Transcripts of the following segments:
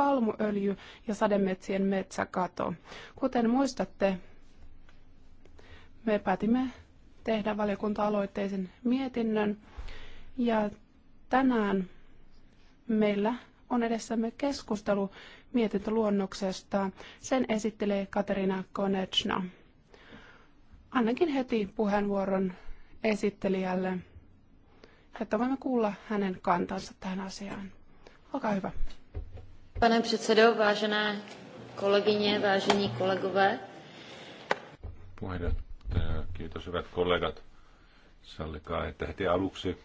palmuöljy ja sademetsien metsäkato. Kuten muistatte, me päätimme tehdä valiokunta-aloitteisen mietinnön ja tänään meillä on edessämme keskustelu mietintöluonnoksesta. Sen esittelee Katerina Konechna. Annankin heti puheenvuoron esittelijälle, että voimme kuulla hänen kantansa tähän asiaan. Olkaa hyvä. Pane předsedo, vážené kolegyně, vážení kollegové. Puheenjohtaja, eh, kiitos hyvät kollegat. Sallikaa, että heti aluksi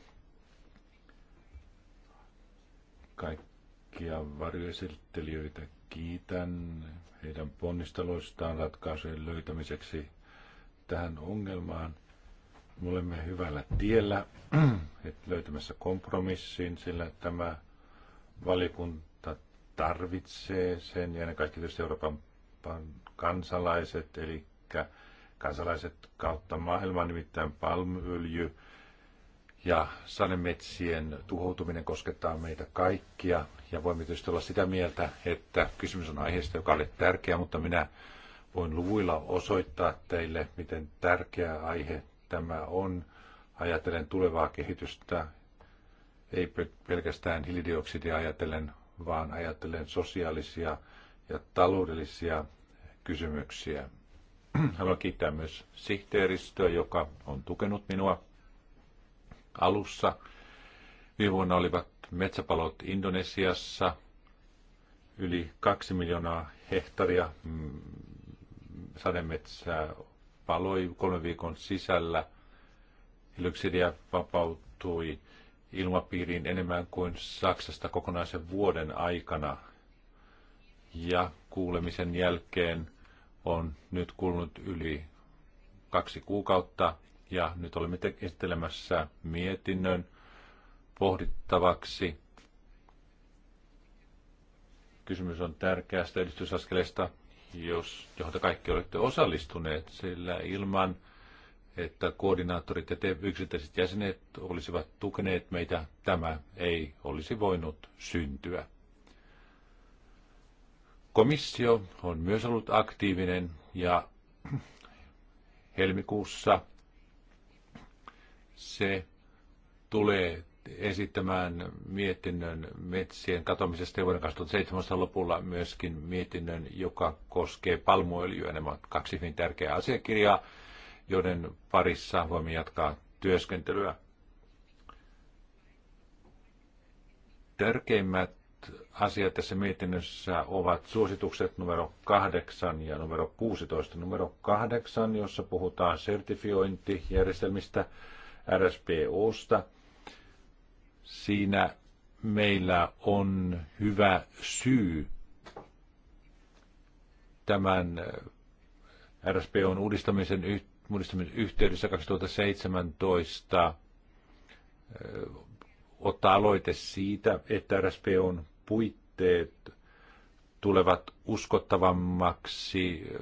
kaikkia varjoesittelijöitä kiitän heidän ponnisteluistaan ratkaisujen löytämiseksi tähän ongelmaan. Me olemme hyvällä tiellä että löytämässä kompromissin, sillä tämä valiokunta tarvitsee sen, ja ne kaikki tietysti Euroopan kansalaiset, eli kansalaiset kautta maailman, nimittäin palmyöljy ja sademetsien tuhoutuminen koskettaa meitä kaikkia. Ja voimme tietysti olla sitä mieltä, että kysymys on aiheesta, joka oli tärkeä, mutta minä voin luvuilla osoittaa teille, miten tärkeä aihe tämä on. Ajatellen tulevaa kehitystä, ei pelkästään hiilidioksidia ajatellen, vaan ajattelen sosiaalisia ja taloudellisia kysymyksiä. Haluan kiittää myös sihteeristöä, joka on tukenut minua alussa. Viime vuonna olivat metsäpalot Indonesiassa, yli kaksi miljoonaa hehtaria mm, sademetsää paloi kolmen viikon sisällä. Hiilidioksidia vapautui ilmapiiriin enemmän kuin Saksasta kokonaisen vuoden aikana. Ja kuulemisen jälkeen on nyt kulunut yli kaksi kuukautta ja nyt olemme esittelemässä mietinnön pohdittavaksi. Kysymys on tärkeästä edistysaskeleesta, jos, johon kaikki olette osallistuneet, sillä ilman – että koordinaattorit ja te yksittäiset jäsenet olisivat tukeneet meitä, tämä ei olisi voinut syntyä. Komissio on myös ollut aktiivinen ja helmikuussa se tulee esittämään mietinnön metsien katomisesta vuoden 2017 lopulla myöskin mietinnön, joka koskee palmuöljyä. Nämä ovat kaksi hyvin tärkeää asiakirjaa joiden parissa voimme jatkaa työskentelyä. Tärkeimmät asiat tässä mietinnössä ovat suositukset numero 8 ja numero 16. Numero 8, jossa puhutaan sertifiointijärjestelmistä RSPOsta. Siinä meillä on hyvä syy tämän RSPOn uudistamisen yhteydessä uudistamisen yhteydessä 2017 ottaa aloite siitä, että RSPOn puitteet tulevat uskottavammaksi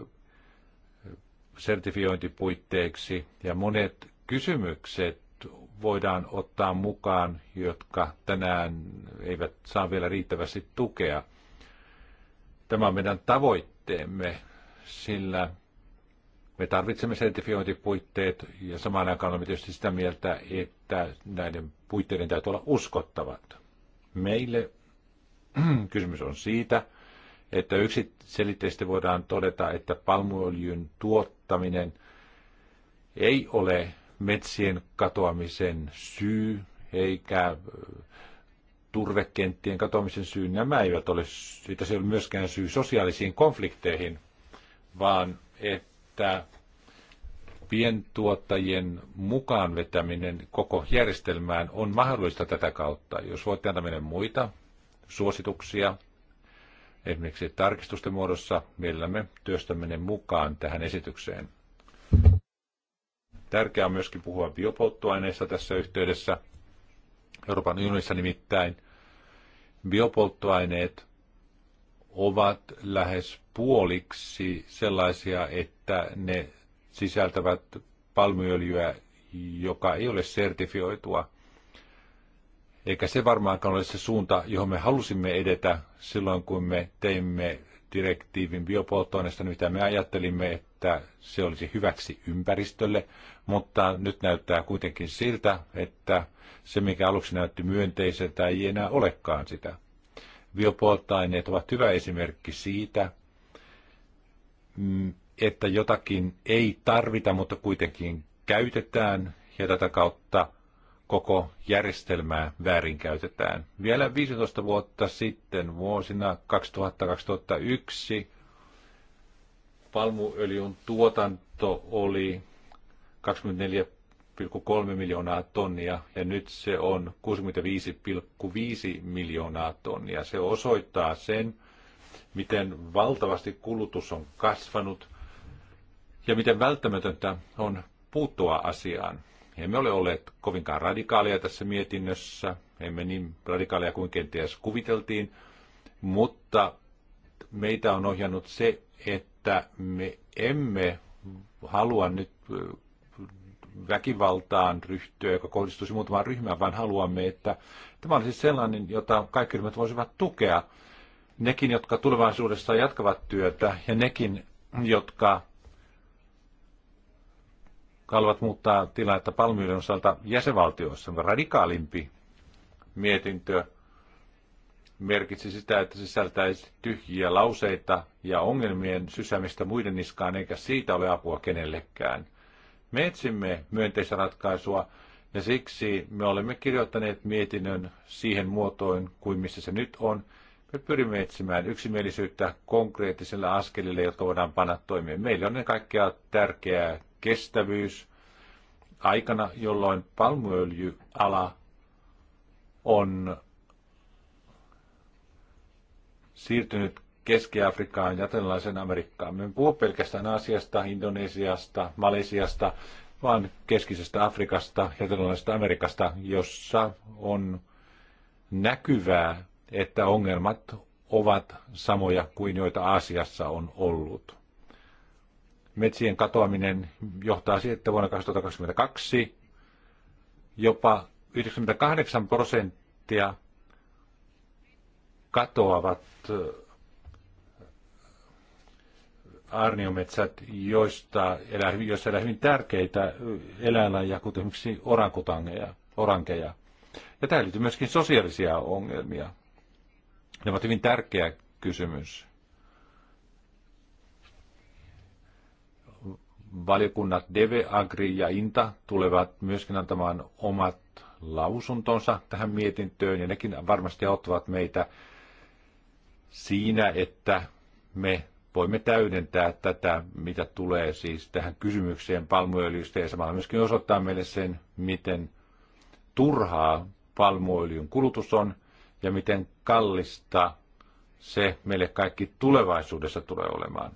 sertifiointipuitteiksi ja monet kysymykset voidaan ottaa mukaan, jotka tänään eivät saa vielä riittävästi tukea. Tämä on meidän tavoitteemme, sillä me tarvitsemme sertifiointipuitteet ja samaan aikaan olemme tietysti sitä mieltä, että näiden puitteiden täytyy olla uskottavat. Meille kysymys on siitä, että yksiselitteisesti voidaan todeta, että palmuöljyn tuottaminen ei ole metsien katoamisen syy eikä äh, turvekenttien katoamisen syy. Nämä eivät ole, siitä se ei ole myöskään syy sosiaalisiin konflikteihin, vaan että pientuottajien mukaan vetäminen koko järjestelmään on mahdollista tätä kautta. Jos voitte antaa meille muita suosituksia, esimerkiksi tarkistusten muodossa, millä me työstämme ne mukaan tähän esitykseen. Tärkeää on myöskin puhua biopolttoaineista tässä yhteydessä. Euroopan unionissa nimittäin biopolttoaineet ovat lähes puoliksi sellaisia, että ne sisältävät palmuöljyä, joka ei ole sertifioitua. Eikä se varmaankaan ole se suunta, johon me halusimme edetä silloin, kun me teimme direktiivin biopolttoaineesta, mitä me ajattelimme, että se olisi hyväksi ympäristölle, mutta nyt näyttää kuitenkin siltä, että se, mikä aluksi näytti myönteiseltä, ei enää olekaan sitä. Biopolttoaineet ovat hyvä esimerkki siitä, mm, että jotakin ei tarvita, mutta kuitenkin käytetään ja tätä kautta koko järjestelmää väärinkäytetään. Vielä 15 vuotta sitten, vuosina 2000-2001, palmuöljyn tuotanto oli 24,3 miljoonaa tonnia ja nyt se on 65,5 miljoonaa tonnia. Se osoittaa sen, miten valtavasti kulutus on kasvanut ja miten välttämätöntä on puuttua asiaan. Emme ole olleet kovinkaan radikaaleja tässä mietinnössä, emme niin radikaaleja kuin kenties kuviteltiin, mutta meitä on ohjannut se, että me emme halua nyt väkivaltaan ryhtyä, joka kohdistuisi muutamaan ryhmään, vaan haluamme, että tämä olisi sellainen, jota kaikki ryhmät voisivat tukea. Nekin, jotka tulevaisuudessa jatkavat työtä ja nekin, jotka Kalvat muuttaa tilannetta palmuiden osalta jäsenvaltioissa. Radikaalimpi mietintö merkitsi sitä, että sisältäisi tyhjiä lauseita ja ongelmien sysämistä muiden niskaan, eikä siitä ole apua kenellekään. Me etsimme myönteistä ratkaisua, ja siksi me olemme kirjoittaneet mietinnön siihen muotoin kuin missä se nyt on. Me pyrimme etsimään yksimielisyyttä konkreettisilla askelilla, jotka voidaan panna toimeen. Meille on ne kaikkea tärkeää kestävyys aikana, jolloin palmuöljyala on siirtynyt Keski-Afrikaan ja Tänlaisen Amerikkaan. Me puhu pelkästään Aasiasta, Indonesiasta, Malesiasta, vaan keskisestä Afrikasta ja Tänlaisesta Amerikasta, jossa on näkyvää, että ongelmat ovat samoja kuin joita Aasiassa on ollut metsien katoaminen johtaa siihen, että vuonna 2022 jopa 98 prosenttia katoavat äh, arniometsät, joista elää, joissa elää hyvin tärkeitä eläinlajeja, kuten esimerkiksi orankutangeja, orankeja. Ja tähän liittyy myöskin sosiaalisia ongelmia. Ne ovat hyvin tärkeä kysymys. valiokunnat DEVE, AGRI ja INTA tulevat myöskin antamaan omat lausuntonsa tähän mietintöön ja nekin varmasti auttavat meitä siinä, että me voimme täydentää tätä, mitä tulee siis tähän kysymykseen palmuöljystä ja samalla myöskin osoittaa meille sen, miten turhaa palmuöljyn kulutus on ja miten kallista se meille kaikki tulevaisuudessa tulee olemaan.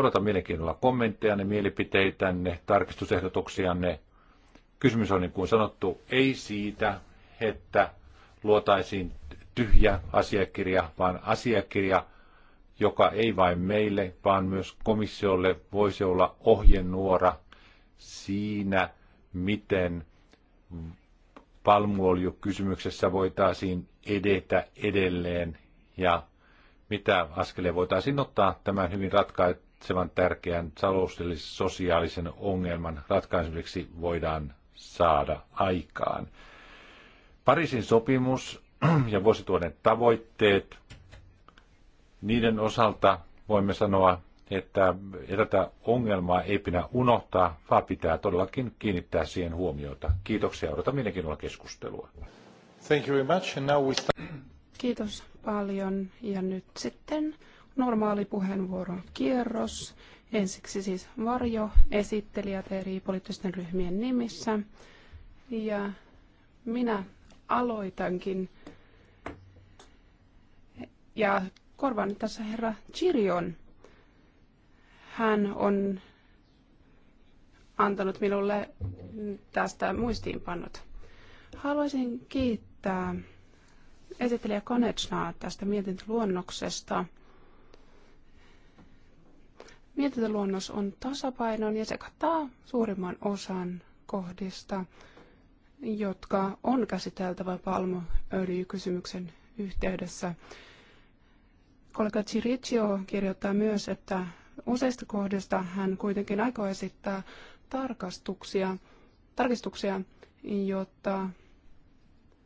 Odotan mielenkiinnolla kommenttejanne, mielipiteitänne, tarkistusehdotuksianne. Kysymys on, niin kuin sanottu, ei siitä, että luotaisiin tyhjä asiakirja, vaan asiakirja, joka ei vain meille, vaan myös komissiolle voisi olla ohjenuora siinä, miten palmuoljukysymyksessä voitaisiin edetä edelleen ja mitä askeleja voitaisiin ottaa tämän hyvin ratka- ratkaisevan tärkeän taloudellisen sosiaalisen ongelman ratkaisemiseksi voidaan saada aikaan. Pariisin sopimus ja vuosituoden tavoitteet, niiden osalta voimme sanoa, että tätä ongelmaa ei pidä unohtaa, vaan pitää todellakin kiinnittää siihen huomiota. Kiitoksia, odotan olla keskustelua. Thank you very much. And now we start. Kiitos paljon ja nyt sitten normaali kierros Ensiksi siis varjo, esittelijät eri poliittisten ryhmien nimissä. Ja minä aloitankin ja korvan tässä herra Chirion. Hän on antanut minulle tästä muistiinpannot. Haluaisin kiittää esittelijä Konechnaa tästä mietintöluonnoksesta – Mietintöluonnos on tasapainon ja se kattaa suurimman osan kohdista, jotka on käsiteltävä palmuöljykysymyksen yhteydessä. Kollega Chiricio kirjoittaa myös, että useista kohdista hän kuitenkin aikoo esittää tarkastuksia, tarkistuksia, jotta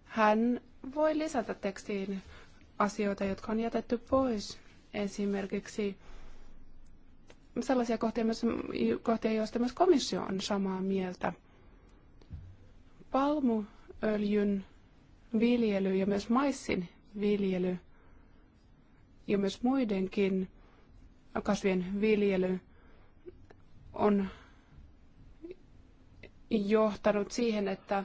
hän voi lisätä tekstiin asioita, jotka on jätetty pois. Esimerkiksi sellaisia kohtia, myös, kohtia, joista myös komissio on samaa mieltä. Palmuöljyn viljely ja myös maissin viljely ja myös muidenkin kasvien viljely on johtanut siihen, että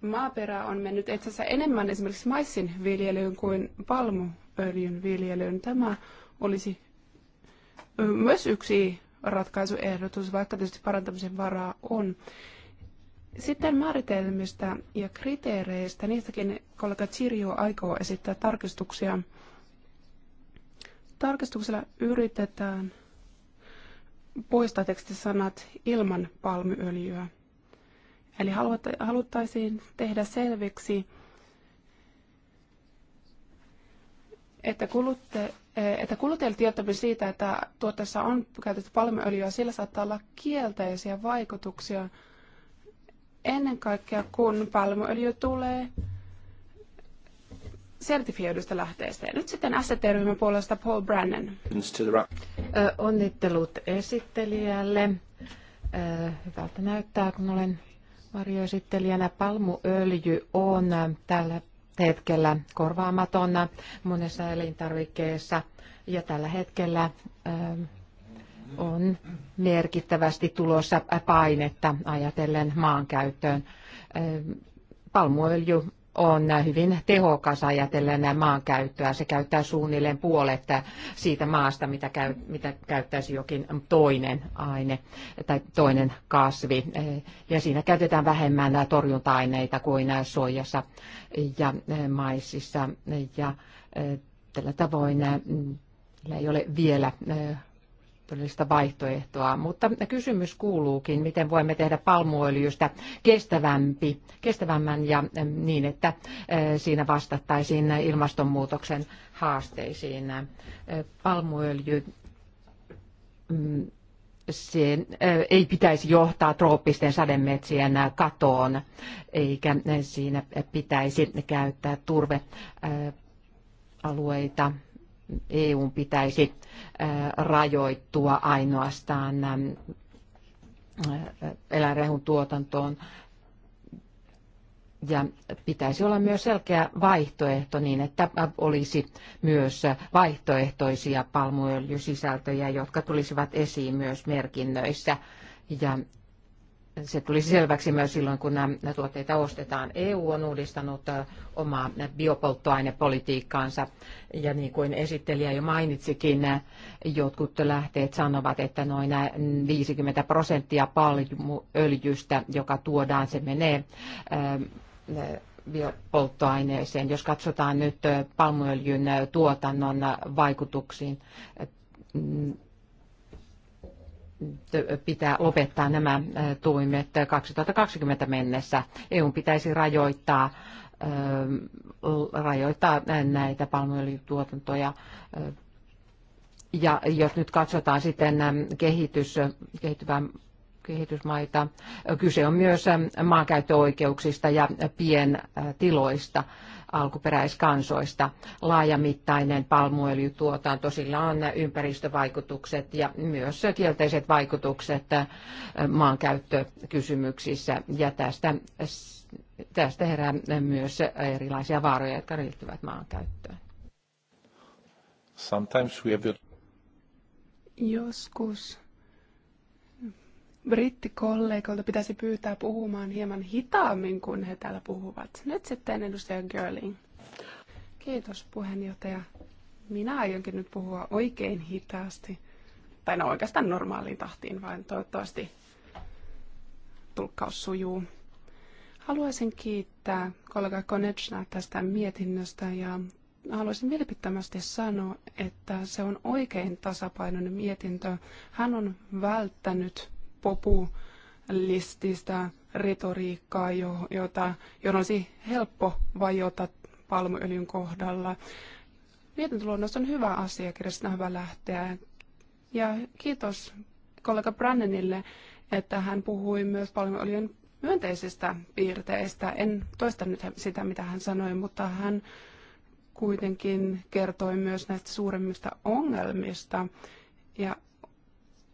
maaperä on mennyt itse asiassa enemmän esimerkiksi maissin viljelyyn kuin palmuöljyn viljelyyn. Tämä olisi myös yksi ratkaisuehdotus, vaikka tietysti parantamisen varaa on. Sitten määritelmistä ja kriteereistä, niistäkin kollega Sirio aikoo esittää tarkistuksia. Tarkistuksella yritetään poistaa tekstisanat ilman palmyöljyä. Eli haluttaisiin tehdä selväksi, että kulutte, että kuluttajille tiedottaminen siitä, että tuotteessa on käytetty palmuöljyä, sillä saattaa olla kielteisiä vaikutuksia ennen kaikkea, kun palmuöljy tulee sertifioidusta lähteestä. Ja nyt sitten ST-ryhmän puolesta Paul Brannan. Onnittelut esittelijälle. Hyvältä näyttää, kun olen varjoesittelijänä. Palmuöljy on tällä hetkellä korvaamatonna, monessa elintarvikkeessa ja tällä hetkellä ähm, on merkittävästi tulossa painetta ajatellen maankäyttöön. Ähm, palmuöljy on hyvin tehokas ajatellen maankäyttöä. Se käyttää suunnilleen puolet siitä maasta, mitä, käy, mitä käyttäisi jokin toinen aine tai toinen kasvi. Ja siinä käytetään vähemmän torjunta-aineita kuin soijassa ja maississa. Ja tällä tavoin ei ole vielä todellista vaihtoehtoa. Mutta kysymys kuuluukin, miten voimme tehdä palmuöljystä kestävämpi, kestävämmän ja niin, että eh, siinä vastattaisiin ilmastonmuutoksen haasteisiin. Eh, palmuöljy mm, se eh, ei pitäisi johtaa trooppisten sademetsien katoon, eikä siinä pitäisi käyttää turvealueita EUn pitäisi rajoittua ainoastaan eläinrehun tuotantoon. Ja pitäisi olla myös selkeä vaihtoehto niin, että olisi myös vaihtoehtoisia palmuöljysisältöjä, jotka tulisivat esiin myös merkinnöissä. Ja se tulisi selväksi myös silloin, kun nämä tuotteita ostetaan. EU on uudistanut omaa biopolttoainepolitiikkaansa ja niin kuin esittelijä jo mainitsikin, jotkut lähteet sanovat, että noin 50 prosenttia paljuöljystä, joka tuodaan, se menee biopolttoaineeseen. Jos katsotaan nyt palmuöljyn tuotannon vaikutuksiin pitää lopettaa nämä toimet 2020 mennessä. EU pitäisi rajoittaa rajoittaa näitä palmuöljytuotantoja. Ja jos nyt katsotaan sitten kehitys, kehittyvää kehitysmaita. Kyse on myös maankäyttöoikeuksista ja pientiloista alkuperäiskansoista. Laajamittainen palmuöljytuotanto, sillä on ympäristövaikutukset ja myös kielteiset vaikutukset maankäyttökysymyksissä. Ja tästä, tästä herää myös erilaisia vaaroja, jotka liittyvät maankäyttöön. Sometimes we have... Joskus brittikollegoilta pitäisi pyytää puhumaan hieman hitaammin kuin he täällä puhuvat. Nyt sitten edustaja Görling. Kiitos puheenjohtaja. Minä aionkin nyt puhua oikein hitaasti. Tai no oikeastaan normaaliin tahtiin, vaan toivottavasti tulkkaus sujuu. Haluaisin kiittää kollega Konechna tästä mietinnöstä ja haluaisin vilpittömästi sanoa, että se on oikein tasapainoinen mietintö. Hän on välttänyt populistista retoriikkaa, jota, jota olisi helppo vajota palmuöljyn kohdalla. Mietintöluonnos on hyvä asia sitä on hyvä lähteä. Ja kiitos kollega Brannenille, että hän puhui myös palmuöljyn myönteisistä piirteistä. En toista nyt sitä, mitä hän sanoi, mutta hän kuitenkin kertoi myös näistä suuremmista ongelmista. Ja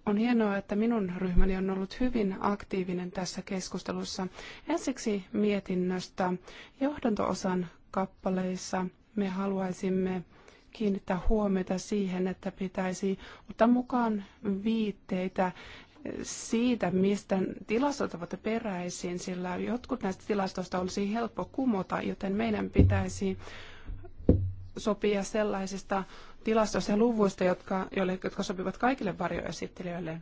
on hienoa, että minun ryhmäni on ollut hyvin aktiivinen tässä keskustelussa. Ensiksi mietinnöstä johdantoosan kappaleissa me haluaisimme kiinnittää huomiota siihen, että pitäisi ottaa mukaan viitteitä siitä, mistä tilastot ovat peräisin, sillä jotkut näistä tilastoista olisi helppo kumota, joten meidän pitäisi sopia sellaisista tilastoista ja luvuista, jotka, joille, jotka sopivat kaikille varjoesittelijöille.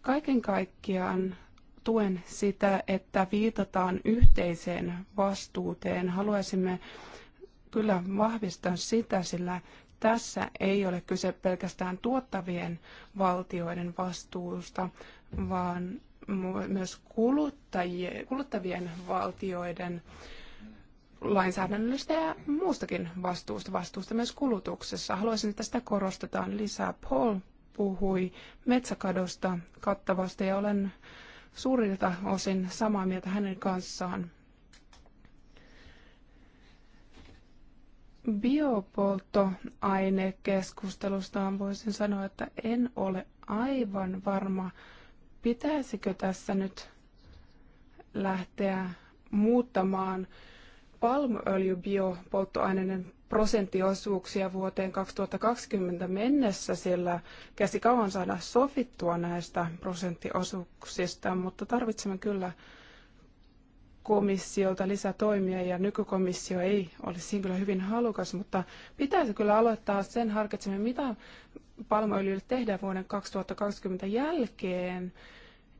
Kaiken kaikkiaan tuen sitä, että viitataan yhteiseen vastuuteen. Haluaisimme kyllä vahvistaa sitä, sillä tässä ei ole kyse pelkästään tuottavien valtioiden vastuusta, vaan myös kuluttajien, kuluttavien valtioiden lainsäädännöllistä ja muustakin vastuusta, vastuusta myös kulutuksessa. Haluaisin, että sitä korostetaan lisää. Paul puhui metsäkadosta kattavasti ja olen suurilta osin samaa mieltä hänen kanssaan. Biopolttoainekeskustelusta voisin sanoa, että en ole aivan varma, pitäisikö tässä nyt lähteä muuttamaan palmuöljybiopolttoaineiden prosenttiosuuksia vuoteen 2020 mennessä, sillä kauan saada sovittua näistä prosenttiosuuksista, mutta tarvitsemme kyllä komissiolta lisätoimia ja nykykomissio ei ole siinä kyllä hyvin halukas, mutta pitäisi kyllä aloittaa sen harkitseminen, mitä palmuöljylle tehdään vuoden 2020 jälkeen.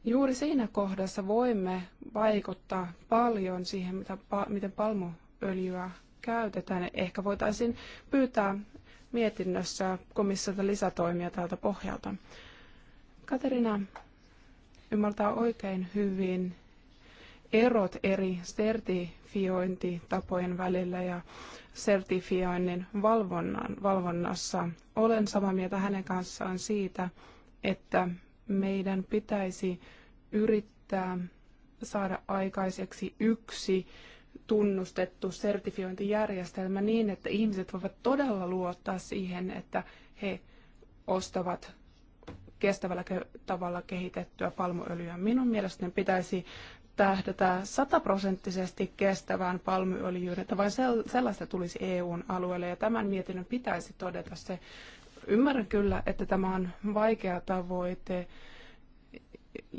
Juuri siinä kohdassa voimme vaikuttaa paljon siihen, mitä, miten palmuöljyä käytetään. Ehkä voitaisiin pyytää mietinnössä komissiota lisätoimia tältä pohjalta. Katerina ymmärtää oikein hyvin erot eri sertifiointitapojen välillä ja sertifioinnin valvonnan, valvonnassa. Olen samaa mieltä hänen kanssaan siitä, että meidän pitäisi yrittää saada aikaiseksi yksi tunnustettu sertifiointijärjestelmä niin, että ihmiset voivat todella luottaa siihen, että he ostavat kestävällä tavalla kehitettyä palmuöljyä. Minun mielestäni pitäisi tähdätä sataprosenttisesti kestävään palmuöljyyn, että vain sellaista tulisi EUn alueelle, ja tämän mietinnön pitäisi todeta se. Ymmärrän kyllä, että tämä on vaikea tavoite,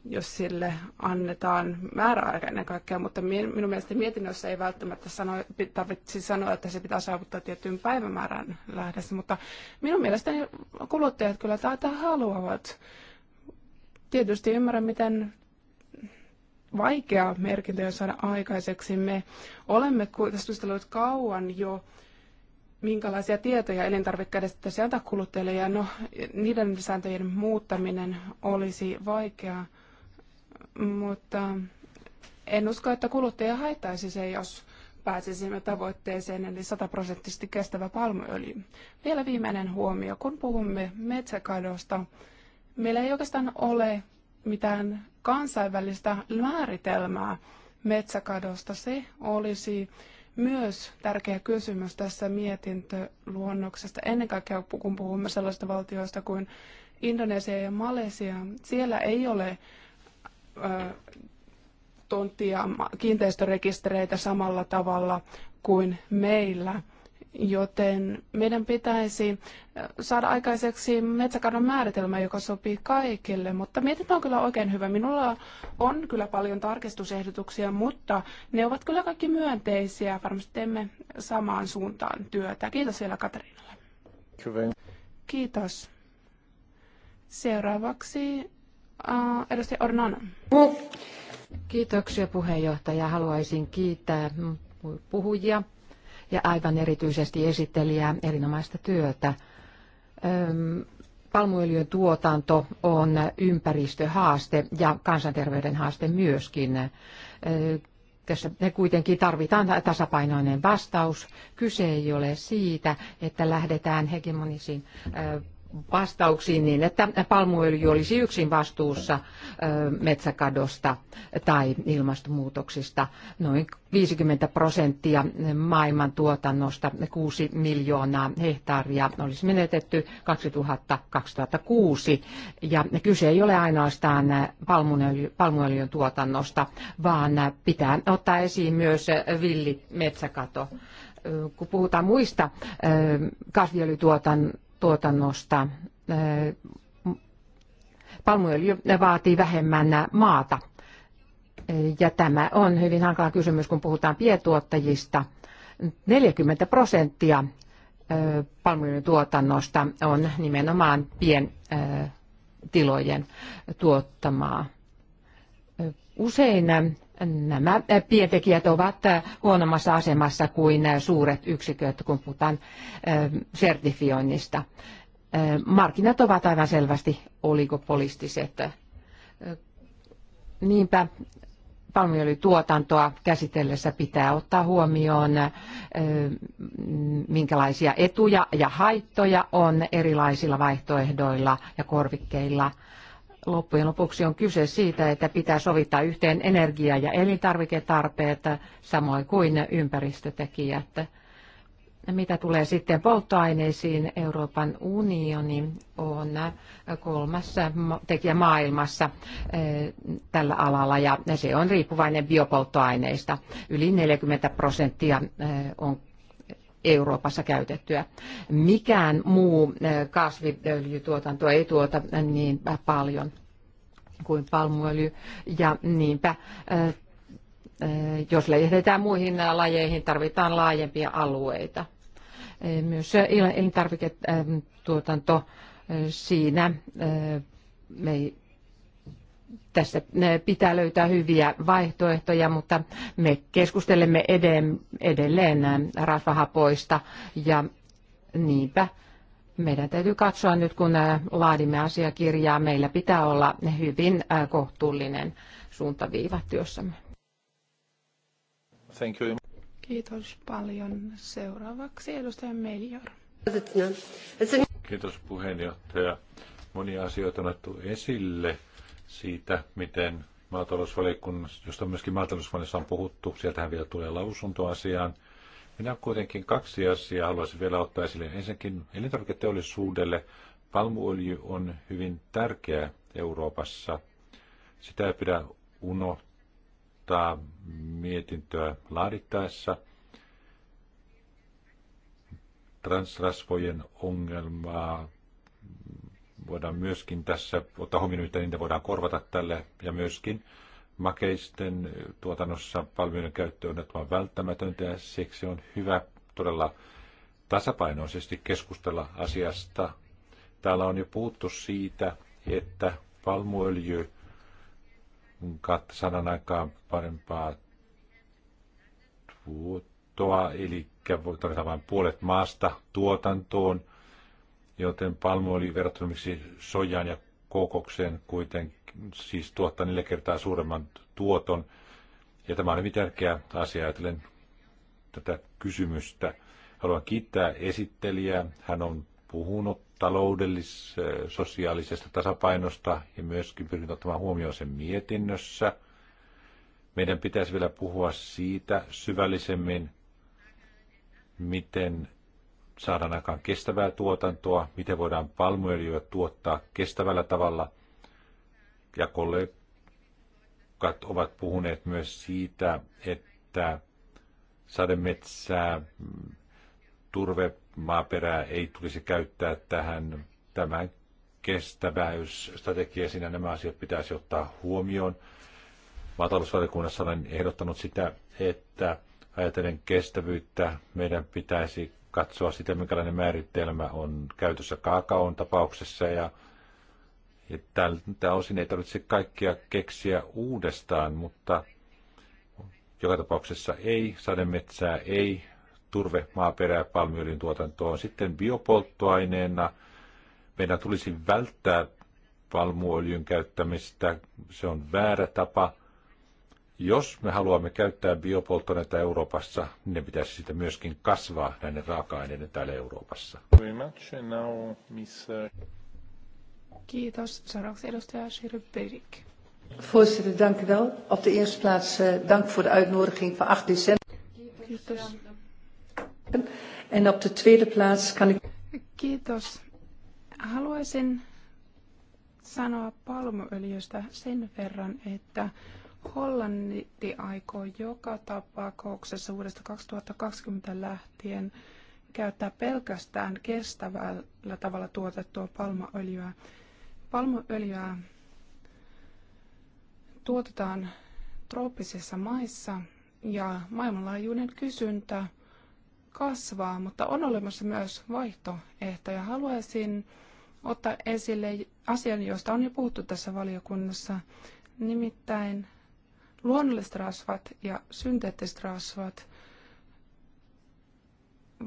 jos sille annetaan määräaika ennen kaikkea, mutta minun mielestäni mietinnössä ei välttämättä sano, tarvitse sanoa, että se pitää saavuttaa tiettyyn päivämäärän lähdessä, mutta minun mielestäni kuluttajat kyllä tätä haluavat. Tietysti ymmärrän, miten vaikea merkintöjä saada aikaiseksi. Me olemme keskustelleet kauan jo minkälaisia tietoja elintarvikkeiden pitäisi antaa kuluttajille, ja no, niiden sääntöjen muuttaminen olisi vaikeaa, mutta en usko, että kuluttaja haittaisi se, jos pääsisimme tavoitteeseen, eli sataprosenttisesti kestävä palmuöljy. Vielä viimeinen huomio, kun puhumme metsäkadosta, meillä ei oikeastaan ole mitään kansainvälistä määritelmää metsäkadosta. Se olisi myös tärkeä kysymys tässä mietintöluonnoksesta, ennen kaikkea kun puhumme sellaisista valtioista kuin Indonesia ja Malesia. Siellä ei ole tonttia kiinteistörekistereitä samalla tavalla kuin meillä joten meidän pitäisi äh, saada aikaiseksi metsäkadon määritelmä, joka sopii kaikille, mutta mietintö on kyllä oikein hyvä. Minulla on kyllä paljon tarkistusehdotuksia, mutta ne ovat kyllä kaikki myönteisiä. Varmasti teemme samaan suuntaan työtä. Kiitos vielä Katariinalle. Kiitos. Seuraavaksi uh, edustaja Ornana. Kiitoksia puheenjohtaja. Haluaisin kiittää puhujia ja aivan erityisesti esittelijää erinomaista työtä. Palmuöljyn tuotanto on ympäristöhaaste ja kansanterveyden haaste myöskin. Tässä kuitenkin tarvitaan tasapainoinen vastaus. Kyse ei ole siitä, että lähdetään hegemonisiin vastauksiin niin, että palmuöljy olisi yksin vastuussa metsäkadosta tai ilmastonmuutoksista. Noin 50 prosenttia maailman tuotannosta, 6 miljoonaa hehtaaria olisi menetetty 2000-2006. Ja kyse ei ole ainoastaan palmuöljyn tuotannosta, vaan pitää ottaa esiin myös villi metsäkato kun puhutaan muista kasviöljytuotannon tuotannosta. Palmuöljy vaatii vähemmän maata. Ja tämä on hyvin hankala kysymys, kun puhutaan pietuottajista. 40 prosenttia palmuöljyn tuotannosta on nimenomaan pientilojen tuottamaa. Usein nämä eh, pientekijät ovat eh, huonommassa asemassa kuin eh, suuret yksiköt, kun puhutaan sertifioinnista. Markkinat ovat aivan selvästi oligopolistiset. Niinpä palmuöljytuotantoa käsitellessä pitää ottaa huomioon, minkälaisia etuja ja haittoja on erilaisilla vaihtoehdoilla ja korvikkeilla – loppujen lopuksi on kyse siitä, että pitää sovittaa yhteen energia- ja elintarviketarpeet, samoin kuin ympäristötekijät. Mitä tulee sitten polttoaineisiin, Euroopan unioni on kolmas tekijä maailmassa eh, tällä alalla ja se on riippuvainen biopolttoaineista. Yli 40 prosenttia eh, on Euroopassa käytettyä. Mikään muu eh, kasviöljytuotanto ei tuota niin paljon kuin palmuöljy. Ja niinpä, eh, eh, jos lähdetään muihin lajeihin, tarvitaan laajempia alueita. Myös elintarviketuotanto siinä me ei tässä pitää löytää hyviä vaihtoehtoja, mutta me keskustelemme edelleen äh, rasvahapoista ja niinpä meidän täytyy katsoa nyt, kun äh, laadimme asiakirjaa, meillä pitää olla hyvin äh, kohtuullinen suuntaviiva työssämme. Thank you. Kiitos paljon. Seuraavaksi edustaja Melior. Kiitos puheenjohtaja. Monia asioita on otettu esille siitä, miten maatalousvaliokunnassa, josta myöskin maatalousvaliokunnassa on puhuttu, sieltähän vielä tulee lausuntoasiaan. Minä kuitenkin kaksi asiaa haluaisin vielä ottaa esille. Ensinnäkin elintarviketeollisuudelle palmuöljy on hyvin tärkeä Euroopassa. Sitä ei pidä unohtaa mietintöä laadittaessa. Transrasvojen ongelmaa voidaan myöskin tässä ottaa huomioon, että niitä voidaan korvata tälle ja myöskin makeisten tuotannossa palveluiden käyttö on nyt välttämätöntä ja siksi on hyvä todella tasapainoisesti keskustella asiasta. Täällä on jo puhuttu siitä, että palmuöljy sanan aikaan parempaa tuottoa, eli tarvitaan vain puolet maasta tuotantoon – joten palmuöljy verrattuna sojaan ja kokokseen kuitenkin siis tuottaa neljä kertaa suuremman tuoton. Ja tämä on hyvin tärkeä asia ajatellen tätä kysymystä. Haluan kiittää esittelijää. Hän on puhunut taloudellis- eh, sosiaalisesta tasapainosta ja myöskin pyrkinyt ottamaan huomioon sen mietinnössä. Meidän pitäisi vielä puhua siitä syvällisemmin, miten saadaan aikaan kestävää tuotantoa, miten voidaan palmuöljyä tuottaa kestävällä tavalla. Ja kollegat ovat puhuneet myös siitä, että sademetsää, turvemaaperää ei tulisi käyttää tähän. tämän kestävyysstrategia, siinä nämä asiat pitäisi ottaa huomioon. Maatalousvaliokunnassa olen ehdottanut sitä, että ajatellen kestävyyttä meidän pitäisi katsoa sitä, minkälainen määritelmä on käytössä kaakaon tapauksessa ja ja tältä osin ei tarvitse kaikkia keksiä uudestaan, mutta joka tapauksessa ei, sademetsää ei, turve, maaperää, palmiöljyn tuotantoon. Sitten biopolttoaineena meidän tulisi välttää palmuöljyn käyttämistä. Se on väärä tapa – jos me haluamme käyttää biopolttoaineita Euroopassa, ne niin pitäisi sitä myöskin kasvaa näiden raaka-aineiden täällä Euroopassa. Uh, Kiitos. Seuraavaksi edustaja Shiri Berik. Voorzitter, dank u wel. Op de eerste plaats eh, dank voor de uitnodiging van 8 december. Kiitos. En op de tweede plaats kan ik... Kiitos. Haluaisin sanoa palmuöljystä sen verran, että Hollanti aikoo joka tapauksessa vuodesta 2020 lähtien käyttää pelkästään kestävällä tavalla tuotettua palmaöljyä. Palmaöljyä tuotetaan trooppisissa maissa ja maailmanlaajuinen kysyntä kasvaa, mutta on olemassa myös vaihtoehtoja. Haluaisin ottaa esille asian, josta on jo puhuttu tässä valiokunnassa, nimittäin Luonnolliset rasvat ja synteettiset rasvat.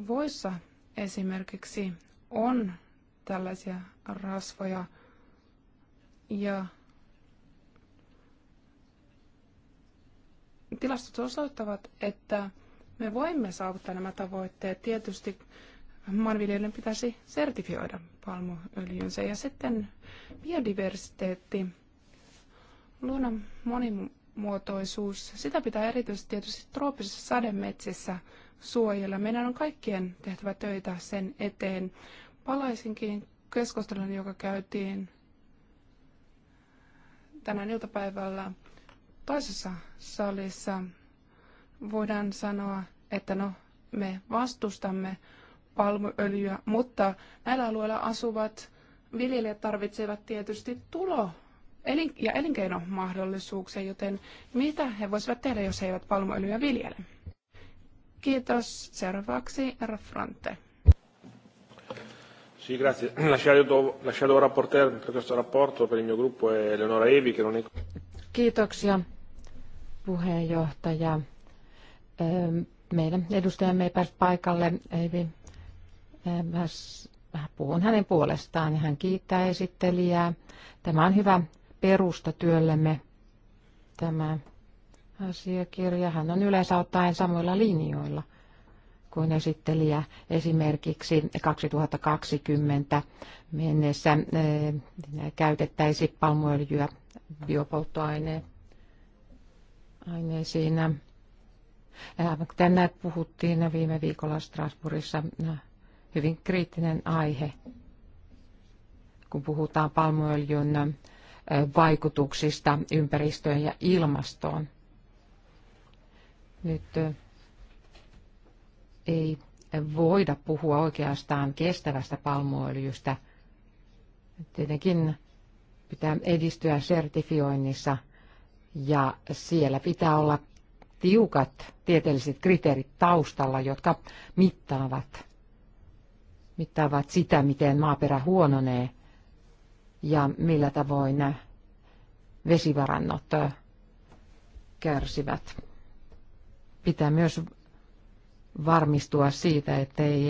Voissa esimerkiksi on tällaisia rasvoja ja tilastot osoittavat, että me voimme saavuttaa nämä tavoitteet. Tietysti maanviljelijöiden pitäisi sertifioida palmuöljynsä. Ja sitten biodiversiteetti. Luonnon moni, monimuotoisuus, sitä pitää erityisesti tietysti trooppisissa sademetsissä suojella. Meidän on kaikkien tehtävä töitä sen eteen. Palaisinkin keskustelun, joka käytiin tänään iltapäivällä toisessa salissa. Voidaan sanoa, että no, me vastustamme palmuöljyä, mutta näillä alueilla asuvat viljelijät tarvitsevat tietysti tulo ja elinkeinomahdollisuuksia, joten mitä he voisivat tehdä, jos he eivät palmuöljyä viljele? Kiitos. Seuraavaksi Raffrante. Sì, grazie. La shadow, rapporteur per questo rapporto per il mio gruppo è Eleonora Evi, che non è... Kiitoksia, puheenjohtaja. Meidän edustajamme ei päässyt paikalle. Evi, puhun hänen puolestaan ja hän kiittää esittelijää. Tämä on hyvä perusta työllemme tämä asiakirja. Hän on yleensä ottaen samoilla linjoilla kuin esittelijä esimerkiksi 2020 mennessä eh, käytettäisi palmuöljyä biopolttoaineisiin. Eh, tänään puhuttiin viime viikolla Strasbourgissa eh, hyvin kriittinen aihe, kun puhutaan palmuöljyn vaikutuksista ympäristöön ja ilmastoon. Nyt ei voida puhua oikeastaan kestävästä palmuöljystä. Tietenkin pitää edistyä sertifioinnissa ja siellä pitää olla tiukat tieteelliset kriteerit taustalla, jotka mittaavat, mittaavat sitä, miten maaperä huononee – ja millä tavoin vesivarannot kärsivät. Pitää myös varmistua siitä, ettei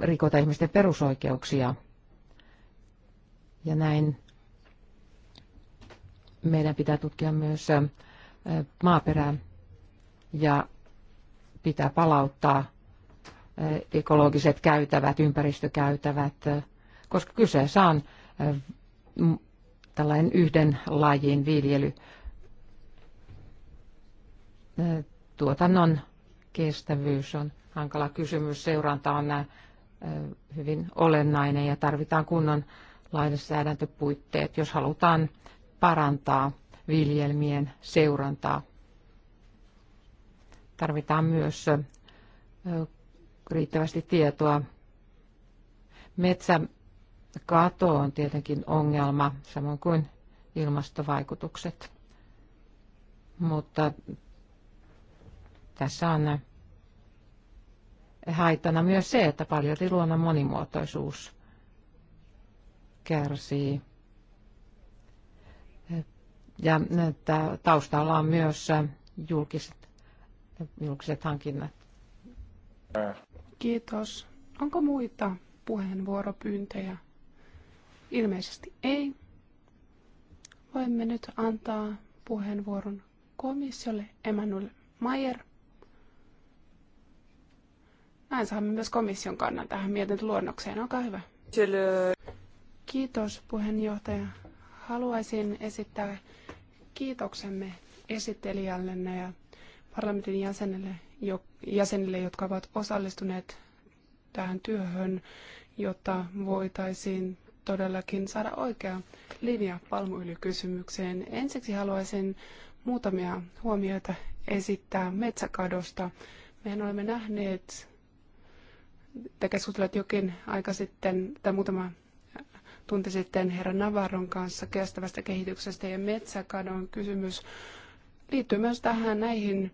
rikota ihmisten perusoikeuksia. Ja näin meidän pitää tutkia myös maaperää ja pitää palauttaa ekologiset käytävät, ympäristökäytävät, koska kyseessä on tällainen yhden lajin viljely tuotannon kestävyys on hankala kysymys. Seuranta on hyvin olennainen ja tarvitaan kunnon lainsäädäntöpuitteet, jos halutaan parantaa viljelmien seurantaa. Tarvitaan myös riittävästi tietoa metsä, Kato on tietenkin ongelma, samoin kuin ilmastovaikutukset. Mutta tässä on haitana myös se, että paljon luonnon monimuotoisuus kärsii. Ja taustalla on myös julkiset, julkiset hankinnat. Kiitos. Onko muita puheenvuoropyyntöjä? Ilmeisesti ei. Voimme nyt antaa puheenvuoron komissiolle Emmanuel Mayer. Näin saamme myös komission kannan tähän mietintöluonnokseen. Olkaa hyvä. Kiitos puheenjohtaja. Haluaisin esittää kiitoksemme esittelijällenne ja parlamentin jäsenille, jo, jäsenille, jotka ovat osallistuneet tähän työhön, jotta voitaisiin todellakin saada oikea linja palmuöljykysymykseen. Ensiksi haluaisin muutamia huomioita esittää metsäkadosta. Mehän olemme nähneet, te keskustelut jokin aika sitten, tai muutama tunti sitten herra Navarron kanssa kestävästä kehityksestä ja metsäkadon kysymys liittyy myös tähän näihin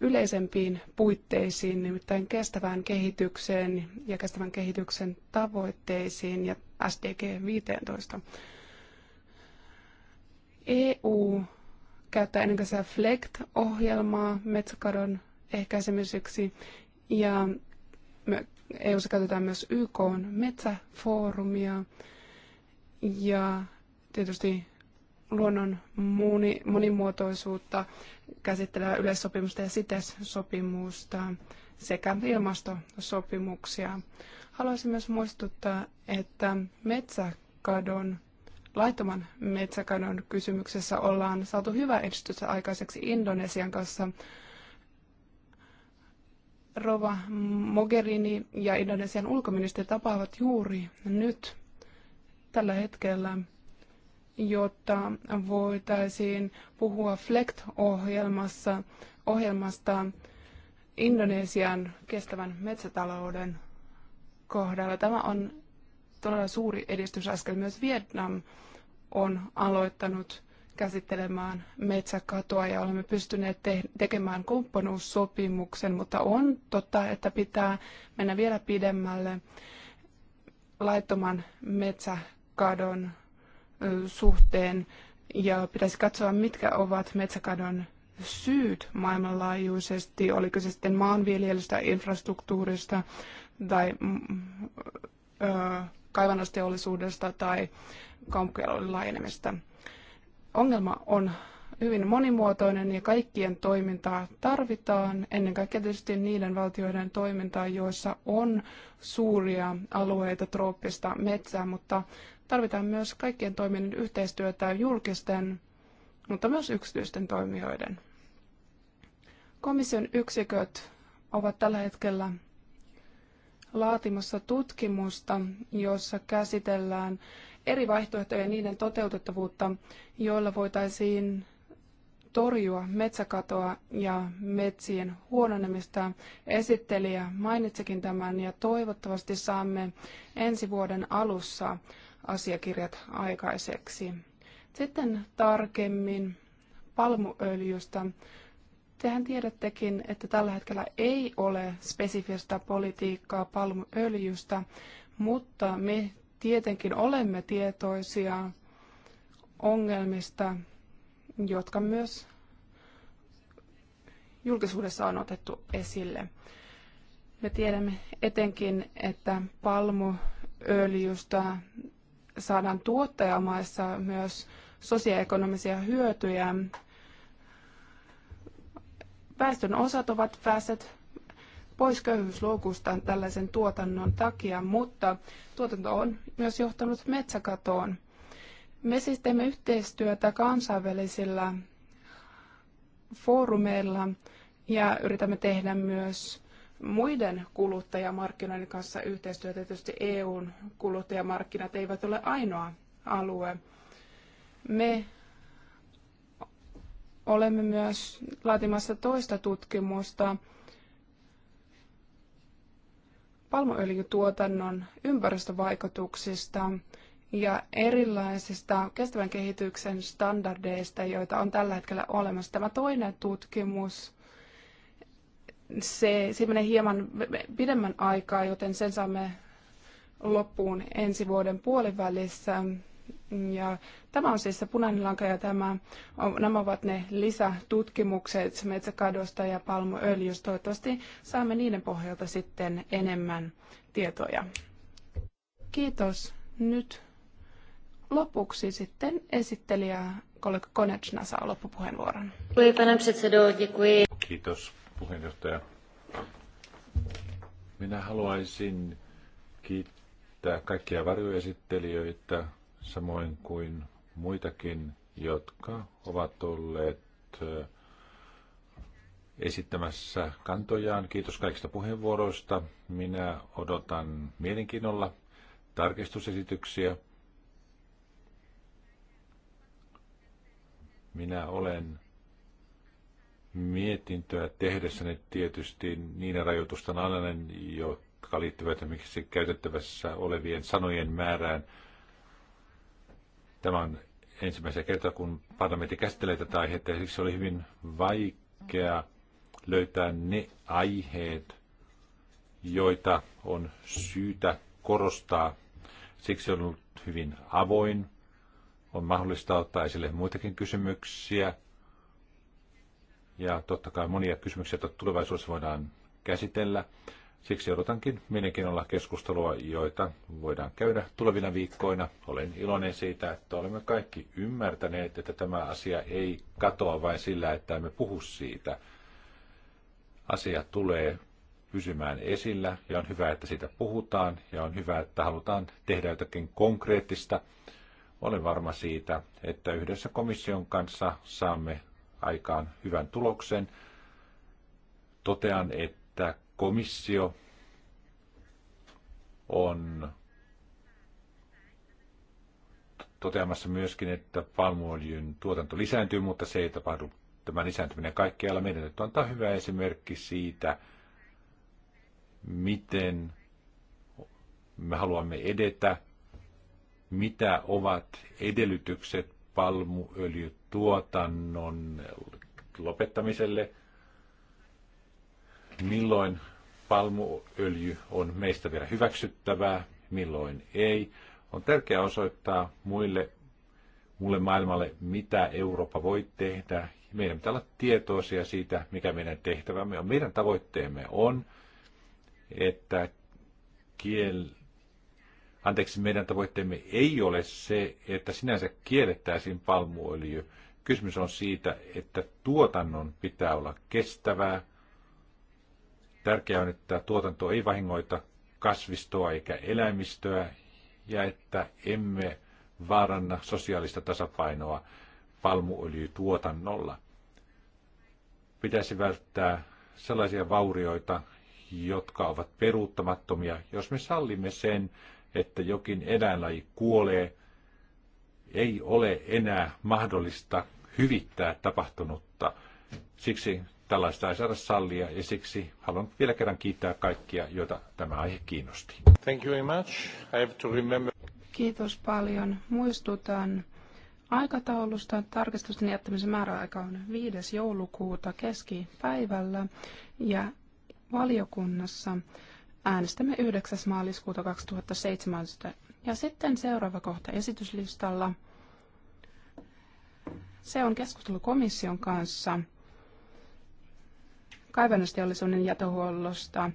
yleisempiin puitteisiin, nimittäin kestävään kehitykseen ja kestävän kehityksen tavoitteisiin ja SDG 15. EU käyttää ennen kaikkea FLECT-ohjelmaa metsäkadon ehkäisemiseksi ja EU e käytetään myös YK metsäfoorumia ja tietysti luonnon monimuotoisuutta käsittelevää yleissopimusta ja CITES-sopimusta sekä ilmastosopimuksia. Haluaisin myös muistuttaa, että metsäkadon, laittoman metsäkadon kysymyksessä ollaan saatu hyvä edistys aikaiseksi Indonesian kanssa. Rova Mogherini ja Indonesian ulkoministeri tapaavat juuri nyt tällä hetkellä jotta voitaisiin puhua FLECT-ohjelmassa ohjelmasta Indonesian kestävän metsätalouden kohdalla. Tämä on todella suuri edistysaskel. Myös Vietnam on aloittanut käsittelemään metsäkatoa ja olemme pystyneet te- tekemään kumppanuussopimuksen, mutta on totta, että pitää mennä vielä pidemmälle laittoman metsäkadon suhteen ja pitäisi katsoa, mitkä ovat metsäkadon syyt maailmanlaajuisesti, oliko se sitten maanviljelystä, infrastruktuurista tai mm, ö, kaivannusteollisuudesta tai kaupunkialueiden laajenemista. Ongelma on hyvin monimuotoinen ja kaikkien toimintaa tarvitaan, ennen kaikkea tietysti niiden valtioiden toimintaa, joissa on suuria alueita trooppista metsää, mutta Tarvitaan myös kaikkien toimijoiden yhteistyötä julkisten, mutta myös yksityisten toimijoiden. Komission yksiköt ovat tällä hetkellä laatimassa tutkimusta, jossa käsitellään eri vaihtoehtoja ja niiden toteutettavuutta, joilla voitaisiin torjua metsäkatoa ja metsien huononemista. Esittelijä mainitsikin tämän ja toivottavasti saamme ensi vuoden alussa asiakirjat aikaiseksi. Sitten tarkemmin palmuöljystä. Tehän tiedättekin, että tällä hetkellä ei ole spesifistä politiikkaa palmuöljystä, mutta me tietenkin olemme tietoisia ongelmista, jotka myös julkisuudessa on otettu esille. Me tiedämme etenkin, että palmuöljystä saadaan tuottajamaissa myös sosioekonomisia hyötyjä. Väestön osat ovat päässeet pois köyhyysloukusta tällaisen tuotannon takia, mutta tuotanto on myös johtanut metsäkatoon. Me siis teemme yhteistyötä kansainvälisillä foorumeilla ja yritämme tehdä myös muiden kuluttajamarkkinoiden kanssa yhteistyötä. Tietysti EUn kuluttajamarkkinat eivät ole ainoa alue. Me olemme myös laatimassa toista tutkimusta palmuöljytuotannon ympäristövaikutuksista ja erilaisista kestävän kehityksen standardeista, joita on tällä hetkellä olemassa. Tämä toinen tutkimus se, se menee hieman pidemmän aikaa, joten sen saamme loppuun ensi vuoden puolivälissä. Ja tämä on siis se punainen lanka ja tämä, nämä ovat ne lisätutkimukset metsäkadosta ja palmuöljystä. Toivottavasti saamme niiden pohjalta sitten enemmän tietoja. Kiitos. Nyt lopuksi sitten esittelijä kollega Konechna saa loppupuheenvuoron. Kiitos puheenjohtaja. Minä haluaisin kiittää kaikkia varjoesittelijöitä, samoin kuin muitakin, jotka ovat olleet eh, esittämässä kantojaan. Kiitos kaikista puheenvuoroista. Minä odotan mielenkiinnolla tarkistusesityksiä. Minä olen mietintöä tehdessäni tietysti niiden rajoitusten alainen, jotka liittyvät esimerkiksi käytettävässä olevien sanojen määrään. Tämä on ensimmäisen kertaa, kun parlamentti käsittelee tätä aihetta, ja siksi oli hyvin vaikea löytää ne aiheet, joita on syytä korostaa. Siksi on ollut hyvin avoin. On mahdollista ottaa esille muitakin kysymyksiä, ja totta kai monia kysymyksiä, joita tulevaisuudessa voidaan käsitellä. Siksi odotankin mielenkiinnolla keskustelua, joita voidaan käydä tulevina viikkoina. Olen iloinen siitä, että olemme kaikki ymmärtäneet, että tämä asia ei katoa vain sillä, että emme puhu siitä. Asia tulee pysymään esillä ja on hyvä, että siitä puhutaan ja on hyvä, että halutaan tehdä jotakin konkreettista. Olen varma siitä, että yhdessä komission kanssa saamme aikaan hyvän tuloksen. Totean, että komissio on toteamassa myöskin, että palmuöljyn tuotanto lisääntyy, mutta se ei tapahdu tämä lisääntyminen kaikkialla. Meidän nyt antaa hyvä esimerkki siitä, miten me haluamme edetä, mitä ovat edellytykset palmuöljytuotannon lopettamiselle. Milloin palmuöljy on meistä vielä hyväksyttävää, milloin ei. On tärkeää osoittaa muille, muille maailmalle, mitä Eurooppa voi tehdä. Meidän pitää olla tietoisia siitä, mikä meidän tehtävämme on. Meidän tavoitteemme on, että kiel, anteeksi, meidän tavoitteemme ei ole se, että sinänsä kiellettäisiin palmuöljy. Kysymys on siitä, että tuotannon pitää olla kestävää. Tärkeää on, että tuotanto ei vahingoita kasvistoa eikä eläimistöä ja että emme vaaranna sosiaalista tasapainoa palmuöljytuotannolla. Pitäisi välttää sellaisia vaurioita, jotka ovat peruuttamattomia, jos me sallimme sen, että jokin eläinlaji kuolee, ei ole enää mahdollista hyvittää tapahtunutta. Siksi tällaista ei saada sallia ja siksi haluan vielä kerran kiittää kaikkia, joita tämä aihe kiinnosti. Thank you very much. I have to remember... Kiitos paljon. Muistutan aikataulusta. Tarkistusten jättämisen määräaika on 5. joulukuuta keskipäivällä ja valiokunnassa äänestämme 9. maaliskuuta 2017. Ja sitten seuraava kohta esityslistalla. Se on keskustelu komission kanssa kaivannusteollisuuden jätehuollosta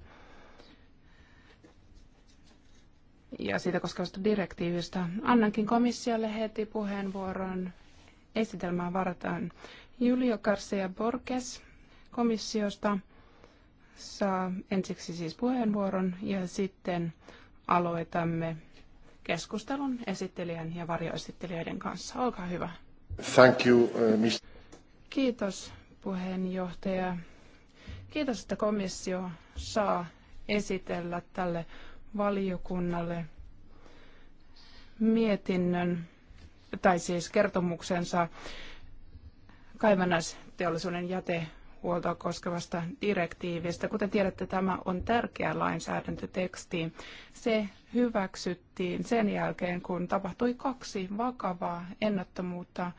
ja siitä koskevasta direktiivistä. Annankin komissiolle heti puheenvuoron esitelmään varataan Julio Garcia Borges komissiosta saa ensiksi siis puheenvuoron ja sitten aloitamme keskustelun esittelijän ja varjoesittelijöiden kanssa. Olkaa hyvä. Thank you, uh, Mr. Kiitos puheenjohtaja. Kiitos, että komissio saa esitellä tälle valiokunnalle mietinnön tai siis kertomuksensa kaivannaisteollisuuden jäte jätehuoltoa koskevasta direktiivistä. Kuten tiedätte, tämä on tärkeä lainsäädäntöteksti. Se hyväksyttiin sen jälkeen, kun tapahtui kaksi vakavaa ennottomuutta.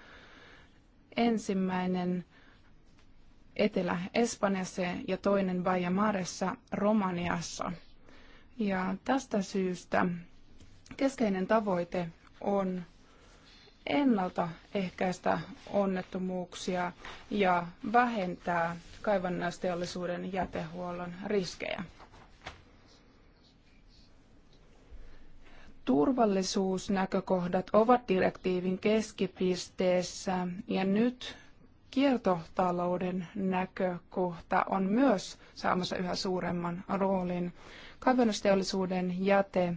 Ensimmäinen Etelä-Espanjassa ja toinen Bajamaressa Romaniassa. Ja tästä syystä keskeinen tavoite on ennaltaehkäistä onnettomuuksia ja vähentää kaivannaisteollisuuden jätehuollon riskejä. Turvallisuusnäkökohdat ovat direktiivin keskipisteessä ja nyt kiertotalouden näkökohta on myös saamassa yhä suuremman roolin. Kaivannusteollisuuden jäte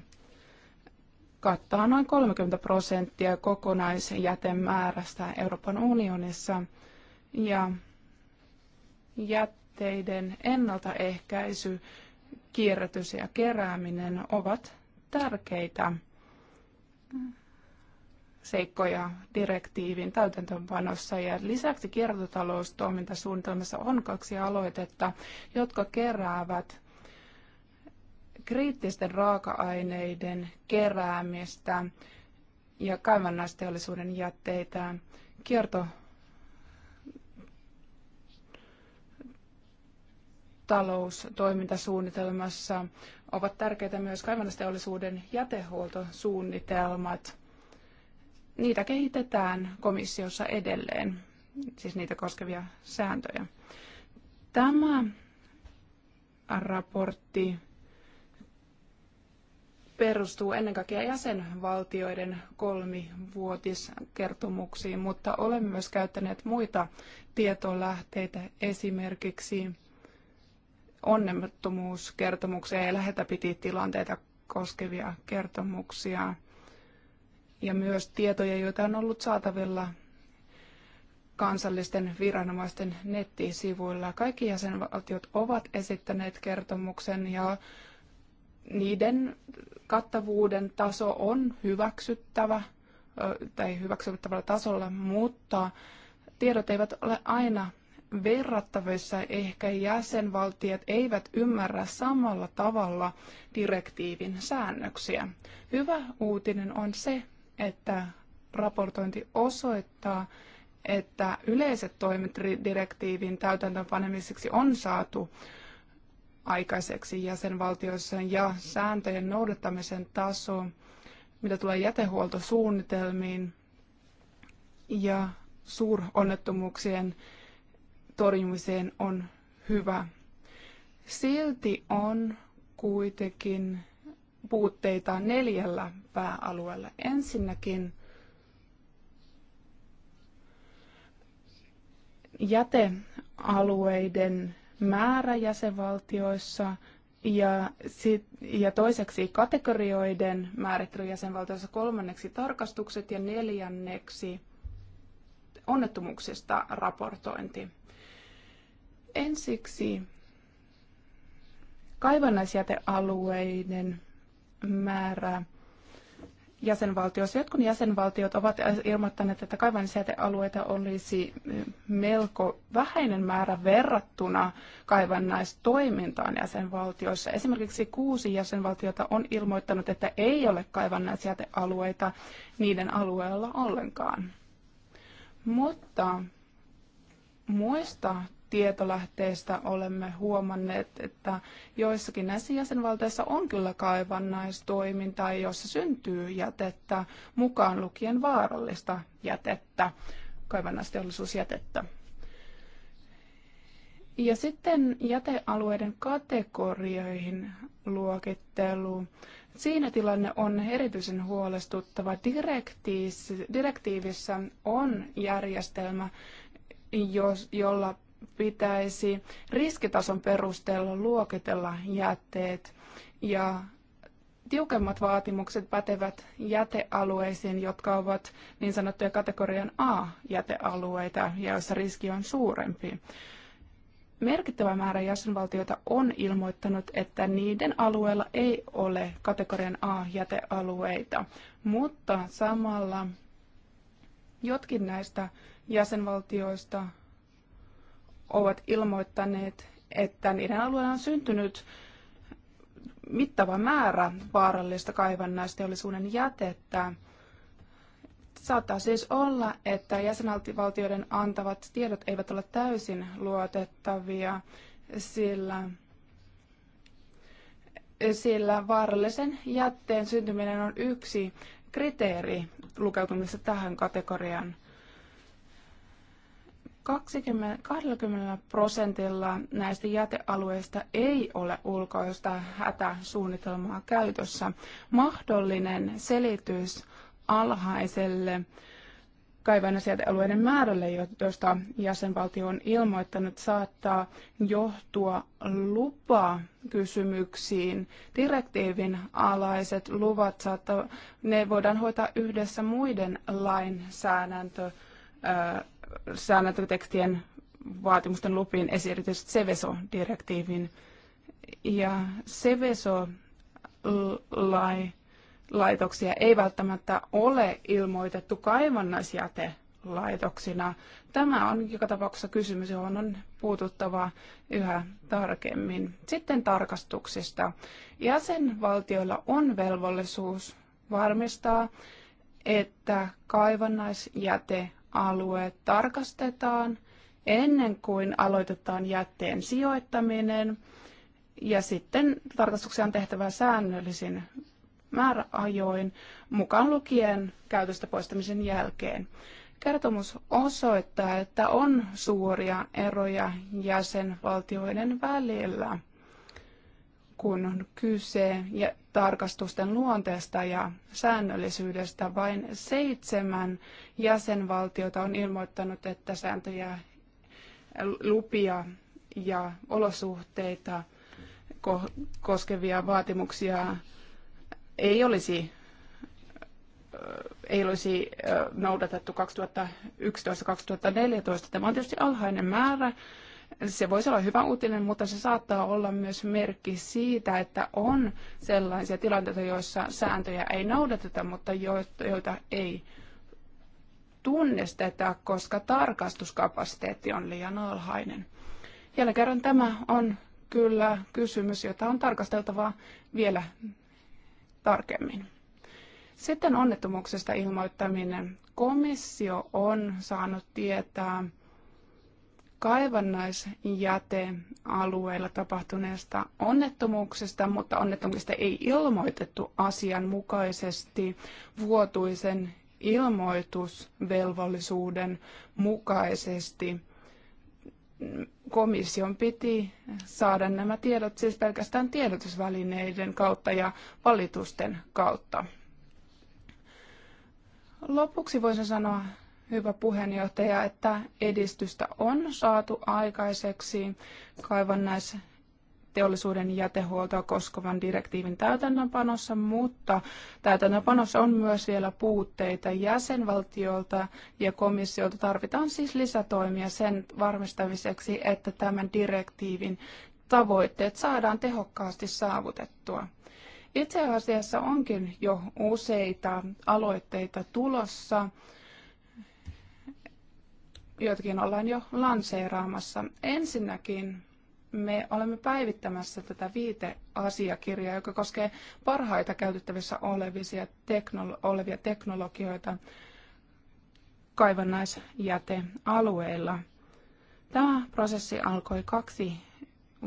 kattaa noin 30 prosenttia kokonaisjätemäärästä Euroopan unionissa. Ja jätteiden ennaltaehkäisy, kierrätys ja kerääminen ovat tärkeitä seikkoja direktiivin täytäntöönpanossa ja lisäksi kiertotaloustoimintasuunnitelmassa on kaksi aloitetta, jotka keräävät kriittisten raaka-aineiden keräämistä ja kaivannaisteollisuuden jätteitä. Kierto taloustoimintasuunnitelmassa ovat tärkeitä myös kaivannaisteollisuuden jätehuoltosuunnitelmat. Niitä kehitetään komissiossa edelleen, siis niitä koskevia sääntöjä. Tämä raportti perustuu ennen kaikkea jäsenvaltioiden kolmivuotiskertomuksiin, mutta olemme myös käyttäneet muita tietolähteitä, esimerkiksi onnettomuuskertomuksia ja lähetä piti tilanteita koskevia kertomuksia ja myös tietoja, joita on ollut saatavilla kansallisten viranomaisten nettisivuilla. Kaikki jäsenvaltiot ovat esittäneet kertomuksen ja niiden kattavuuden taso on hyväksyttävä tai hyväksyttävällä tasolla, mutta tiedot eivät ole aina verrattavissa. Ehkä jäsenvaltiot eivät ymmärrä samalla tavalla direktiivin säännöksiä. Hyvä uutinen on se, että raportointi osoittaa, että yleiset toimet direktiivin täytäntöönpanemiseksi on saatu aikaiseksi jäsenvaltioissa ja sääntöjen noudattamisen taso, mitä tulee jätehuoltosuunnitelmiin ja suuronnettomuuksien torjumiseen on hyvä. Silti on kuitenkin puutteita neljällä pääalueella. Ensinnäkin jätealueiden määrä jäsenvaltioissa ja, sit, ja toiseksi kategorioiden määrittely jäsenvaltioissa, kolmanneksi tarkastukset ja neljänneksi onnettomuuksista raportointi. Ensiksi kaivannaisjätealueiden määrä jäsenvaltioissa. Jotkut jäsenvaltiot ovat ilmoittaneet, että kaivannaisjätealueita olisi melko vähäinen määrä verrattuna kaivannaistoimintaan jäsenvaltioissa. Esimerkiksi kuusi jäsenvaltiota on ilmoittanut, että ei ole kaivannaisjätealueita niiden alueella ollenkaan. Mutta muista tietolähteistä olemme huomanneet, että joissakin näissä jäsenvaltioissa on kyllä kaivannaistoimintaa, jossa syntyy jätettä, mukaan lukien vaarallista jätettä, kaivannaisteollisuusjätettä. Ja sitten jätealueiden kategorioihin luokittelu. Siinä tilanne on erityisen huolestuttava. Direktiivissä on järjestelmä, jos, jolla pitäisi riskitason perusteella luokitella jätteet ja tiukemmat vaatimukset pätevät jätealueisiin, jotka ovat niin sanottuja kategorian A-jätealueita ja joissa riski on suurempi. Merkittävä määrä jäsenvaltioita on ilmoittanut, että niiden alueella ei ole kategorian A-jätealueita, mutta samalla jotkin näistä jäsenvaltioista ovat ilmoittaneet, että niiden alueella on syntynyt mittava määrä vaarallista kaivannaisteollisuuden jätettä. Saattaa siis olla, että jäsenvaltioiden antavat tiedot eivät ole täysin luotettavia, sillä, sillä vaarallisen jätteen syntyminen on yksi kriteeri lukeutumisessa tähän kategoriaan. 20, 20 prosentilla näistä jätealueista ei ole ulkoista hätäsuunnitelmaa käytössä. Mahdollinen selitys alhaiselle kaivannaisjätealueiden määrälle, josta jäsenvaltio on ilmoittanut, saattaa johtua lupakysymyksiin. Direktiivin alaiset luvat saattaa, ne voidaan hoitaa yhdessä muiden lainsäädäntö säännötötekstien vaatimusten lupiin, esimerkiksi Seveso-direktiivin. Ja Seveso-laitoksia ei välttämättä ole ilmoitettu kaivannaisjäte laitoksina. Tämä on joka tapauksessa kysymys, johon on puututtava yhä tarkemmin. Sitten tarkastuksista. Jäsenvaltioilla on velvollisuus varmistaa, että kaivannaisjäte alue tarkastetaan ennen kuin aloitetaan jätteen sijoittaminen ja sitten tarkastuksia on tehtävä säännöllisin määräajoin mukaan lukien käytöstä poistamisen jälkeen. Kertomus osoittaa, että on suuria eroja jäsenvaltioiden välillä kun on kyse tarkastusten luonteesta ja säännöllisyydestä, vain seitsemän jäsenvaltiota on ilmoittanut, että sääntöjä, lupia ja olosuhteita koskevia vaatimuksia ei olisi ei olisi noudatettu 2011-2014. Tämä on tietysti alhainen määrä, se voisi olla hyvä uutinen, mutta se saattaa olla myös merkki siitä, että on sellaisia tilanteita, joissa sääntöjä ei noudateta, mutta joita ei tunnisteta, koska tarkastuskapasiteetti on liian alhainen. Jälleen kerran tämä on kyllä kysymys, jota on tarkasteltava vielä tarkemmin. Sitten onnettomuuksesta ilmoittaminen. Komissio on saanut tietää kaivannaisjätealueella tapahtuneesta onnettomuuksesta, mutta onnettomuudesta ei ilmoitettu asianmukaisesti vuotuisen ilmoitusvelvollisuuden mukaisesti. Komission piti saada nämä tiedot siis pelkästään tiedotusvälineiden kautta ja valitusten kautta. Lopuksi voisin sanoa hyvä puheenjohtaja, että edistystä on saatu aikaiseksi kaivannaisteollisuuden jätehuoltoa koskevan direktiivin täytäntöönpanossa, mutta täytäntöönpanossa on myös vielä puutteita jäsenvaltiolta ja komissiolta. Tarvitaan siis lisätoimia sen varmistamiseksi, että tämän direktiivin tavoitteet saadaan tehokkaasti saavutettua. Itse asiassa onkin jo useita aloitteita tulossa joitakin ollaan jo lanseeraamassa. Ensinnäkin me olemme päivittämässä tätä viiteasiakirjaa, joka koskee parhaita käytettävissä olevia, teknolo- olevia teknologioita kaivannaisjätealueilla. Tämä prosessi alkoi kaksi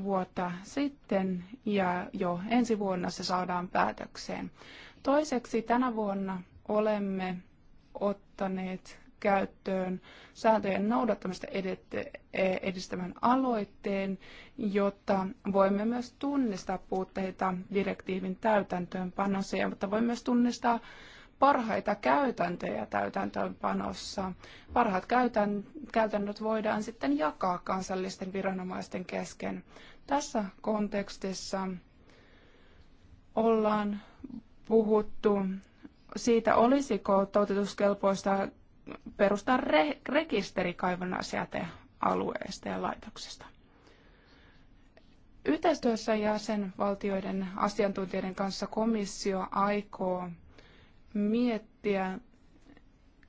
vuotta sitten ja jo ensi vuonna se saadaan päätökseen. Toiseksi tänä vuonna olemme ottaneet käyttöön sääntöjen noudattamista e- edistävän aloitteen, jotta voimme myös tunnistaa puutteita direktiivin täytäntöönpanossa ja mutta voimme myös tunnistaa parhaita käytäntöjä täytäntöönpanossa. Parhaat käytännöt voidaan sitten jakaa kansallisten viranomaisten kesken. Tässä kontekstissa ollaan puhuttu siitä, olisiko toteutuskelpoista perustaa re- rekisteri alueesta ja laitoksesta. Yhteistyössä jäsenvaltioiden asiantuntijoiden kanssa komissio aikoo miettiä,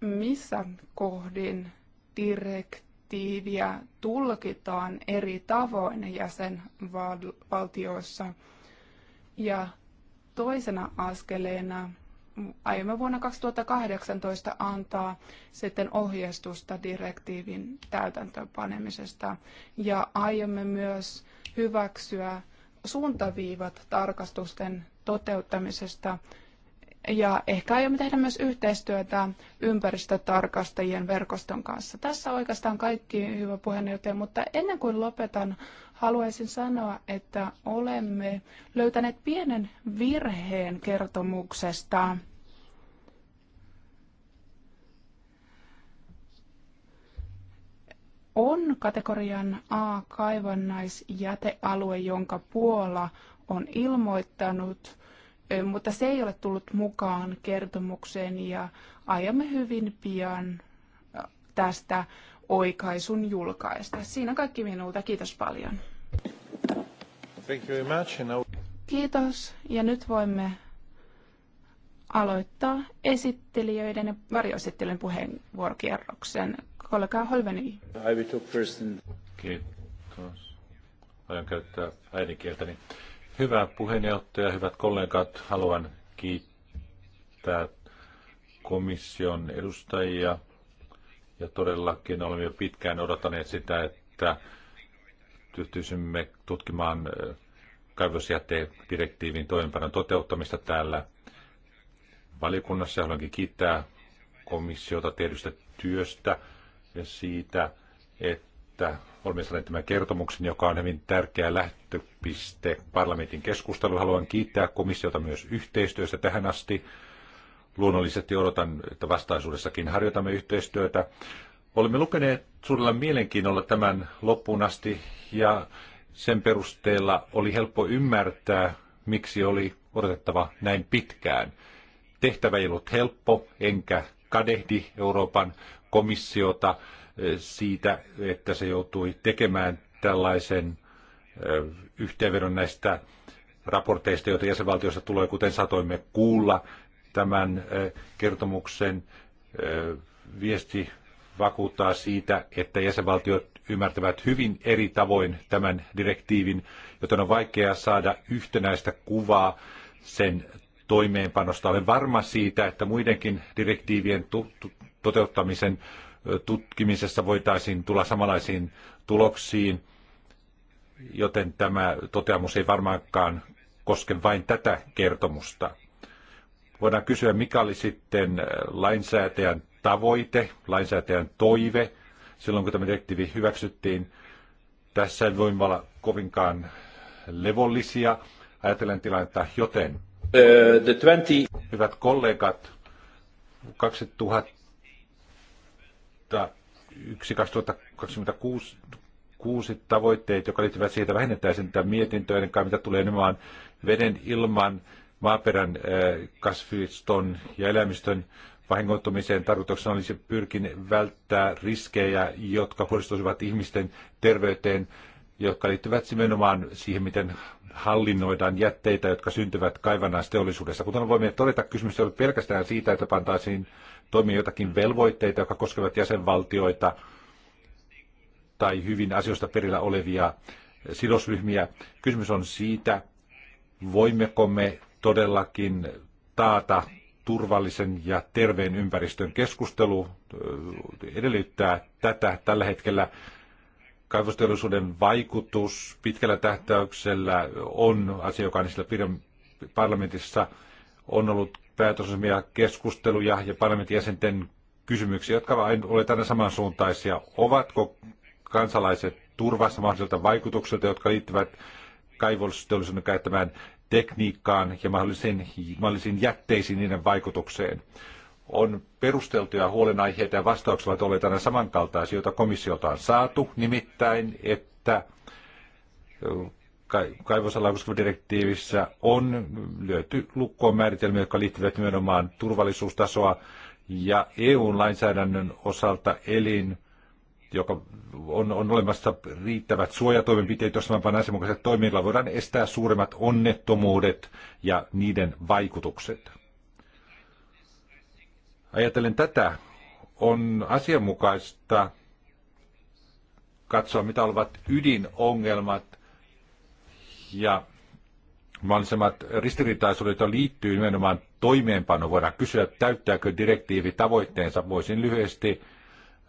missä kohdin direktiiviä tulkitaan eri tavoin jäsenvaltioissa. Ja toisena askeleena aiomme vuonna 2018 antaa sitten ohjeistusta direktiivin täytäntöönpanemisesta ja aiomme myös hyväksyä suuntaviivat tarkastusten toteuttamisesta ja ehkä aiomme tehdä myös yhteistyötä ympäristötarkastajien verkoston kanssa. Tässä oikeastaan kaikki, hyvä puheenjohtaja, mutta ennen kuin lopetan, haluaisin sanoa, että olemme löytäneet pienen virheen kertomuksesta. on kategorian A kaivannaisjätealue, jonka Puola on ilmoittanut, mutta se ei ole tullut mukaan kertomukseen ja aiomme hyvin pian tästä oikaisun julkaista. Siinä kaikki minulta. Kiitos paljon. Thank you very much. Now... Kiitos ja nyt voimme aloittaa esittelijöiden ja varjoesittelijöiden puheenvuorokierroksen. Olkaa holveni. I first Kiitos. Aion käyttää äidinkieltäni. Hyvä puheenjohtaja, hyvät kollegat, haluan kiittää komission edustajia. Ja todellakin olemme jo pitkään odottaneet sitä, että tyytyisimme tutkimaan kaivosjätedirektiivin toimenpanon toteuttamista täällä valiokunnassa. Haluankin kiittää komissiota tehdystä työstä siitä, että olemme saaneet tämän kertomuksen, joka on hyvin tärkeä lähtöpiste parlamentin keskusteluun. Haluan kiittää komissiota myös yhteistyöstä tähän asti. Luonnollisesti odotan, että vastaisuudessakin harjoitamme yhteistyötä. Olemme lukeneet suurella mielenkiinnolla tämän loppuun asti ja sen perusteella oli helppo ymmärtää, miksi oli odotettava näin pitkään. Tehtävä ei ollut helppo, enkä kadehdi Euroopan komissiota eh, siitä, että se joutui tekemään tällaisen eh, yhteenvedon näistä raporteista, joita jäsenvaltioista tulee, kuten satoimme kuulla tämän eh, kertomuksen viesti vakuuttaa siitä, että jäsenvaltiot ymmärtävät hyvin eri tavoin tämän direktiivin, joten on vaikea saada yhtenäistä kuvaa sen toimeenpanosta. Olen varma siitä, että muidenkin direktiivien toteuttamisen tutkimisessa voitaisiin tulla samanlaisiin tuloksiin, joten tämä toteamus ei varmaankaan koske vain tätä kertomusta. Voidaan kysyä, mikä oli sitten lainsäätäjän tavoite, lainsäätäjän toive silloin, kun tämä direktiivi hyväksyttiin. Tässä ei voi olla kovinkaan levollisia ajatellen tilannetta, joten 20... hyvät kollegat, 2000 2001-2026 kuusi tavoitteet, jotka liittyvät siihen, että vähennettäisiin tätä mietintöä, niin mitä tulee nimenomaan veden, ilman, maaperän, kasviston ja elämistön vahingoittumiseen tarkoituksena olisi pyrkin välttää riskejä, jotka kohdistuisivat ihmisten terveyteen jotka liittyvät nimenomaan siihen, miten hallinnoidaan jätteitä, jotka syntyvät kaivannaisteollisuudessa. Kuten voimme todeta, kysymys ei ole pelkästään siitä, että pantaisiin toimia jotakin velvoitteita, jotka koskevat jäsenvaltioita tai hyvin asioista perillä olevia sidosryhmiä. Kysymys on siitä, voimmeko me todellakin taata turvallisen ja terveen ympäristön keskustelu edellyttää tätä. Tällä hetkellä kaivosteollisuuden vaikutus pitkällä tähtäyksellä on asia, joka on sillä parlamentissa. On ollut päätösasemia keskusteluja ja parlamentin jäsenten kysymyksiä, jotka ovat aina samansuuntaisia. Ovatko kansalaiset turvassa mahdollisilta vaikutuksilta, jotka liittyvät kaivosteollisuuden käyttämään tekniikkaan ja mahdollisiin, mahdollisiin jätteisiin niiden vaikutukseen? on perusteltuja huolenaiheita ja vastaukset ovat olleet aina samankaltaisia, joita komissiolta on saatu, nimittäin, että kaivosalaa direktiivissä on löyty lukkoon määritelmiä, jotka liittyvät nimenomaan turvallisuustasoa ja EU-lainsäädännön osalta elin, joka on, on olemassa riittävät suojatoimenpiteet, jos vain asianmukaisella toimilla voidaan estää suuremmat onnettomuudet ja niiden vaikutukset. Ajatellen tätä, on asianmukaista katsoa, mitä ovat ydinongelmat ja mahdollisimmat ristiriitaisuudet, joita liittyy nimenomaan toimeenpano. Voidaan kysyä, täyttääkö direktiivi tavoitteensa. Voisin lyhyesti,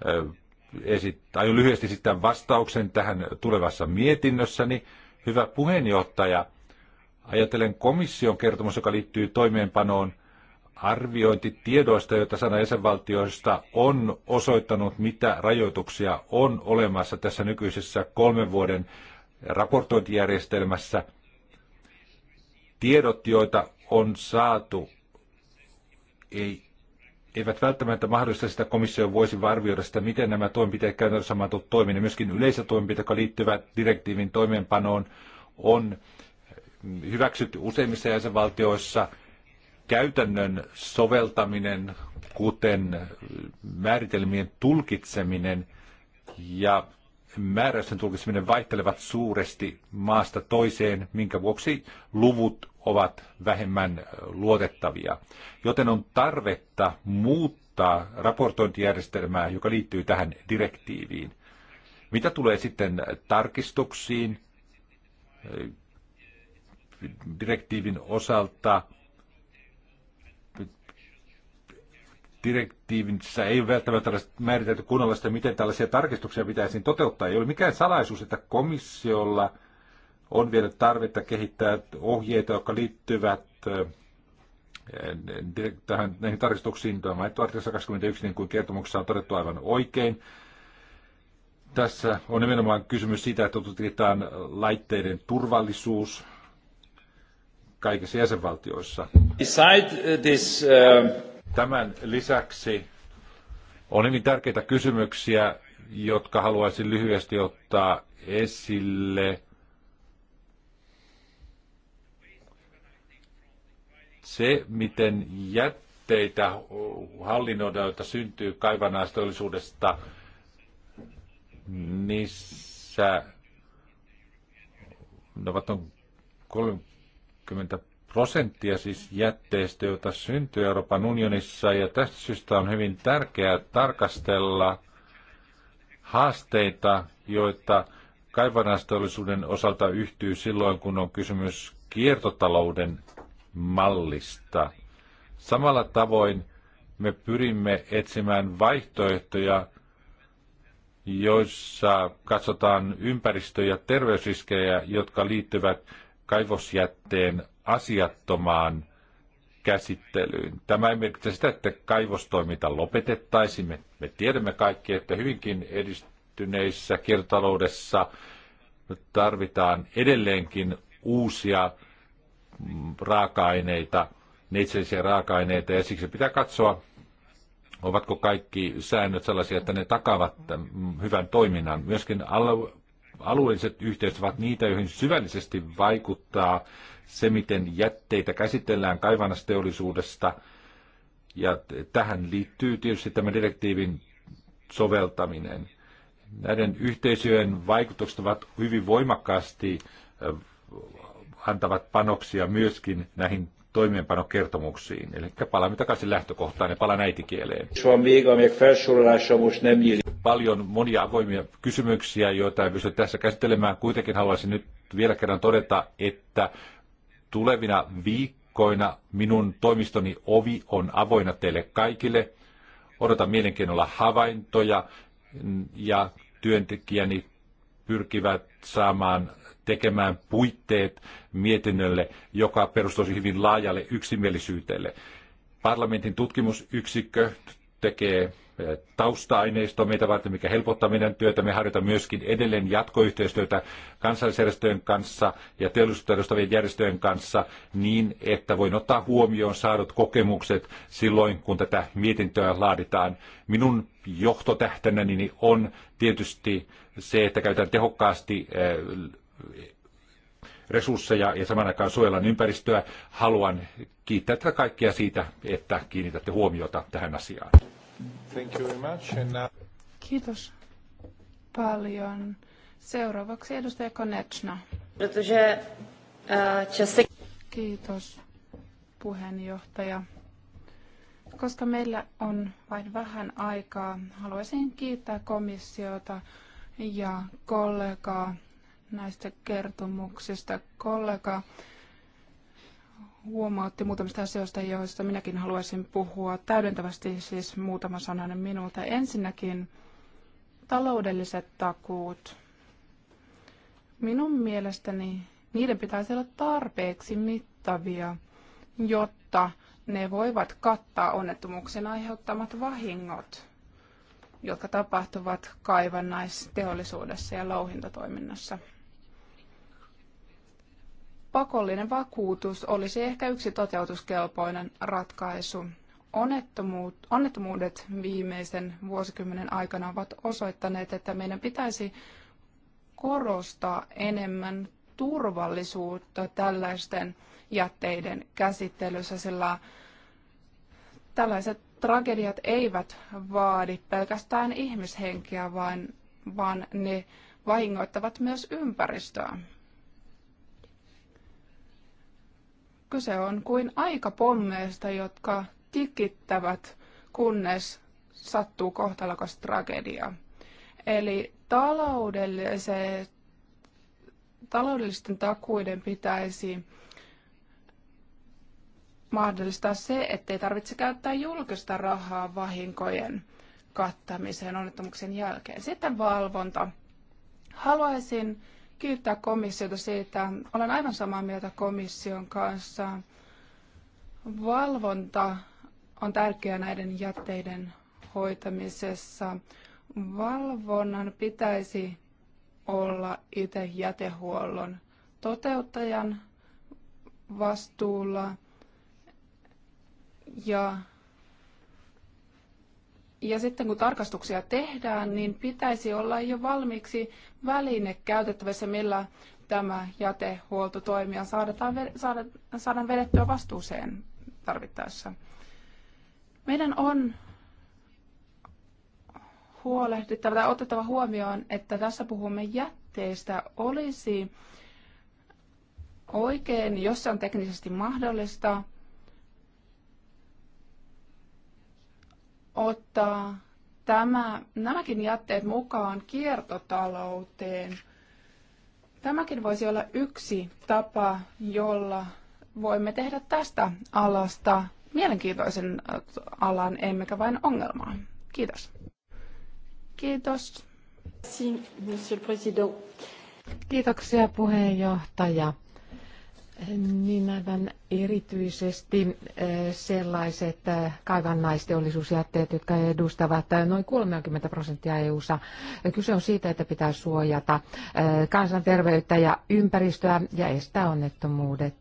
äh, aion lyhyesti sitten vastauksen tähän tulevassa mietinnössäni. Hyvä puheenjohtaja, ajatellen komission kertomus, joka liittyy toimeenpanoon – arviointi tiedoista, joita sana jäsenvaltioista on osoittanut, mitä rajoituksia on olemassa tässä nykyisessä kolmen vuoden raportointijärjestelmässä. Tiedot, joita on saatu, ei, eivät välttämättä mahdollista sitä komissio voisi arvioida sitä, miten nämä toimenpiteet käytännössä on toimiin. Myöskin yleiset toimenpiteet, jotka liittyvät direktiivin toimeenpanoon, on hyväksytty useimmissa jäsenvaltioissa – käytännön soveltaminen, kuten määritelmien tulkitseminen ja määräysten tulkitseminen vaihtelevat suuresti maasta toiseen, minkä vuoksi luvut ovat vähemmän luotettavia. Joten on tarvetta muuttaa raportointijärjestelmää, joka liittyy tähän direktiiviin. Mitä tulee sitten tarkistuksiin direktiivin osalta, direktiivissä ei välttämättä määritelty kunnolla sitä, miten tällaisia tarkistuksia pitäisi toteuttaa. Ei ole mikään salaisuus, että komissiolla on vielä tarvetta kehittää ohjeita, jotka liittyvät eh, tähän, näihin tarkistuksiin. Tämä mainittu artikassa 21, niin kuin kertomuksessa on todettu aivan oikein. Tässä on nimenomaan kysymys siitä, että tutkitaan laitteiden turvallisuus kaikissa jäsenvaltioissa. Beside eh, this, uh Tämän lisäksi on hyvin tärkeitä kysymyksiä, jotka haluaisin lyhyesti ottaa esille. Se, miten jätteitä hallinnoidaan, joita syntyy kaivannaisteollisuudesta, niissä ne ovat on 30 prosenttia siis jätteistä, joita syntyy Euroopan unionissa, ja tästä syystä on hyvin tärkeää tarkastella haasteita, joita kaivannaisteollisuuden osalta yhtyy silloin, kun on kysymys kiertotalouden mallista. Samalla tavoin me pyrimme etsimään vaihtoehtoja, joissa katsotaan ympäristö- ja terveysriskejä, jotka liittyvät kaivosjätteen asiattomaan käsittelyyn. Tämä ei merkitse sitä, että kaivostoiminta lopetettaisiin. Me, me tiedämme kaikki, että hyvinkin edistyneissä kiertotaloudessa tarvitaan edelleenkin uusia raaka-aineita, neitsellisiä raaka-aineita, ja siksi pitää katsoa, ovatko kaikki säännöt sellaisia, että ne takavat hyvän toiminnan. Myöskin alueelliset yhteisöt ovat niitä, joihin syvällisesti vaikuttaa se, miten jätteitä käsitellään kaivannasteollisuudesta. Ja tähän liittyy tietysti tämä direktiivin soveltaminen. Näiden yhteisöjen vaikutukset ovat hyvin voimakkaasti antavat panoksia myöskin näihin toimeenpanokertomuksiin. Eli palaamme takaisin lähtökohtaan ja palaan äitikieleen. Paljon monia avoimia kysymyksiä, joita ei pysty tässä käsittelemään. Kuitenkin haluaisin nyt vielä kerran todeta, että tulevina viikkoina minun toimistoni ovi on avoinna teille kaikille. Odotan mielenkiinnolla havaintoja ja työntekijäni pyrkivät saamaan tekemään puitteet mietinnölle, joka perustuisi hyvin laajalle yksimielisyyteelle. Parlamentin tutkimusyksikkö tekee tausta-aineisto meitä varten, mikä helpottaa meidän työtä. Me harjoitamme myöskin edelleen jatkoyhteistyötä kansallisjärjestöjen kanssa ja teollisuutta järjestöjen kanssa niin, että voin ottaa huomioon saadut kokemukset silloin, kun tätä mietintöä laaditaan. Minun johtotähtänäni on tietysti se, että käytän tehokkaasti eh, resursseja ja saman aikaan suojellaan ympäristöä. Haluan kiittää kaikkia siitä, että kiinnitätte huomiota tähän asiaan. Thank you very much. And now... Kiitos paljon. Seuraavaksi edustaja Konechna. Eh, Kiitos puheenjohtaja. Koska meillä on vain vähän aikaa, haluaisin kiittää komissiota ja kollegaa näistä kertomuksista. Kollega huomautti muutamista asioista, joista minäkin haluaisin puhua täydentävästi, siis muutama sananen minulta. Ensinnäkin taloudelliset takuut. Minun mielestäni niiden pitäisi olla tarpeeksi mittavia, jotta ne voivat kattaa onnettomuuksien aiheuttamat vahingot, jotka tapahtuvat kaivannaisteollisuudessa ja louhintatoiminnassa. Pakollinen vakuutus olisi ehkä yksi toteutuskelpoinen ratkaisu. Onnettomuudet viimeisen vuosikymmenen aikana ovat osoittaneet, että meidän pitäisi korostaa enemmän turvallisuutta tällaisten jätteiden käsittelyssä, sillä tällaiset tragediat eivät vaadi pelkästään ihmishenkiä, vaan, vaan ne vahingoittavat myös ympäristöä. Kyse on kuin aikapommeista, jotka tikittävät, kunnes sattuu kohtalokas tragedia. Eli taloudelliset, taloudellisten takuiden pitäisi mahdollistaa se, ettei tarvitse käyttää julkista rahaa vahinkojen kattamiseen onnettomuuksien jälkeen. Sitten valvonta. Haluaisin kiittää komissiota siitä. Olen aivan samaa mieltä komission kanssa. Valvonta on tärkeää näiden jätteiden hoitamisessa. Valvonnan pitäisi olla itse jätehuollon toteuttajan vastuulla ja ja sitten kun tarkastuksia tehdään, niin pitäisi olla jo valmiiksi väline käytettävissä, millä tämä jätehuoltotoimija saadaan, saada, saadaan vedettyä vastuuseen tarvittaessa. Meidän on huolehdittava tai otettava huomioon, että tässä puhumme jätteistä. Olisi oikein, jos se on teknisesti mahdollista, ottaa tämä, nämäkin jätteet mukaan kiertotalouteen. Tämäkin voisi olla yksi tapa, jolla voimme tehdä tästä alasta mielenkiintoisen äh, alan, emmekä vain ongelmaa. Kiitos. Kiitos. Kiitoksia puheenjohtaja. Niin aivan erityisesti eh, sellaiset eh, kaivannaisteollisuusjätteet, jotka edustavat eh, noin 30 prosenttia EU-ssa. Kyse on siitä, että pitää suojata kansanterveyttä ja ympäristöä ja estää onnettomuudet.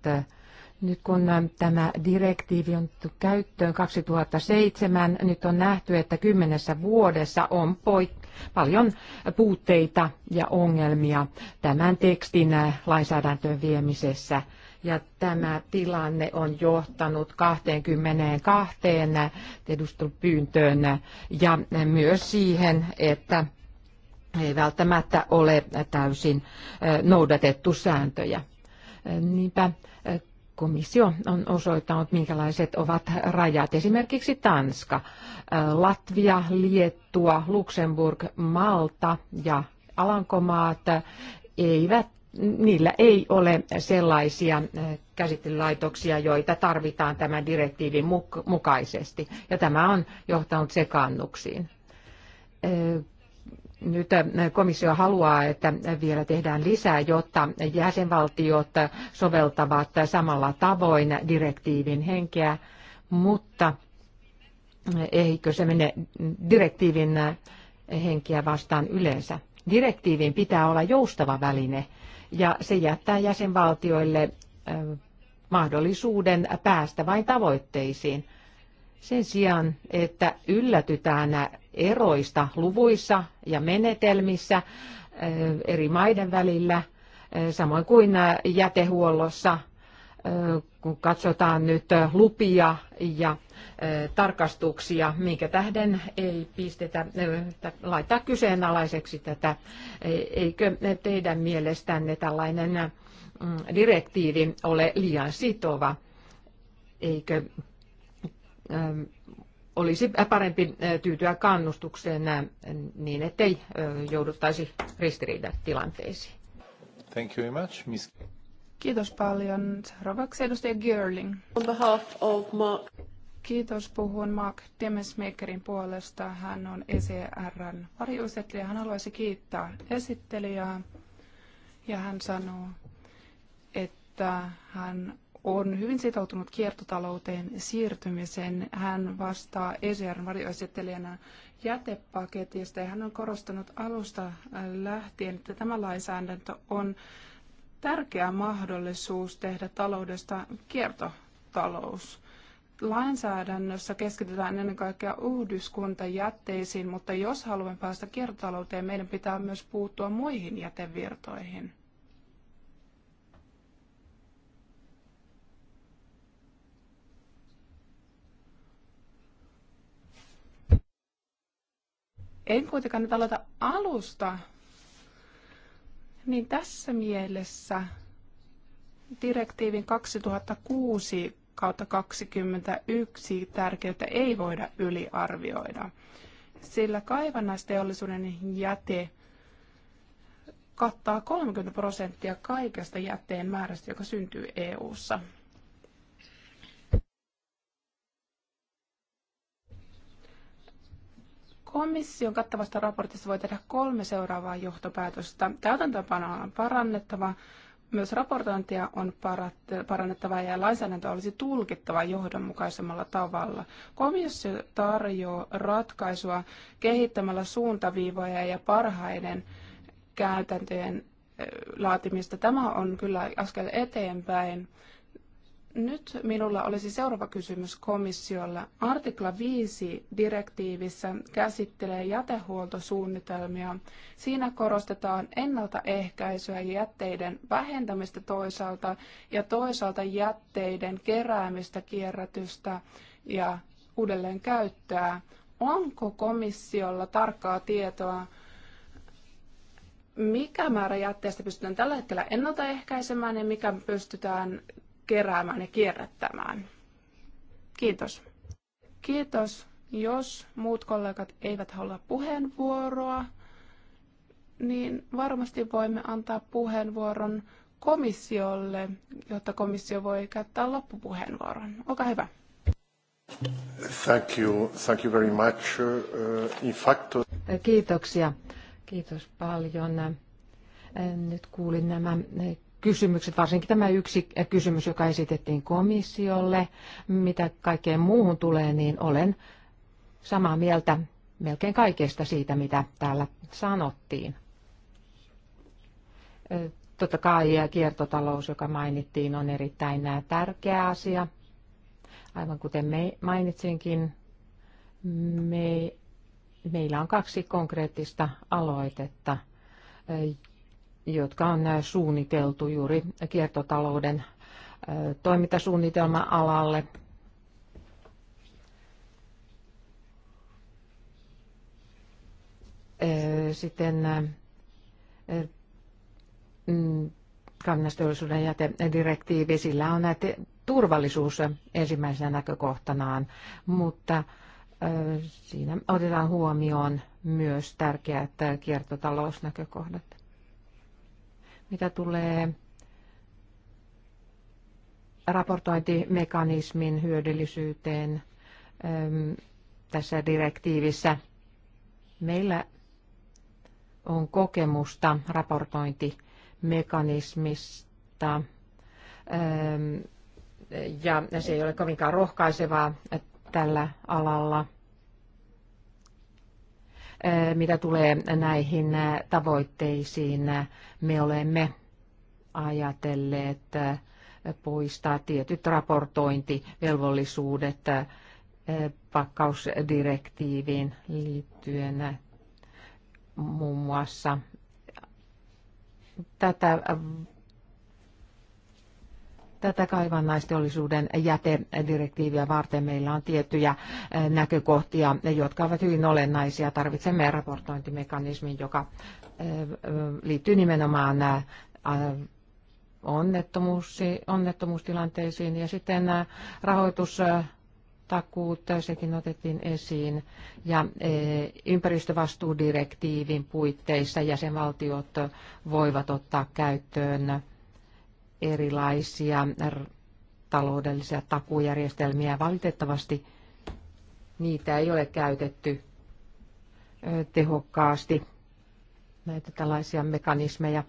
Nyt kun tämä direktiivi on käyttöön 2007, nyt on nähty, että kymmenessä vuodessa on poik- paljon puutteita ja ongelmia tämän tekstin lainsäädäntöön viemisessä ja tämä tilanne on johtanut 22 tiedustelupyyntöön ja myös siihen, että ei välttämättä ole täysin noudatettu sääntöjä. Niinpä komissio on osoittanut, minkälaiset ovat rajat. Esimerkiksi Tanska, Latvia, Liettua, Luxemburg, Malta ja Alankomaat eivät niillä ei ole sellaisia eh, käsittelylaitoksia, joita tarvitaan tämän direktiivin mukaisesti. Ja tämä on johtanut sekaannuksiin. Eh, nyt eh, komissio haluaa, että vielä tehdään lisää, jotta jäsenvaltiot soveltavat samalla tavoin direktiivin henkeä, mutta eikö se mene direktiivin henkeä vastaan yleensä. Direktiivin pitää olla joustava väline ja se jättää jäsenvaltioille mahdollisuuden päästä vain tavoitteisiin. Sen sijaan, että yllätytään eroista luvuissa ja menetelmissä eri maiden välillä, samoin kuin jätehuollossa, kun katsotaan nyt lupia ja tarkastuksia, minkä tähden ei pistetä, laittaa kyseenalaiseksi tätä. E, eikö teidän mielestänne tällainen mm, direktiivi ole liian sitova? Eikö olisi parempi tyytyä kannustukseen niin, ettei jouduttaisi ristiriidatilanteisiin? Thank you very much, Miss... Kiitos paljon. Seuraavaksi edustaja Girling. On behalf of Mark. Kiitos. Puhun Mark Demesmakerin puolesta. Hän on ECRn varjoesittelijä. Hän haluaisi kiittää esittelijää ja hän sanoo, että hän on hyvin sitoutunut kiertotalouteen siirtymiseen. Hän vastaa ECRn varjoesittelijänä jätepaketista ja hän on korostanut alusta lähtien, että tämä lainsäädäntö on tärkeä mahdollisuus tehdä taloudesta kiertotalous lainsäädännössä keskitytään ennen kaikkea uudyskuntajätteisiin, mutta jos haluamme päästä kiertotalouteen, meidän pitää myös puuttua muihin jätevirtoihin. En kuitenkaan nyt aloita alusta, niin tässä mielessä direktiivin 2006 kautta 21 tärkeyttä ei voida yliarvioida, sillä kaivannaisteollisuuden jäte kattaa 30 prosenttia kaikesta jätteen määrästä, joka syntyy EU:ssa. Komission kattavasta raportista voi tehdä kolme seuraavaa johtopäätöstä. Täytäntöpanoa on parannettava, myös raportointia on parannettava ja lainsäädäntö olisi tulkittava johdonmukaisemmalla tavalla. Komissio tarjoaa ratkaisua kehittämällä suuntaviivoja ja parhaiden käytäntöjen eh, laatimista. Tämä on kyllä askel eteenpäin. Nyt minulla olisi seuraava kysymys komissiolle. Artikla 5 direktiivissä käsittelee jätehuoltosuunnitelmia. Siinä korostetaan ennaltaehkäisyä ja jätteiden vähentämistä toisaalta ja toisaalta jätteiden keräämistä, kierrätystä ja uudelleen käyttöä. Onko komissiolla tarkkaa tietoa mikä määrä jätteestä pystytään tällä hetkellä ennaltaehkäisemään ja mikä pystytään keräämään ja kierrättämään. Kiitos. Kiitos. Jos muut kollegat eivät halua puheenvuoroa, niin varmasti voimme antaa puheenvuoron komissiolle, jotta komissio voi käyttää loppupuheenvuoron. Olkaa hyvä. Thank you. Thank you very much. Uh, in fact... Kiitoksia. Kiitos paljon. Nyt kuulin nämä kysymykset, varsinkin tämä yksi kysymys, joka esitettiin komissiolle, mitä kaikkeen muuhun tulee, niin olen samaa mieltä melkein kaikesta siitä, mitä täällä sanottiin. Totta kai kiertotalous, joka mainittiin, on erittäin tärkeä asia. Aivan kuten me mainitsinkin, me, meillä on kaksi konkreettista aloitetta, jotka on äh, suunniteltu juuri kiertotalouden äh, toimintasuunnitelman alalle. Äh, sitten mm, kannasteollisuuden jätedirektiivi, sillä on näitä turvallisuus ensimmäisenä näkökohtanaan, mutta siinä otetaan huomioon myös tärkeät kiertotalousnäkökohdat mitä tulee raportointimekanismin hyödyllisyyteen ähm, tässä direktiivissä. Meillä on kokemusta raportointimekanismista ähm, ja se ei ole kovinkaan rohkaisevaa tällä alalla – Eh, mitä tulee näihin eh, tavoitteisiin, eh, me olemme ajatelleet poistaa tietyt raportointivelvollisuudet pakkausdirektiiviin liittyen muun muassa tätä tätä kaivannaisteollisuuden jätedirektiiviä varten meillä on tiettyjä näkökohtia, jotka ovat hyvin olennaisia. Tarvitsemme raportointimekanismin, joka liittyy nimenomaan onnettomuustilanteisiin ja sitten rahoitus takuut, sekin otettiin esiin, ja ympäristövastuudirektiivin puitteissa jäsenvaltiot voivat ottaa käyttöön erilaisia taloudellisia takujärjestelmiä. Valitettavasti niitä ei ole käytetty tehokkaasti, näitä tällaisia mekanismeja.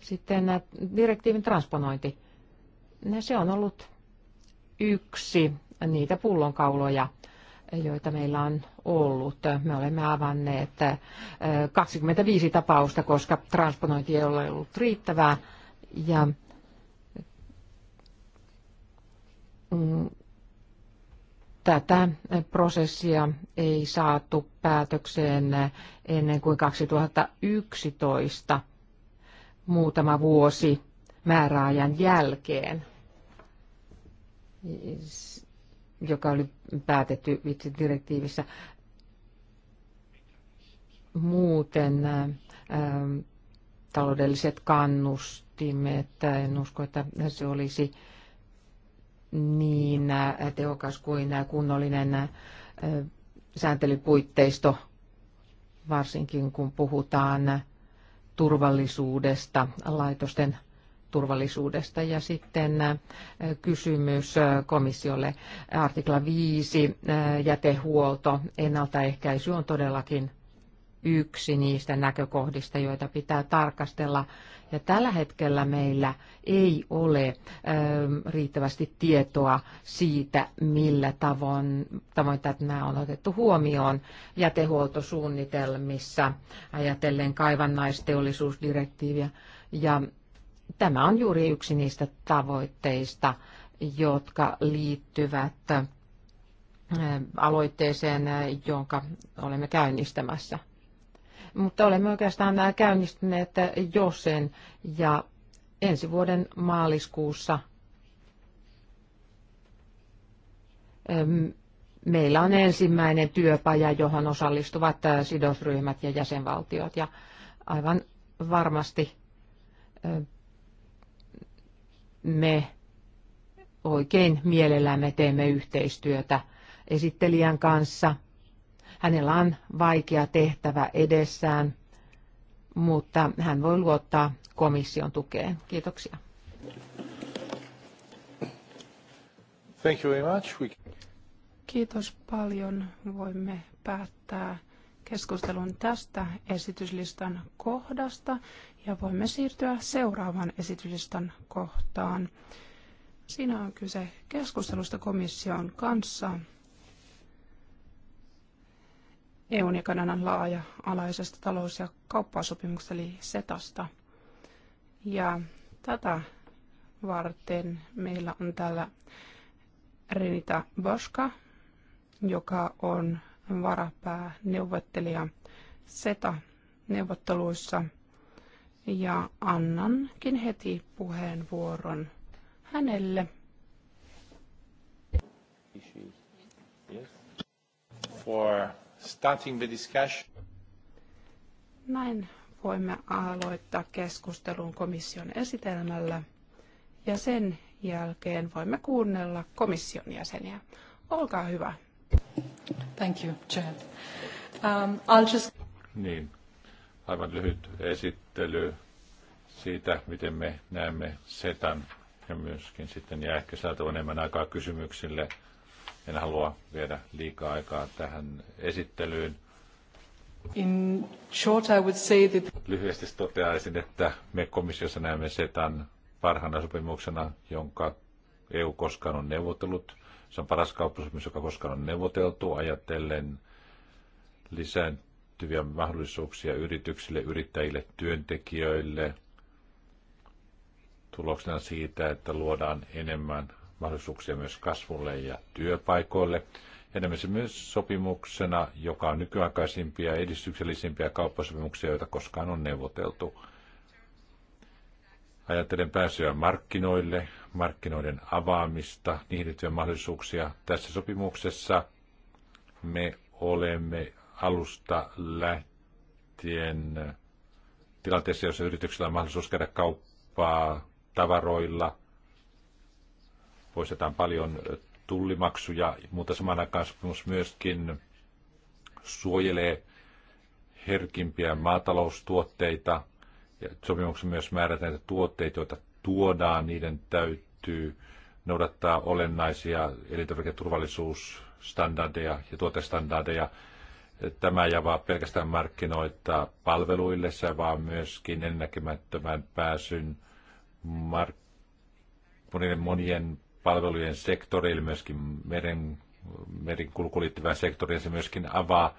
Sitten direktiivin transponointi. Se on ollut yksi niitä pullonkauloja, joita meillä on ollut. Me olemme avanneet 25 tapausta, koska transponointi ei ole ollut riittävää. Ja tätä prosessia ei saatu päätökseen ennen kuin 2011 muutama vuosi määräajan jälkeen, joka oli päätetty itse direktiivissä. Muuten taloudelliset kannustimet, en usko, että se olisi niin tehokas kuin kunnollinen sääntelypuitteisto, varsinkin kun puhutaan turvallisuudesta, laitosten turvallisuudesta. Ja sitten kysymys komissiolle artikla 5, jätehuolto, ennaltaehkäisy on todellakin yksi niistä näkökohdista, joita pitää tarkastella ja tällä hetkellä meillä ei ole ö, ähm, riittävästi tietoa siitä, millä tavoin, tavoin nämä on otettu huomioon jätehuoltosuunnitelmissa ajatellen kaivannaisteollisuusdirektiiviä. Ja tämä on juuri yksi niistä tavoitteista, jotka liittyvät äh, aloitteeseen, äh, jonka olemme käynnistämässä mutta olemme oikeastaan käynnistyneet jo sen ja ensi vuoden maaliskuussa ähm, meillä on ensimmäinen työpaja, johon osallistuvat äh, sidosryhmät ja jäsenvaltiot ja aivan varmasti ähm, me oikein mielellämme teemme yhteistyötä esittelijän kanssa – Hänellä on vaikea tehtävä edessään, mutta hän voi luottaa komission tukeen. Kiitoksia. Thank you very much. We... Kiitos paljon. Voimme päättää keskustelun tästä esityslistan kohdasta ja voimme siirtyä seuraavan esityslistan kohtaan. Siinä on kyse keskustelusta komission kanssa EUn ja Kanadan laaja-alaisesta talous- ja kauppasopimuksesta eli SETAsta. Ja tätä varten meillä on täällä Renita Boska, joka on varapääneuvottelija SETA-neuvotteluissa. Ja annankin heti puheenvuoron hänelle. For Starting the discussion. Näin voimme aloittaa keskustelun komission esitelmällä ja sen jälkeen voimme kuunnella komission jäseniä. Olkaa hyvä. Thank you, Chair. Um, I'll just... Niin, aivan lyhyt esittely siitä, miten me näemme setan ja myöskin sitten jää ehkä saatu enemmän aikaa kysymyksille – en halua viedä liikaa aikaa tähän esittelyyn. In short, I would say that... Lyhyesti toteaisin, että me komissiossa näemme SETAn parhaana sopimuksena, jonka EU koskaan on neuvotellut. Se on paras kauppasopimus, joka koskaan on neuvoteltu, ajatellen lisääntyviä mahdollisuuksia yrityksille, yrittäjille, työntekijöille, tuloksena siitä, että luodaan enemmän mahdollisuuksia myös kasvulle ja työpaikoille. Enemmän myös sopimuksena, joka on nykyaikaisimpia ja edistyksellisimpiä kauppasopimuksia, joita koskaan on neuvoteltu. Ajattelen pääsyä markkinoille, markkinoiden avaamista, niihin liittyviä mahdollisuuksia. Tässä sopimuksessa me olemme alusta lähtien tilanteessa, jossa yrityksellä on mahdollisuus käydä kauppaa tavaroilla – poistetaan paljon tullimaksuja, mutta samaan aikaan sopimus myöskin suojelee herkimpiä maataloustuotteita. Ja sopimuksen myös määrätään, näitä tuotteita, joita tuodaan, niiden täytyy noudattaa olennaisia elintarviketurvallisuusstandardeja ja tuotestandardeja. Tämä ei avaa pelkästään markkinoita palveluille, se vaan myöskin ennäkemättömän pääsyn mark- monien, monien palvelujen sektori eli myöskin meren, merinkulkuun liittyvään sektoriin. Se myöskin avaa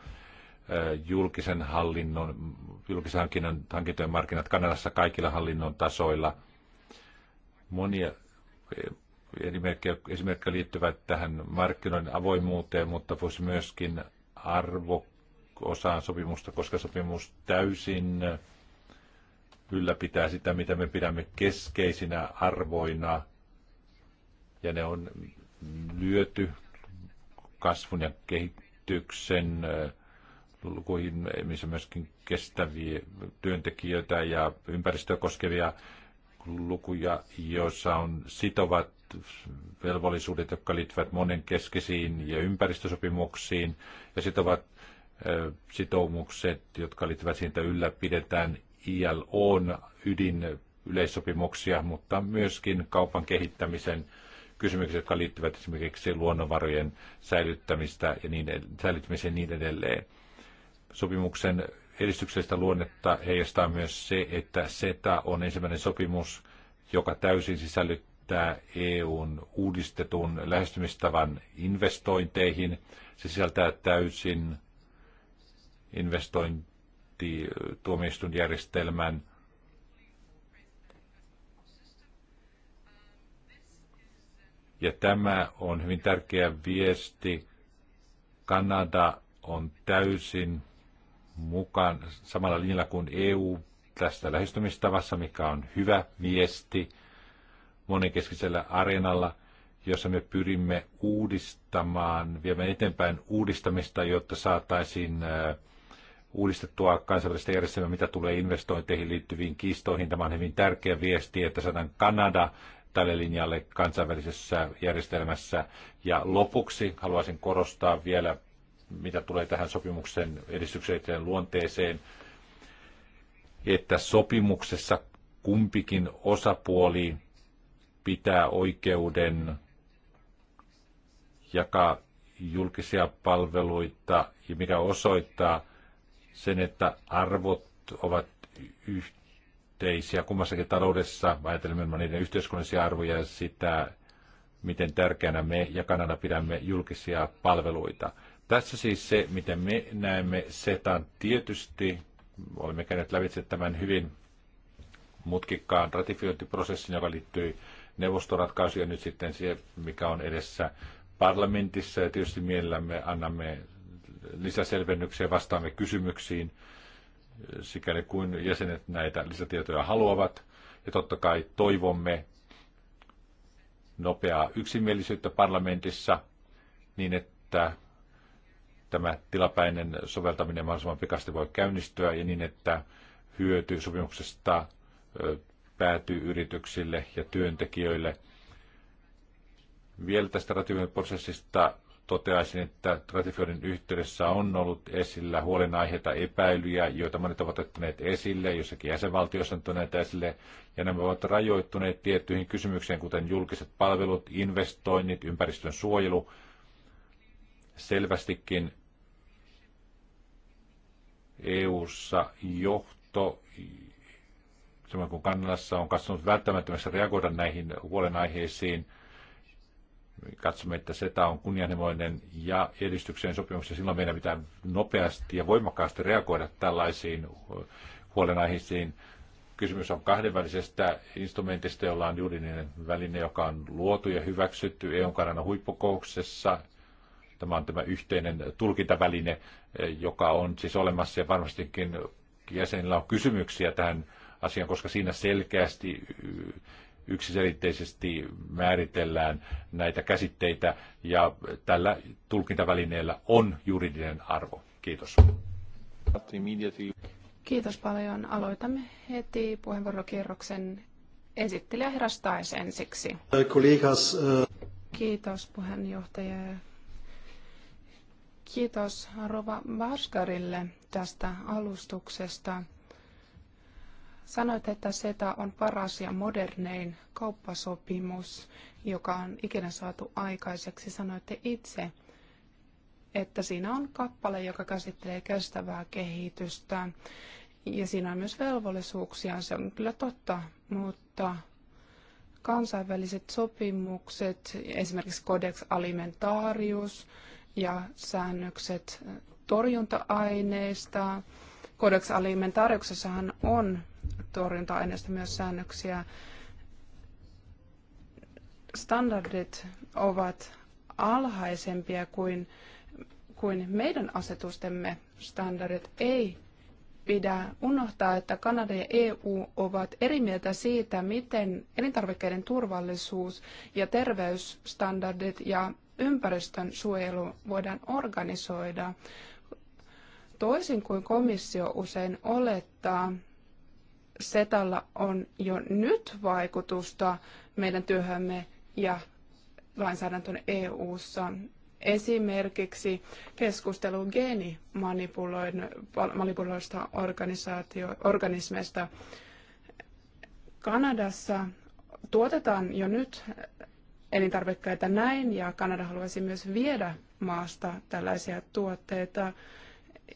julkisen hallinnon, julkisen hankinnan, hankintojen markkinat Kanadassa kaikilla hallinnon tasoilla. Monia e, esimerkkejä, esimerkkejä liittyvät tähän markkinoiden avoimuuteen, mutta voisi myöskin arvo osaan sopimusta, koska sopimus täysin ylläpitää sitä, mitä me pidämme keskeisinä arvoina – ja ne on lyöty kasvun ja kehityksen lukuihin, missä myöskin kestäviä työntekijöitä ja ympäristöä koskevia lukuja, joissa on sitovat velvollisuudet, jotka liittyvät monenkeskisiin ja ympäristösopimuksiin, ja sitovat sitoumukset, jotka liittyvät siitä ylläpidetään ILOn ydin yleissopimuksia, mutta myöskin kaupan kehittämisen kysymyksiä, jotka liittyvät esimerkiksi luonnonvarojen säilyttämistä ja niin säilyttämiseen niin edelleen. Sopimuksen edistyksellistä luonnetta heijastaa myös se, että SETA on ensimmäinen sopimus, joka täysin sisällyttää EUn uudistetun lähestymistavan investointeihin. Se sisältää täysin investointituomioistuinjärjestelmän, Ja tämä on hyvin tärkeä viesti. Kanada on täysin mukaan samalla linjalla kuin EU tästä lähestymistavassa, mikä on hyvä viesti monenkeskisellä areenalla, jossa me pyrimme uudistamaan, viemään eteenpäin uudistamista, jotta saataisiin äh, uudistettua kansainvälistä järjestelmää, mitä tulee investointeihin liittyviin kiistoihin. Tämä on hyvin tärkeä viesti, että saadaan Kanada tälle linjalle kansainvälisessä järjestelmässä. Ja lopuksi haluaisin korostaa vielä, mitä tulee tähän sopimuksen edistykselliseen luonteeseen, että sopimuksessa kumpikin osapuoli pitää oikeuden jakaa julkisia palveluita ja mikä osoittaa sen, että arvot ovat yhteydessä yhteisiä kummassakin taloudessa. Ajattelemme niiden yhteiskunnallisia arvoja ja sitä, miten tärkeänä me ja Kanada pidämme julkisia palveluita. Tässä siis se, miten me näemme SETAn. Tietysti olemme käyneet lävitse tämän hyvin mutkikkaan ratifiointiprosessin, joka liittyy neuvostoratkaisuun ja nyt sitten siihen, mikä on edessä parlamentissa. Ja tietysti mielellämme annamme lisäselvennyksiä, vastaamme kysymyksiin sikäli kuin jäsenet näitä lisätietoja haluavat. Ja totta kai toivomme nopeaa yksimielisyyttä parlamentissa niin, että tämä tilapäinen soveltaminen mahdollisimman pikasti voi käynnistyä ja niin, että hyöty sopimuksesta päätyy yrityksille ja työntekijöille. Vielä tästä ratifiointiprosessista toteaisin, että ratifioinnin yhteydessä on ollut esillä huolenaiheita epäilyjä, joita monet ovat ottaneet esille, jossakin jäsenvaltiossa on ottaneet esille, ja nämä ovat rajoittuneet tiettyihin kysymyksiin, kuten julkiset palvelut, investoinnit, ympäristön suojelu. Selvästikin EU-ssa johto, samoin kuin kannassa on katsonut välttämättömässä reagoida näihin huolenaiheisiin – katsomme, että SETA on kunnianhimoinen ja edistykseen sopimus, ja silloin meidän pitää nopeasti ja voimakkaasti reagoida tällaisiin huolenaiheisiin. Kysymys on kahdenvälisestä instrumentista, jolla on juridinen väline, joka on luotu ja hyväksytty eu kanana huippukouksessa. Tämä on tämä yhteinen tulkintaväline, joka on siis olemassa ja varmastikin jäsenillä on kysymyksiä tähän asiaan, koska siinä selkeästi yksiselitteisesti määritellään näitä käsitteitä ja tällä tulkintavälineellä on juridinen arvo. Kiitos. Kiitos paljon. Aloitamme heti puheenvuorokierroksen esittelijä herra Stais ensiksi. Kollegas, Kiitos puheenjohtaja. Kiitos Rova Baskarille tästä alustuksesta. Sanoit, että SETA on paras ja modernein kauppasopimus, joka on ikinä saatu aikaiseksi. Sanoitte itse, että siinä on kappale, joka käsittelee kestävää kehitystä. Ja siinä on myös velvollisuuksia, se on kyllä totta, mutta kansainväliset sopimukset, esimerkiksi Codex Alimentarius ja säännökset torjunta-aineista. Codex Alimentariuksessahan on torjunta-aineista myös säännöksiä. Standardit ovat alhaisempia kuin, kuin meidän asetustemme standardit. Ei pidä unohtaa, että Kanada ja EU ovat eri mieltä siitä, miten elintarvikkeiden turvallisuus ja terveysstandardit ja ympäristön suojelu voidaan organisoida. Toisin kuin komissio usein olettaa, Setalla on jo nyt vaikutusta meidän työhömme ja lainsäädäntöön EU-ssa. Esimerkiksi keskustelu geenimanipuloista organismeista. Kanadassa tuotetaan jo nyt elintarvikkeita näin, ja Kanada haluaisi myös viedä maasta tällaisia tuotteita.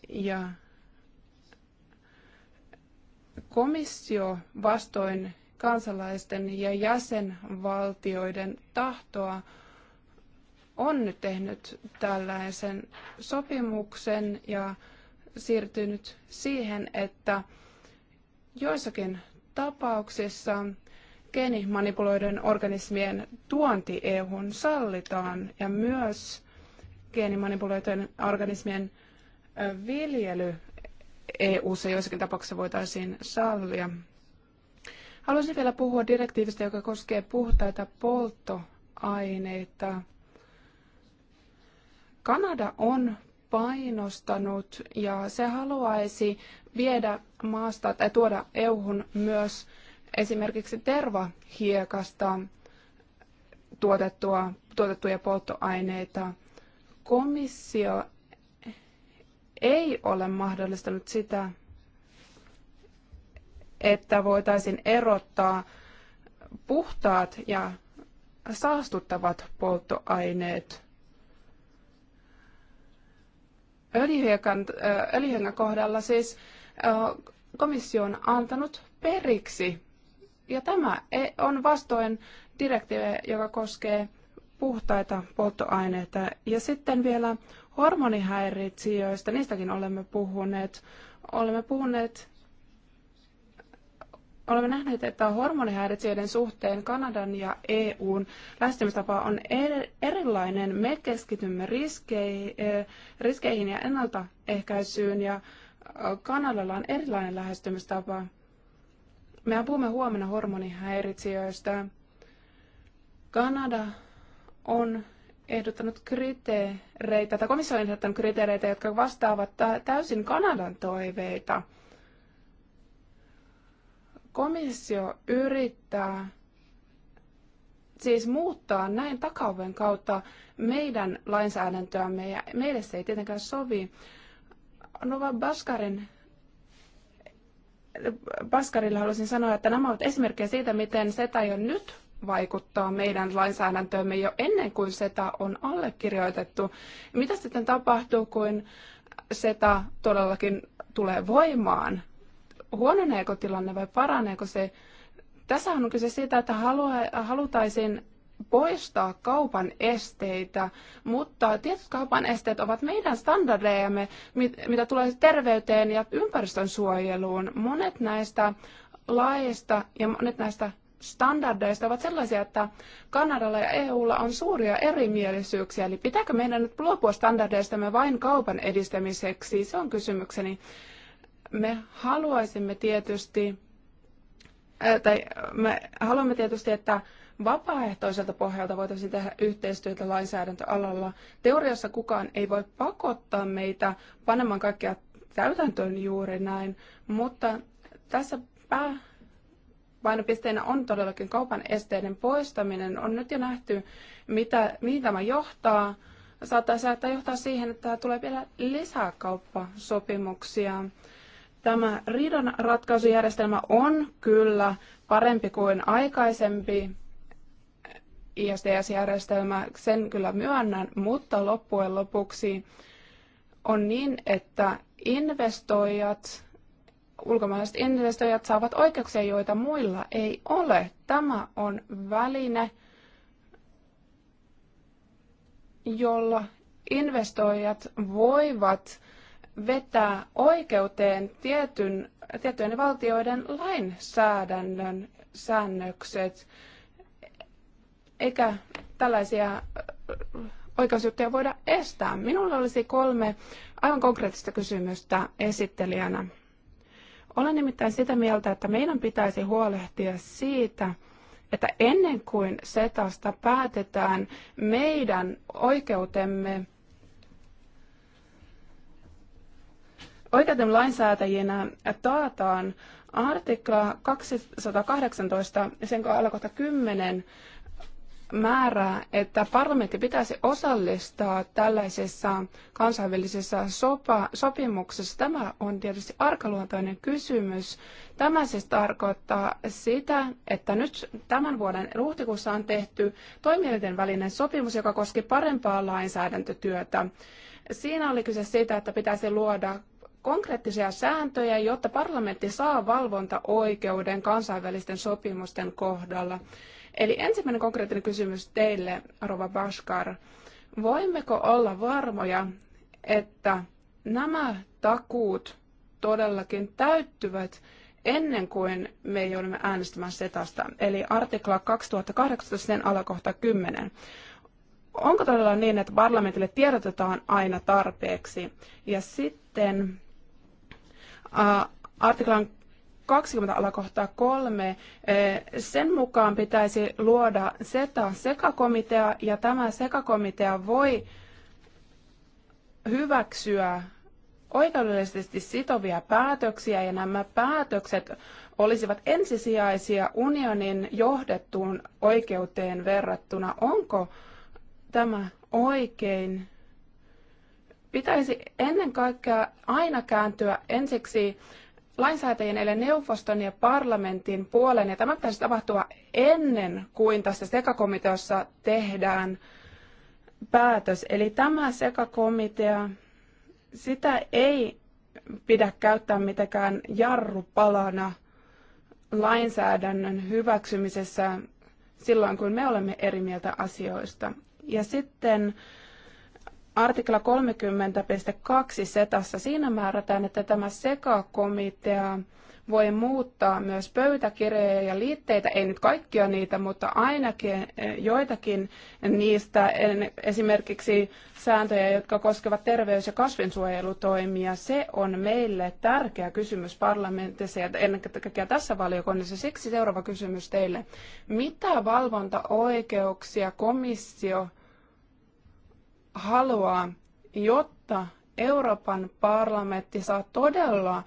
Ja komissio vastoin kansalaisten ja jäsenvaltioiden tahtoa on nyt tehnyt tällaisen sopimuksen ja siirtynyt siihen, että joissakin tapauksissa geenimanipuloiden organismien tuonti EUhun sallitaan ja myös geenimanipuloiden organismien viljely EU-ssa joissakin tapauksissa voitaisiin sallia. Haluaisin vielä puhua direktiivistä, joka koskee puhtaita polttoaineita. Kanada on painostanut ja se haluaisi viedä maasta tai tuoda EUhun myös esimerkiksi tervahiekasta tuotettua, tuotettuja polttoaineita. Komissio ei ole mahdollistanut sitä, että voitaisiin erottaa puhtaat ja saastuttavat polttoaineet. Öljyhiekan, äh, kohdalla siis äh, komissio on antanut periksi. Ja tämä e- on vastoin direktiiviä, joka koskee puhtaita polttoaineita. Ja sitten vielä hormonihäiritsijöistä, niistäkin olemme puhuneet. Olemme puhuneet Olemme nähneet, että hormonihäiritsijöiden suhteen Kanadan ja EUn lähestymistapa on erilainen. Me keskitymme eh, riskeihin ja ennaltaehkäisyyn ja eh, Kanadalla on erilainen lähestymistapa. Me puhumme huomenna hormonihäiritsijöistä. Kanada on ehdottanut kriteereitä, tai komissio on ehdottanut kriteereitä, jotka vastaavat täysin Kanadan toiveita. Komissio yrittää siis muuttaa näin takauven kautta meidän lainsäädäntöämme, ja meille se ei tietenkään sovi. Nova Baskarin Baskarille haluaisin sanoa, että nämä ovat esimerkkejä siitä, miten SETA jo nyt vaikuttaa meidän lainsäädäntöömme jo ennen kuin SETA on allekirjoitettu. Mitä sitten tapahtuu, kun SETA todellakin tulee voimaan? Huononeeko tilanne vai paraneeko se? Tässä on kyse siitä, että halutaisiin poistaa kaupan esteitä, mutta tietyt kaupan esteet ovat meidän standardejamme, mitä tulee terveyteen ja ympäristön suojeluun. Monet näistä laeista ja monet näistä standardeista ovat sellaisia, että Kanadalla ja EUlla on suuria erimielisyyksiä. Eli pitääkö meidän nyt luopua standardeistamme vain kaupan edistämiseksi? Se on kysymykseni. Me haluaisimme tietysti, tai me haluamme tietysti, että vapaaehtoiselta pohjalta voitaisiin tehdä yhteistyötä lainsäädäntöalalla. Teoriassa kukaan ei voi pakottaa meitä panemaan kaikkea täytäntöön juuri näin, mutta tässä pää painopisteenä on todellakin kaupan esteiden poistaminen. On nyt jo nähty, mitä, mihin tämä johtaa. Saattaa saattaa johtaa siihen, että tulee vielä lisää kauppasopimuksia. Tämä riidan ratkaisujärjestelmä on kyllä parempi kuin aikaisempi ISDS-järjestelmä, sen kyllä myönnän, mutta loppujen lopuksi on niin, että investoijat ulkomaalaiset investoijat saavat oikeuksia, joita muilla ei ole. Tämä on väline, jolla investoijat voivat vetää oikeuteen tietyn, tiettyjen valtioiden lainsäädännön säännökset, eikä tällaisia äh, oikeusjuttuja voida estää. Minulla olisi kolme aivan konkreettista kysymystä esittelijänä. Olen nimittäin sitä mieltä, että meidän pitäisi huolehtia siitä, että ennen kuin setasta päätetään, meidän oikeutemme oikeutemme lainsäätäjinä taataan artikla 218, sen alakohta 10 määrää, että parlamentti pitäisi osallistaa tällaisessa kansainvälisessä sopa, sopimuksessa. Tämä on tietysti arkaluontoinen kysymys. Tämä siis tarkoittaa sitä, että nyt tämän vuoden huhtikuussa on tehty toimielinten välinen sopimus, joka koski parempaa lainsäädäntötyötä. Siinä oli kyse siitä, että pitäisi luoda konkreettisia sääntöjä, jotta parlamentti saa valvontaoikeuden kansainvälisten sopimusten kohdalla. Eli ensimmäinen konkreettinen kysymys teille, Rova Bashkar. Voimmeko olla varmoja, että nämä takuut todellakin täyttyvät ennen kuin me joudumme äänestämään setasta, eli artikla 2018 sen alakohta 10. Onko todella niin, että parlamentille tiedotetaan aina tarpeeksi? Ja sitten artiklan 20 alakohtaa 3. Eh, sen mukaan pitäisi luoda SETA-sekakomitea ja tämä sekakomitea voi hyväksyä oikeudellisesti sitovia päätöksiä ja nämä päätökset olisivat ensisijaisia unionin johdettuun oikeuteen verrattuna. Onko tämä oikein? Pitäisi ennen kaikkea aina kääntyä ensiksi lainsäätäjien eli neuvoston ja parlamentin puoleen, ja tämä pitäisi tapahtua ennen kuin tässä sekakomiteassa tehdään päätös. Eli tämä sekakomitea, sitä ei pidä käyttää mitenkään jarrupalana lainsäädännön hyväksymisessä silloin, kun me olemme eri mieltä asioista. Ja sitten artikla 30.2 setassa siinä määrätään, että tämä sekakomitea voi muuttaa myös pöytäkirjoja ja liitteitä, ei nyt kaikkia niitä, mutta ainakin eh, joitakin niistä, esimerkiksi sääntöjä, jotka koskevat terveys- ja kasvinsuojelutoimia, se on meille tärkeä kysymys parlamentissa ja ennen kaikkea tässä valiokunnassa. Siksi seuraava kysymys teille. Mitä valvontaoikeuksia komissio haluaa, jotta Euroopan parlamentti saa todella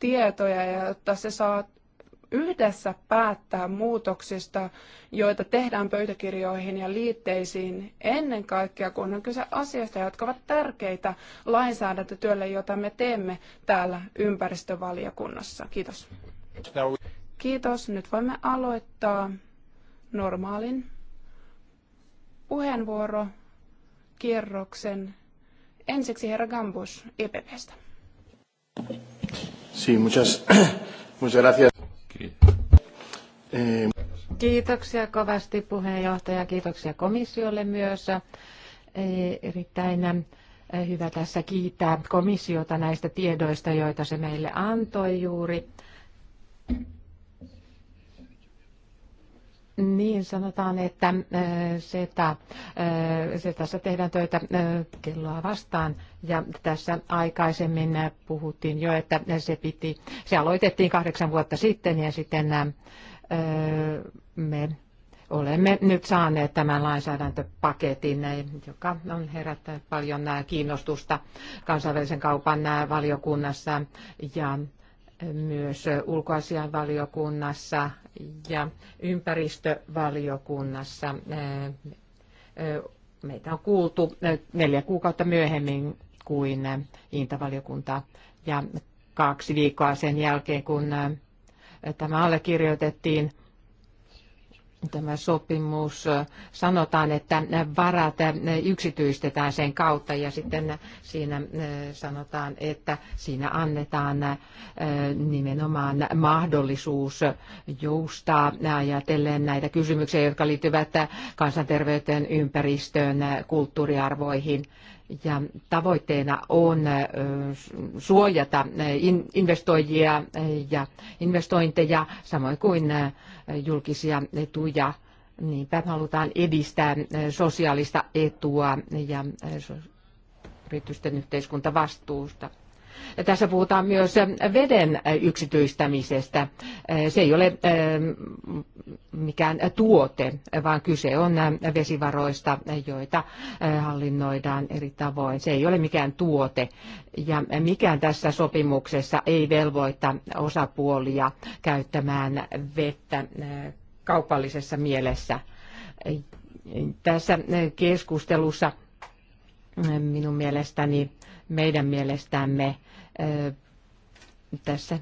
tietoja ja jotta se saa yhdessä päättää muutoksista, joita tehdään pöytäkirjoihin ja liitteisiin ennen kaikkea, kun on kyse asioista, jotka ovat tärkeitä lainsäädäntötyölle, jota me teemme täällä ympäristövaliokunnassa. Kiitos. Kiitos. Nyt voimme aloittaa normaalin puheenvuoro kierroksen. Ensiksi herra Gambus EPPstä. Sí, muchas, muchas gracias. Eh, kiitoksia kovasti puheenjohtaja, kiitoksia komissiolle myös. Eh, erittäin eh, hyvä tässä kiittää komissiota näistä tiedoista, joita se meille antoi juuri. Niin, sanotaan, että että se tässä tehdään töitä kelloa vastaan. Ja tässä aikaisemmin puhuttiin jo, että se, piti, se aloitettiin kahdeksan vuotta sitten ja sitten me olemme nyt saaneet tämän lainsäädäntöpaketin, joka on herättänyt paljon kiinnostusta kansainvälisen kaupan valiokunnassa ja myös ulkoasianvaliokunnassa ja ympäristövaliokunnassa. Meitä on kuultu neljä kuukautta myöhemmin kuin Intavaliokunta ja kaksi viikkoa sen jälkeen, kun tämä allekirjoitettiin – tämä sopimus. Sanotaan, että varat yksityistetään sen kautta ja sitten siinä sanotaan, että siinä annetaan nimenomaan mahdollisuus joustaa ajatellen näitä kysymyksiä, jotka liittyvät kansanterveyteen, ympäristöön, kulttuuriarvoihin. Ja tavoitteena on suojata investoijia ja investointeja, samoin kuin julkisia etuja. Niinpä halutaan edistää sosiaalista etua ja yritysten yhteiskuntavastuusta tässä puhutaan myös veden yksityistämisestä. Se ei ole eh, mikään tuote, vaan kyse on vesivaroista, joita eh, hallinnoidaan eri tavoin. Se ei ole mikään tuote ja mikään tässä sopimuksessa ei velvoita osapuolia käyttämään vettä eh, kaupallisessa mielessä. Tässä keskustelussa minun mielestäni, meidän mielestämme tässä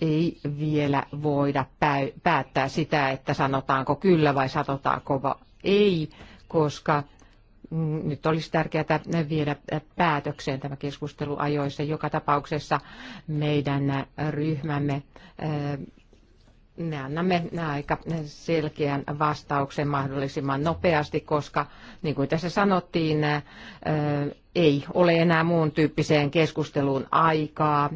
ei vielä voida päättää sitä, että sanotaanko kyllä vai sanotaanko ei, koska mm, nyt olisi tärkeää viedä päätökseen tämä keskustelu ajoissa. Joka tapauksessa meidän ryhmämme me annamme aika selkeän vastauksen mahdollisimman nopeasti, koska niin kuin tässä sanottiin, ei ole enää muun tyyppiseen keskusteluun aikaa.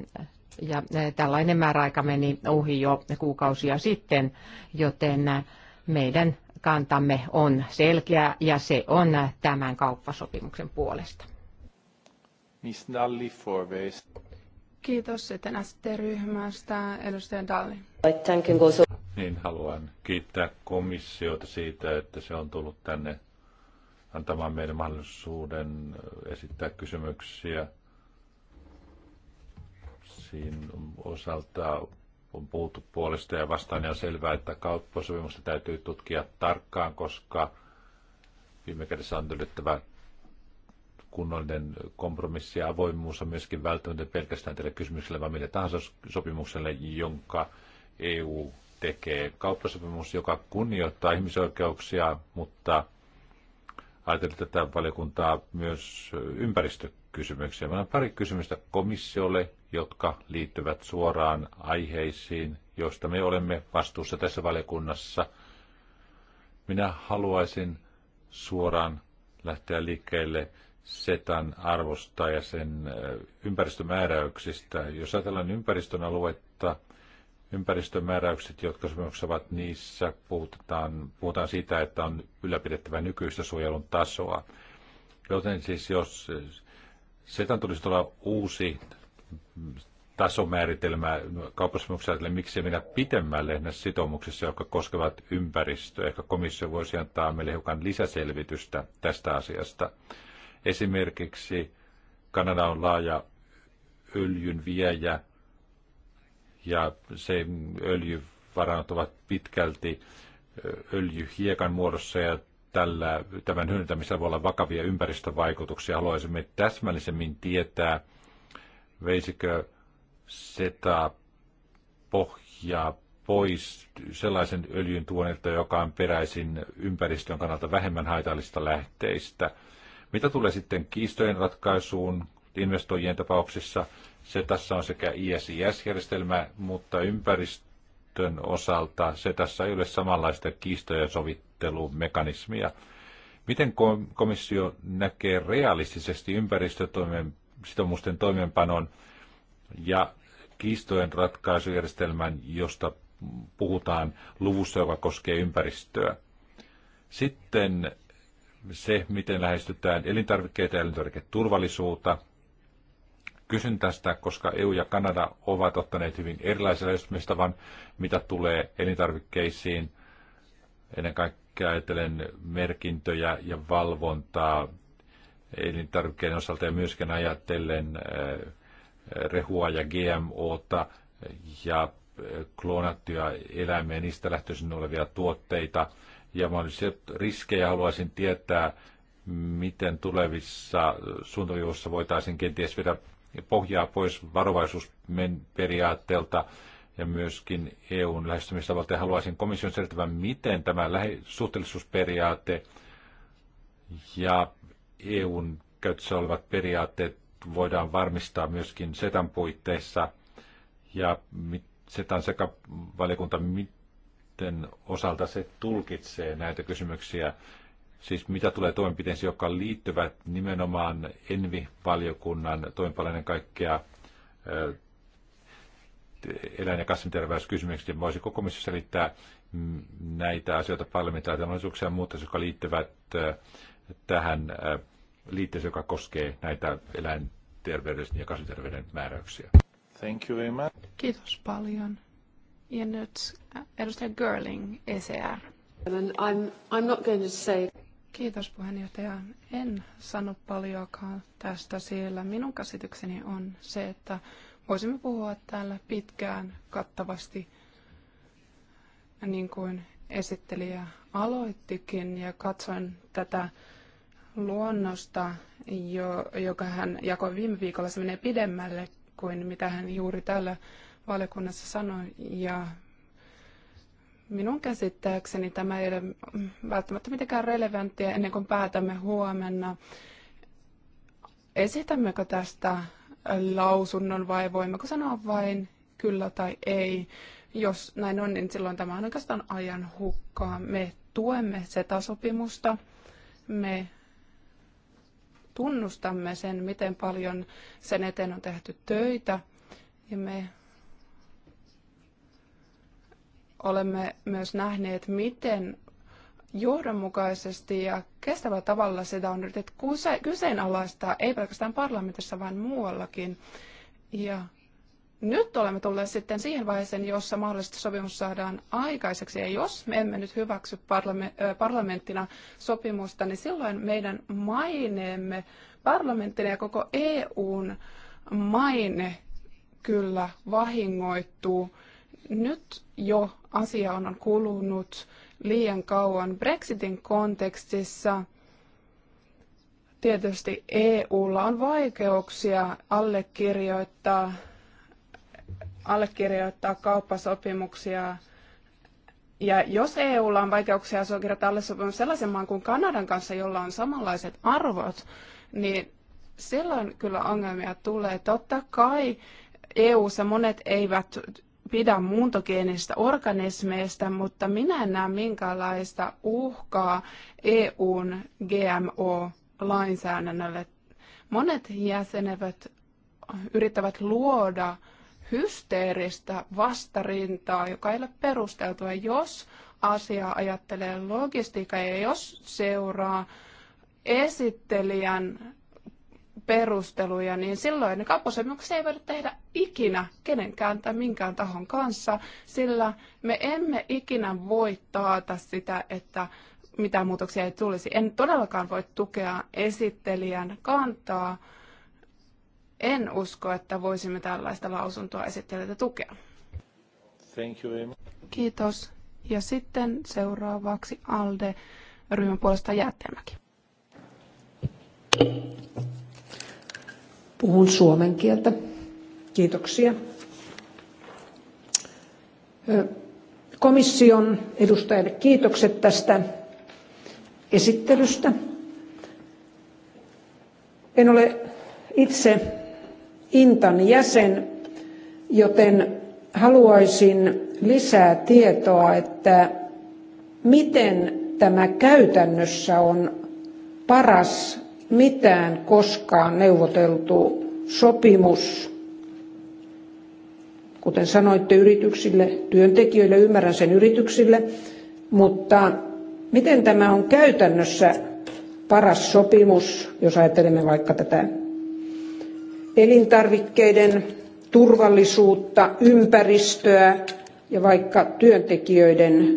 Ja eh, tällainen määräaika meni ohi jo kuukausia sitten, joten eh, meidän kantamme on selkeä ja se on eh, tämän kauppasopimuksen puolesta. Miss Dalli forbes? Kiitos sitten ST-ryhmästä, edustaja Dalli. Niin, haluan kiittää komissiota siitä, että se on tullut tänne antamaan meille mahdollisuuden esittää kysymyksiä. Siinä osalta on puhuttu puolesta ja vastaan ja on selvää, että kauppasopimusta täytyy tutkia tarkkaan, koska viime kädessä on löydettävä kunnollinen kompromissi ja avoimuus on myöskin välttämättä pelkästään tälle kysymykselle, vaan mille tahansa sopimukselle, jonka EU tekee. Kauppasopimus, joka kunnioittaa ihmisoikeuksia, mutta ajatellut tätä valiokuntaa myös ympäristökysymyksiä. Meillä on pari kysymystä komissiolle, jotka liittyvät suoraan aiheisiin, joista me olemme vastuussa tässä valiokunnassa. Minä haluaisin suoraan lähteä liikkeelle setan arvosta ja sen ympäristömääräyksistä. Jos ajatellaan ympäristön aluetta, ympäristömääräykset, jotka sopimuksessa ovat niissä, puhutaan, puhutaan siitä, että on ylläpidettävä nykyistä suojelun tasoa. Joten siis jos SETAn tulisi olla uusi tasomääritelmä kauppasopimukselle, miksi mennä pitemmälle näissä sitoumuksissa, jotka koskevat ympäristöä. Ehkä komissio voisi antaa meille hiukan lisäselvitystä tästä asiasta. Esimerkiksi Kanada on laaja öljyn viejä, ja se öljyvarannot ovat pitkälti öljyhiekan muodossa ja tällä, tämän hyödyntämisellä voi olla vakavia ympäristövaikutuksia. Haluaisimme täsmällisemmin tietää, veisikö SETA pohjaa pois sellaisen öljyn tuonelta, joka on peräisin ympäristön kannalta vähemmän haitallista lähteistä. Mitä tulee sitten kiistojen ratkaisuun investoijien tapauksissa, se tässä on sekä ISIS-järjestelmä, mutta ympäristön osalta se tässä ei ole samanlaista kiistojen sovittelumekanismia. Miten komissio näkee realistisesti ympäristötoimen, sitomusten toimeenpanon ja kiistojen ratkaisujärjestelmän, josta puhutaan luvussa, joka koskee ympäristöä? Sitten se, miten lähestytään elintarvikkeita ja elintarviketurvallisuutta. Kysyn tästä, koska EU ja Kanada ovat ottaneet hyvin erilaisen vaan mitä tulee elintarvikkeisiin, ennen kaikkea ajatellen merkintöjä ja valvontaa elintarvikkeiden osalta ja myöskin ajatellen eh, rehua ja GMOta ja eh, kloonattuja eläimiä, niistä lähtöisin olevia tuotteita ja mahdollisia riskejä haluaisin tietää, miten tulevissa suuntaviivoissa voitaisiin kenties viedä pohjaa pois varovaisuusperiaatteelta ja myöskin EUn lähestymistavalta. Ja haluaisin komission selittävän, miten tämä suhteellisuusperiaate ja EUn käytössä olevat periaatteet voidaan varmistaa myöskin SETAn puitteissa. Ja SETAn sekä valiokunta, miten osalta se tulkitsee näitä kysymyksiä siis mitä tulee toimenpiteisiin, jotka liittyvät nimenomaan Envi-valiokunnan toimenpaleiden kaikkea eläin- ja kasvinterveyskysymyksiä. Voisiko komissio selittää mm, näitä asioita parlamentaarisia mahdollisuuksia ja muuta, jotka liittyvät tähän liitteeseen, joka koskee näitä eläinterveyden ja kasvinterveyden määräyksiä? Thank you very much. Kiitos paljon. Ja nyt edustaja Görling, ECR. I'm, I'm not going to say... Kiitos puheenjohtaja. En sano paljoakaan tästä, sillä minun käsitykseni on se, että voisimme puhua täällä pitkään kattavasti, niin kuin esittelijä aloittikin, ja katsoin tätä luonnosta, jo, joka hän jakoi viime viikolla, se menee pidemmälle kuin mitä hän juuri täällä valiokunnassa sanoi, ja Minun käsittääkseni tämä ei ole välttämättä mitenkään relevanttia ennen kuin päätämme huomenna. Esitämmekö tästä lausunnon vai voimmeko sanoa vain kyllä tai ei? Jos näin on, niin silloin tämä on oikeastaan ajan hukkaa. Me tuemme SETA-sopimusta. Me tunnustamme sen, miten paljon sen eteen on tehty töitä. Ja me olemme myös nähneet, miten johdonmukaisesti ja kestävällä tavalla sitä on yritetty kyseenalaistaa, ei pelkästään parlamentissa, vaan muuallakin. Ja nyt olemme tulleet sitten siihen vaiheeseen, jossa mahdollisesti sopimus saadaan aikaiseksi. Ja jos me emme nyt hyväksy parlamenttina sopimusta, niin silloin meidän maineemme parlamenttina ja koko EUn maine kyllä vahingoittuu. Nyt jo asia on kulunut liian kauan Brexitin kontekstissa. Tietysti EUlla on vaikeuksia allekirjoittaa, allekirjoittaa kauppasopimuksia ja jos EUlla on vaikeuksia kirjoittaa alle sopimus sellaisen maan kuin Kanadan kanssa, jolla on samanlaiset arvot, niin silloin kyllä ongelmia tulee. Totta kai EUssa monet eivät pidä muuntogeenisistä organismeista, mutta minä en näe minkäänlaista uhkaa EUn GMO-lainsäädännölle. Monet jäsenet yrittävät luoda hysteeristä vastarintaa, joka ei ole perusteltua, jos asiaa ajattelee logistiikka ja jos seuraa esittelijän perusteluja, niin silloin kauppasopimuksia ei voida tehdä ikinä kenenkään tai minkään tahon kanssa, sillä me emme ikinä voi taata sitä, että mitä muutoksia ei tulisi. En todellakaan voi tukea esittelijän kantaa. En usko, että voisimme tällaista lausuntoa esittelijältä tukea. Thank you very Kiitos. Ja sitten seuraavaksi Alde ryhmän puolesta Jäätteenmäki. Puhun suomen kieltä. Kiitoksia. Komission edustajille kiitokset tästä esittelystä. En ole itse Intan jäsen, joten haluaisin lisää tietoa, että miten tämä käytännössä on paras mitään koskaan neuvoteltu sopimus, kuten sanoitte yrityksille, työntekijöille, ymmärrän sen yrityksille, mutta miten tämä on käytännössä paras sopimus, jos ajattelemme vaikka tätä elintarvikkeiden turvallisuutta, ympäristöä ja vaikka työntekijöiden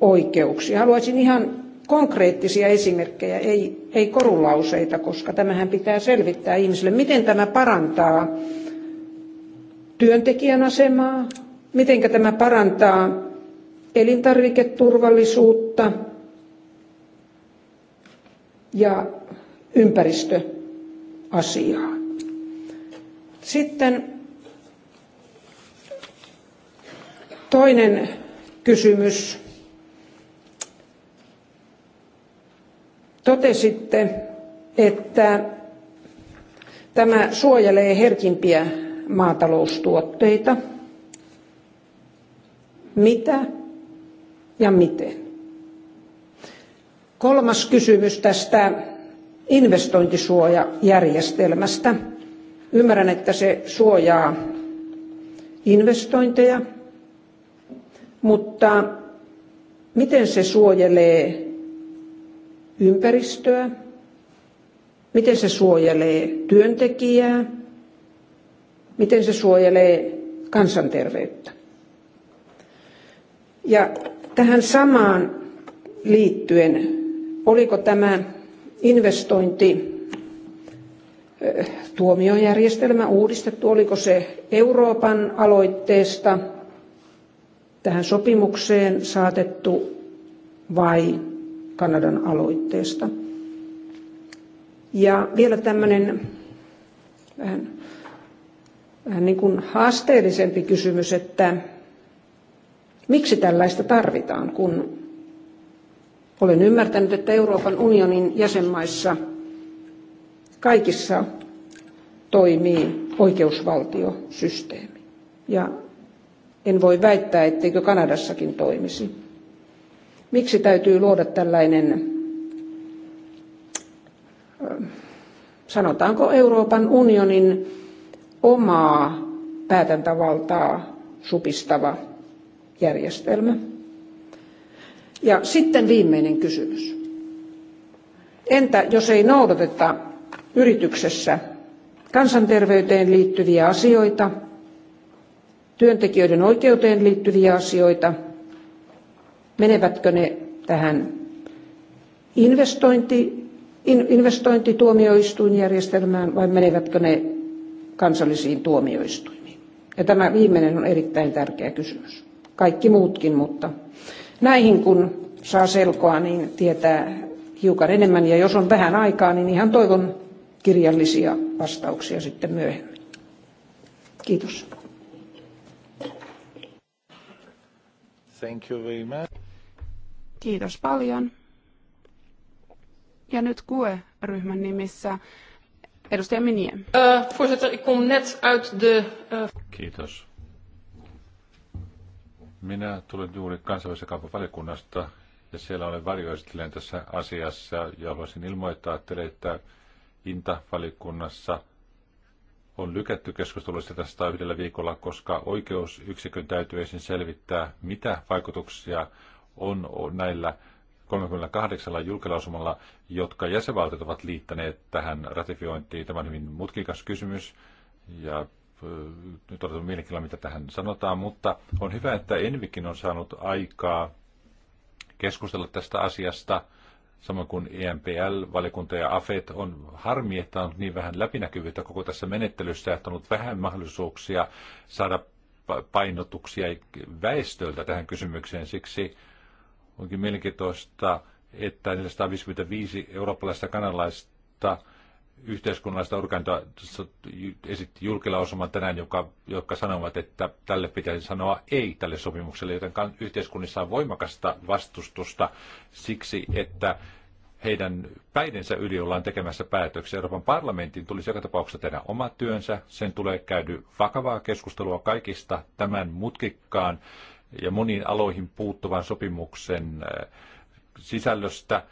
oikeuksia. Haluaisin ihan konkreettisia esimerkkejä, ei ei korulauseita, koska tämähän pitää selvittää ihmisille, miten tämä parantaa työntekijän asemaa, miten tämä parantaa elintarviketurvallisuutta ja ympäristöasiaa. Sitten toinen kysymys Totesitte, että tämä suojelee herkimpiä maataloustuotteita. Mitä ja miten? Kolmas kysymys tästä investointisuojajärjestelmästä. Ymmärrän, että se suojaa investointeja, mutta miten se suojelee ympäristöä, miten se suojelee työntekijää, miten se suojelee kansanterveyttä. Ja tähän samaan liittyen, oliko tämä investointi eh, tuomiojärjestelmä uudistettu, oliko se Euroopan aloitteesta tähän sopimukseen saatettu vai Kanadan aloitteesta. Ja vielä tämmöinen vähän, vähän niin kuin haasteellisempi kysymys, että miksi tällaista tarvitaan, kun olen ymmärtänyt, että Euroopan unionin jäsenmaissa kaikissa toimii oikeusvaltiosysteemi. Ja en voi väittää, etteikö Kanadassakin toimisi miksi täytyy luoda tällainen, sanotaanko Euroopan unionin omaa päätäntävaltaa supistava järjestelmä. Ja sitten viimeinen kysymys. Entä jos ei noudateta yrityksessä kansanterveyteen liittyviä asioita, työntekijöiden oikeuteen liittyviä asioita – menevätkö ne tähän investointi, in, investointituomioistuinjärjestelmään vai menevätkö ne kansallisiin tuomioistuimiin? Ja tämä viimeinen on erittäin tärkeä kysymys. Kaikki muutkin, mutta näihin kun saa selkoa, niin tietää hiukan enemmän. Ja jos on vähän aikaa, niin ihan toivon kirjallisia vastauksia sitten myöhemmin. Kiitos. Thank you very much. Kiitos paljon. Ja nyt kue ryhmän nimissä edustaja Minie. Eh, voorzitter, ik kom net uit de... Eh, Kiitos. Minä tulin juuri kansainvälisen valikunnasta ja siellä olen varjoesittelijän tässä asiassa ja haluaisin ilmoittaa teille, että Inta-valikunnassa on lykätty keskustelusta tästä yhdellä viikolla, koska oikeusyksikön täytyy ensin selvittää, mitä vaikutuksia on näillä 38 julkilausumalla, jotka jäsenvaltiot ovat liittäneet tähän ratifiointiin. Tämä on hyvin mutkikas kysymys ja nyt odotan mielenkiinnolla, mitä tähän sanotaan, mutta on hyvä, että Envikin on saanut aikaa keskustella tästä asiasta, samoin kuin EMPL, valiokunta ja AFET. On harmi, että on niin vähän läpinäkyvyyttä koko tässä menettelyssä, että on ollut vähän mahdollisuuksia saada painotuksia väestöltä tähän kysymykseen. Siksi Onkin mielenkiintoista, että 455 eurooppalaista kanalaista yhteiskunnallista organisaatiota esitti julkilausuman tänään, joka, jotka sanovat, että tälle pitäisi sanoa ei tälle sopimukselle, joten yhteiskunnissa on voimakasta vastustusta siksi, että heidän päidensä yli ollaan tekemässä päätöksiä. Euroopan parlamentin tulisi joka tapauksessa tehdä oma työnsä. Sen tulee käydy vakavaa keskustelua kaikista tämän mutkikkaan ja moniin aloihin puuttuvan sopimuksen äh, sisällöstä.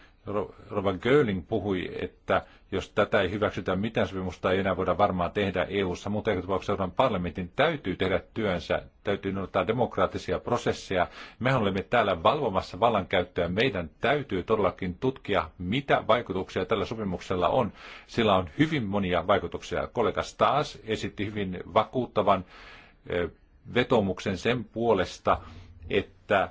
Rovan Göling puhui, että jos tätä ei hyväksytä, mitään sopimusta ei enää voida varmaan tehdä EU-ssa, mutta eikä tapauksessa Euroopan parlamentin täytyy tehdä työnsä, täytyy noudattaa demokraattisia prosesseja. Me olemme täällä valvomassa vallankäyttöä. Meidän täytyy todellakin tutkia, mitä vaikutuksia tällä sopimuksella on. Sillä on hyvin monia vaikutuksia. Kollega Staas esitti hyvin vakuuttavan äh, vetomuksen sen puolesta, että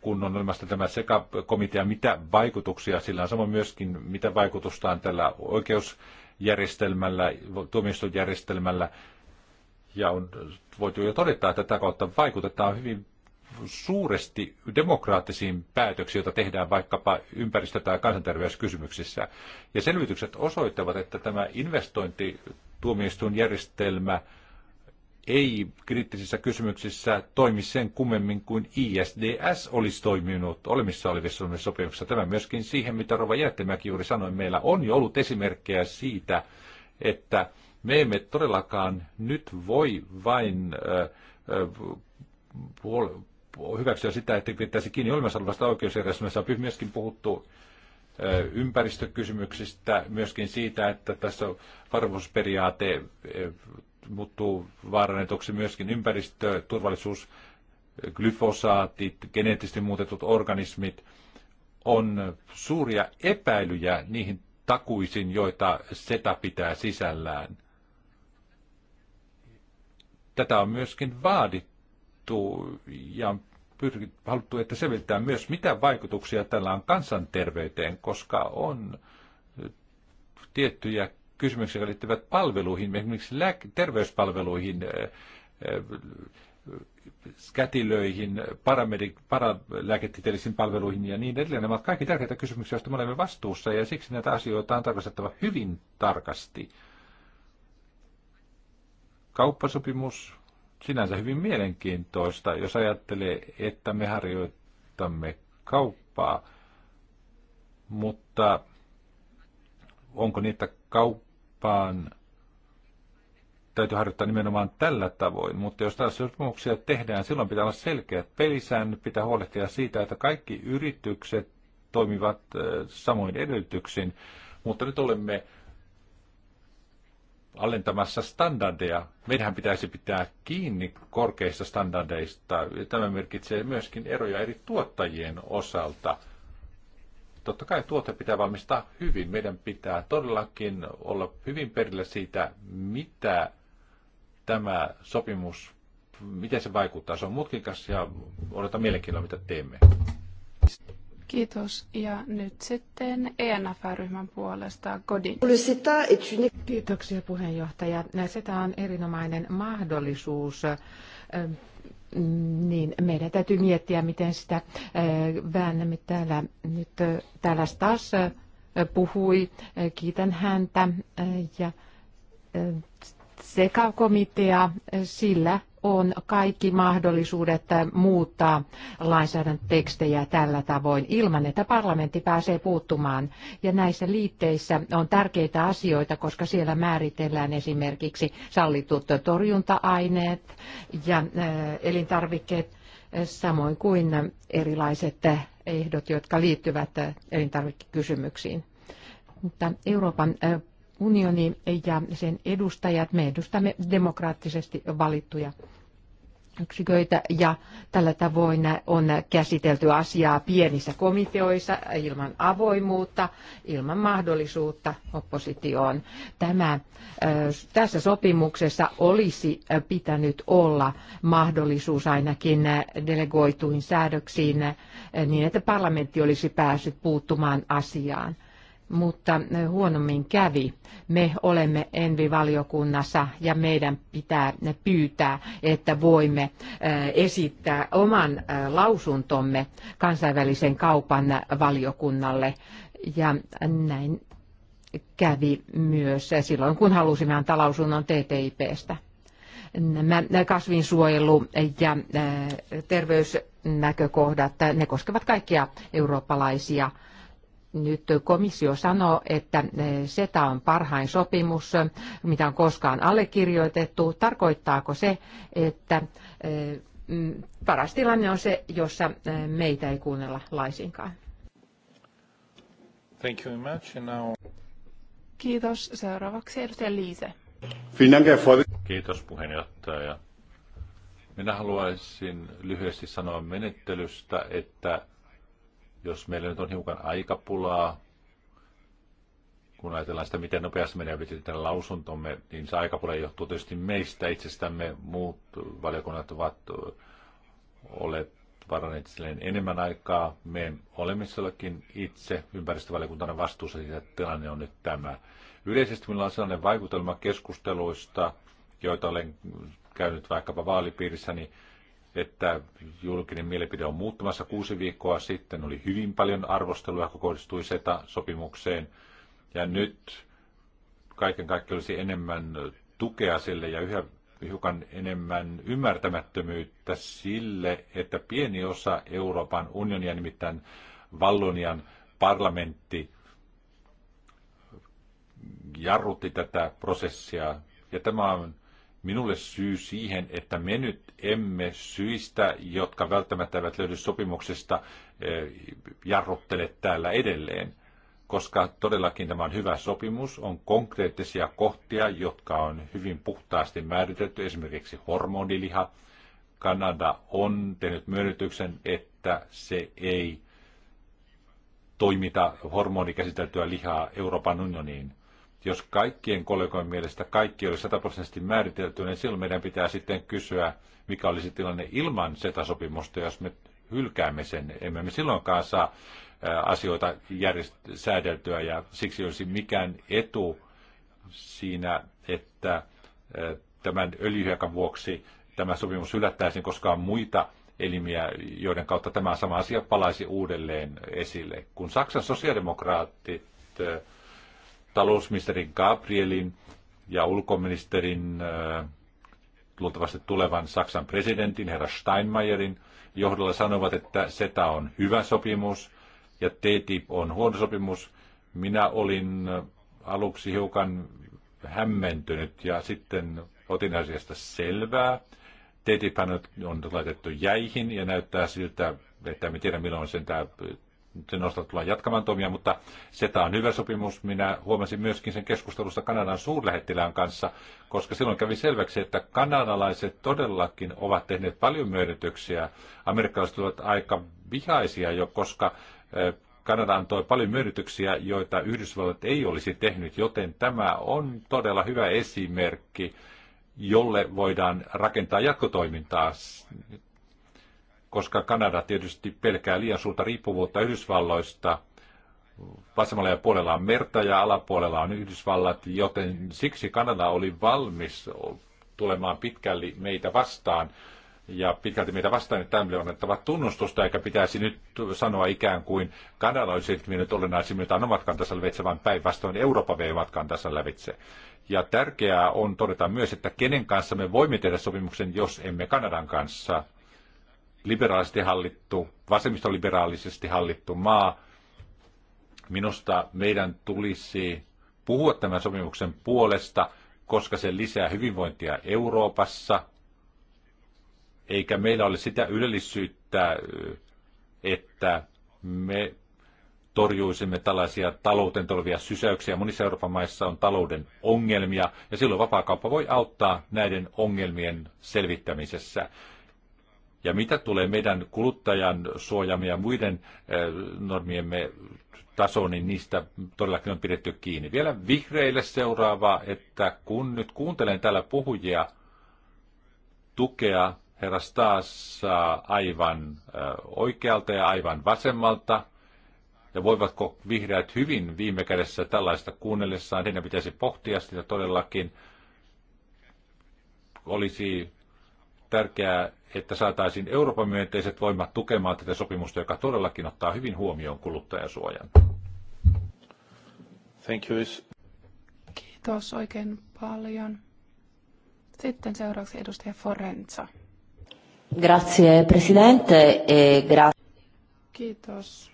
kun on olemassa tämä sekakomitea, mitä vaikutuksia sillä on, samoin myöskin mitä vaikutusta on tällä oikeusjärjestelmällä, tuomistojärjestelmällä, ja on voitu jo todeta, että tätä kautta vaikutetaan hyvin suuresti demokraattisiin päätöksiin, joita tehdään vaikkapa ympäristö- tai kansanterveyskysymyksissä. Ja selvitykset osoittavat, että tämä investointituomioistuin järjestelmä ei kriittisissä kysymyksissä toimi sen kummemmin kuin ISDS olisi toiminut olemissa olevissa sopimuksissa. Tämä myöskin siihen, mitä Rova Jättimäki juuri sanoi, meillä on jo ollut esimerkkejä siitä, että me emme todellakaan nyt voi vain hyväksyä sitä, että pitäisi kiinni olemassa olevasta oikeusjärjestelmästä. On myöskin puhuttu ympäristökysymyksistä, myöskin siitä, että tässä varmuusperiaate muuttuu vaarannetuksi myöskin ympäristö, turvallisuus, glyfosaatit, geneettisesti muutetut organismit. On suuria epäilyjä niihin takuisin, joita SETA pitää sisällään. Tätä on myöskin vaadittu ja on haluttu, että selvitetään myös, mitä vaikutuksia tällä on kansanterveyteen, koska on tiettyjä kysymyksiä, jotka liittyvät palveluihin, esimerkiksi lääke- terveyspalveluihin, äh, äh, kätilöihin, paramedik- paralääketieteellisiin palveluihin ja niin edelleen. Nämä ovat kaikki tärkeitä kysymyksiä, joista me olemme vastuussa ja siksi näitä asioita on tarkastettava hyvin tarkasti. Kauppasopimus sinänsä hyvin mielenkiintoista, jos ajattelee, että me harjoitamme kauppaa, mutta onko niitä kauppaa? vaan täytyy harjoittaa nimenomaan tällä tavoin. Mutta jos tällaisia sopimuksia tehdään, silloin pitää olla selkeät pelisäännöt, pitää huolehtia siitä, että kaikki yritykset toimivat samoin edellytyksin. Mutta nyt olemme alentamassa standardeja. Meidän pitäisi pitää kiinni korkeista standardeista. Tämä merkitsee myöskin eroja eri tuottajien osalta totta kai tuote pitää valmistaa hyvin. Meidän pitää todellakin olla hyvin perillä siitä, mitä tämä sopimus, miten se vaikuttaa. Se on mutkikas ja odotan mielenkiinnolla, mitä teemme. Kiitos. Ja nyt sitten enfr ryhmän puolesta Godin. Kiitoksia puheenjohtaja. Sitä on erinomainen mahdollisuus niin meidän täytyy miettiä, miten sitä väännämme täällä. Nyt täällä taas puhui, kiitän häntä ja sekä komitea, sillä on kaikki mahdollisuudet muuttaa lainsäädäntötekstejä tällä tavoin ilman, että parlamentti pääsee puuttumaan. Ja näissä liitteissä on tärkeitä asioita, koska siellä määritellään esimerkiksi sallitut torjunta-aineet ja äh, elintarvikkeet, samoin kuin erilaiset ehdot, jotka liittyvät äh, elintarvikekysymyksiin. Mutta Euroopan äh, unioni ja sen edustajat, me edustamme demokraattisesti valittuja yksiköitä ja tällä tavoin on käsitelty asiaa pienissä komiteoissa ilman avoimuutta, ilman mahdollisuutta oppositioon. Tämä, tässä sopimuksessa olisi pitänyt olla mahdollisuus ainakin delegoituin säädöksiin niin, että parlamentti olisi päässyt puuttumaan asiaan mutta eh, huonommin kävi. Me olemme Envi-valiokunnassa ja meidän pitää pyytää, että voimme eh, esittää oman eh, lausuntomme kansainvälisen kaupan valiokunnalle. Ja näin kävi myös silloin, kun halusimme antaa lausunnon TTIPstä. Nämä kasvinsuojelu ja terveysnäkökohdat, ne koskevat kaikkia eurooppalaisia nyt komissio sanoo, että eh, SETA on parhain sopimus, mitä on koskaan allekirjoitettu. Tarkoittaako se, että eh, mm, paras tilanne on se, jossa eh, meitä ei kuunnella laisinkaan? Thank you very much. now... Kiitos. Seuraavaksi edustaja Liise. Kiitos puheenjohtaja. Minä haluaisin lyhyesti sanoa menettelystä, että jos meillä nyt on hiukan aikapulaa, kun ajatellaan sitä, miten nopeasti meidän piti tehdä lausuntomme, niin se aikapula johtuu tietysti meistä itsestämme. Muut valiokunnat ovat olleet varanneet enemmän aikaa. Me olemme sellakin itse ympäristövaliokuntana vastuussa siitä, että tilanne on nyt tämä. Yleisesti minulla on sellainen vaikutelma keskusteluista, joita olen käynyt vaikkapa vaalipiirissäni, niin että julkinen mielipide on muuttumassa. Kuusi viikkoa sitten oli hyvin paljon arvostelua, joka kohdistui SETA-sopimukseen. Ja nyt kaiken kaikkiaan olisi enemmän tukea sille ja yhä hiukan enemmän ymmärtämättömyyttä sille, että pieni osa Euroopan unionia, nimittäin Vallonian parlamentti, jarrutti tätä prosessia. Ja tämä on minulle syy siihen, että me nyt emme syistä, jotka välttämättä eivät löydy sopimuksesta, eh, jarruttele täällä edelleen. Koska todellakin tämä on hyvä sopimus, on konkreettisia kohtia, jotka on hyvin puhtaasti määritelty, esimerkiksi hormoniliha. Kanada on tehnyt myönnytyksen, että se ei toimita hormonikäsiteltyä lihaa Euroopan unioniin. Jos kaikkien kollegojen mielestä kaikki oli sataprosenttisesti määritelty, niin silloin meidän pitää sitten kysyä, mikä olisi tilanne ilman SETA-sopimusta, jos me hylkäämme sen. Emme me silloinkaan saa asioita järjest- säädeltyä ja siksi olisi mikään etu siinä, että tämän öljyhiekan vuoksi tämä sopimus hylättäisiin, koska on muita elimiä, joiden kautta tämä sama asia palaisi uudelleen esille. Kun Saksan sosiaalidemokraatit talousministerin Gabrielin ja ulkoministerin äh, luultavasti tulevan Saksan presidentin herra Steinmeierin johdolla sanovat, että SETA on hyvä sopimus ja TTIP on huono sopimus. Minä olin äh, aluksi hiukan hämmentynyt ja sitten otin asiasta selvää. TTIP on laitettu jäihin ja näyttää siltä, että me tiedä milloin sen tämä nostavat tullaan jatkamaan toimia, mutta SETA on hyvä sopimus. Minä huomasin myöskin sen keskustelusta Kanadan suurlähettilään kanssa, koska silloin kävi selväksi, että kanadalaiset todellakin ovat tehneet paljon myönnytyksiä. Amerikkalaiset ovat aika vihaisia jo, koska Kanada antoi paljon myönnytyksiä, joita Yhdysvallat ei olisi tehnyt, joten tämä on todella hyvä esimerkki jolle voidaan rakentaa jatkotoimintaa koska Kanada tietysti pelkää liian suurta riippuvuutta Yhdysvalloista. Vasemmalla ja puolella on merta ja alapuolella on Yhdysvallat, joten siksi Kanada oli valmis tulemaan pitkälti meitä vastaan. Ja pitkälti meitä vastaan, että tämmöinen on annettava tunnustusta, eikä pitäisi nyt sanoa ikään kuin Kanada olisi nyt on omat kantansa lävitse, vaan päinvastoin Eurooppa vei omat kantansa lävitse. Ja tärkeää on todeta myös, että kenen kanssa me voimme tehdä sopimuksen, jos emme Kanadan kanssa – liberaalisesti hallittu, vasemmistoliberaalisesti hallittu maa. Minusta meidän tulisi puhua tämän sopimuksen puolesta, koska se lisää hyvinvointia Euroopassa, eikä meillä ole sitä ylellisyyttä, että me torjuisimme tällaisia talouteen tulevia sysäyksiä. Monissa Euroopan maissa on talouden ongelmia, ja silloin vapaakauppa voi auttaa näiden ongelmien selvittämisessä. Ja mitä tulee meidän kuluttajan suojamia ja muiden eh, normiemme tasoon, niin niistä todellakin on pidetty kiinni. Vielä vihreille seuraavaa, että kun nyt kuuntelen täällä puhujia, tukea herra aivan eh, oikealta ja aivan vasemmalta, ja voivatko vihreät hyvin viime kädessä tällaista kuunnellessaan, heidän pitäisi pohtia sitä todellakin. Olisi tärkeää että saataisiin Euroopan myönteiset voimat tukemaan tätä sopimusta, joka todellakin ottaa hyvin huomioon kuluttajasuojan. Thank you. Kiitos oikein paljon. Sitten seuraavaksi edustaja Forenza. Grazie presidente e gra- Kiitos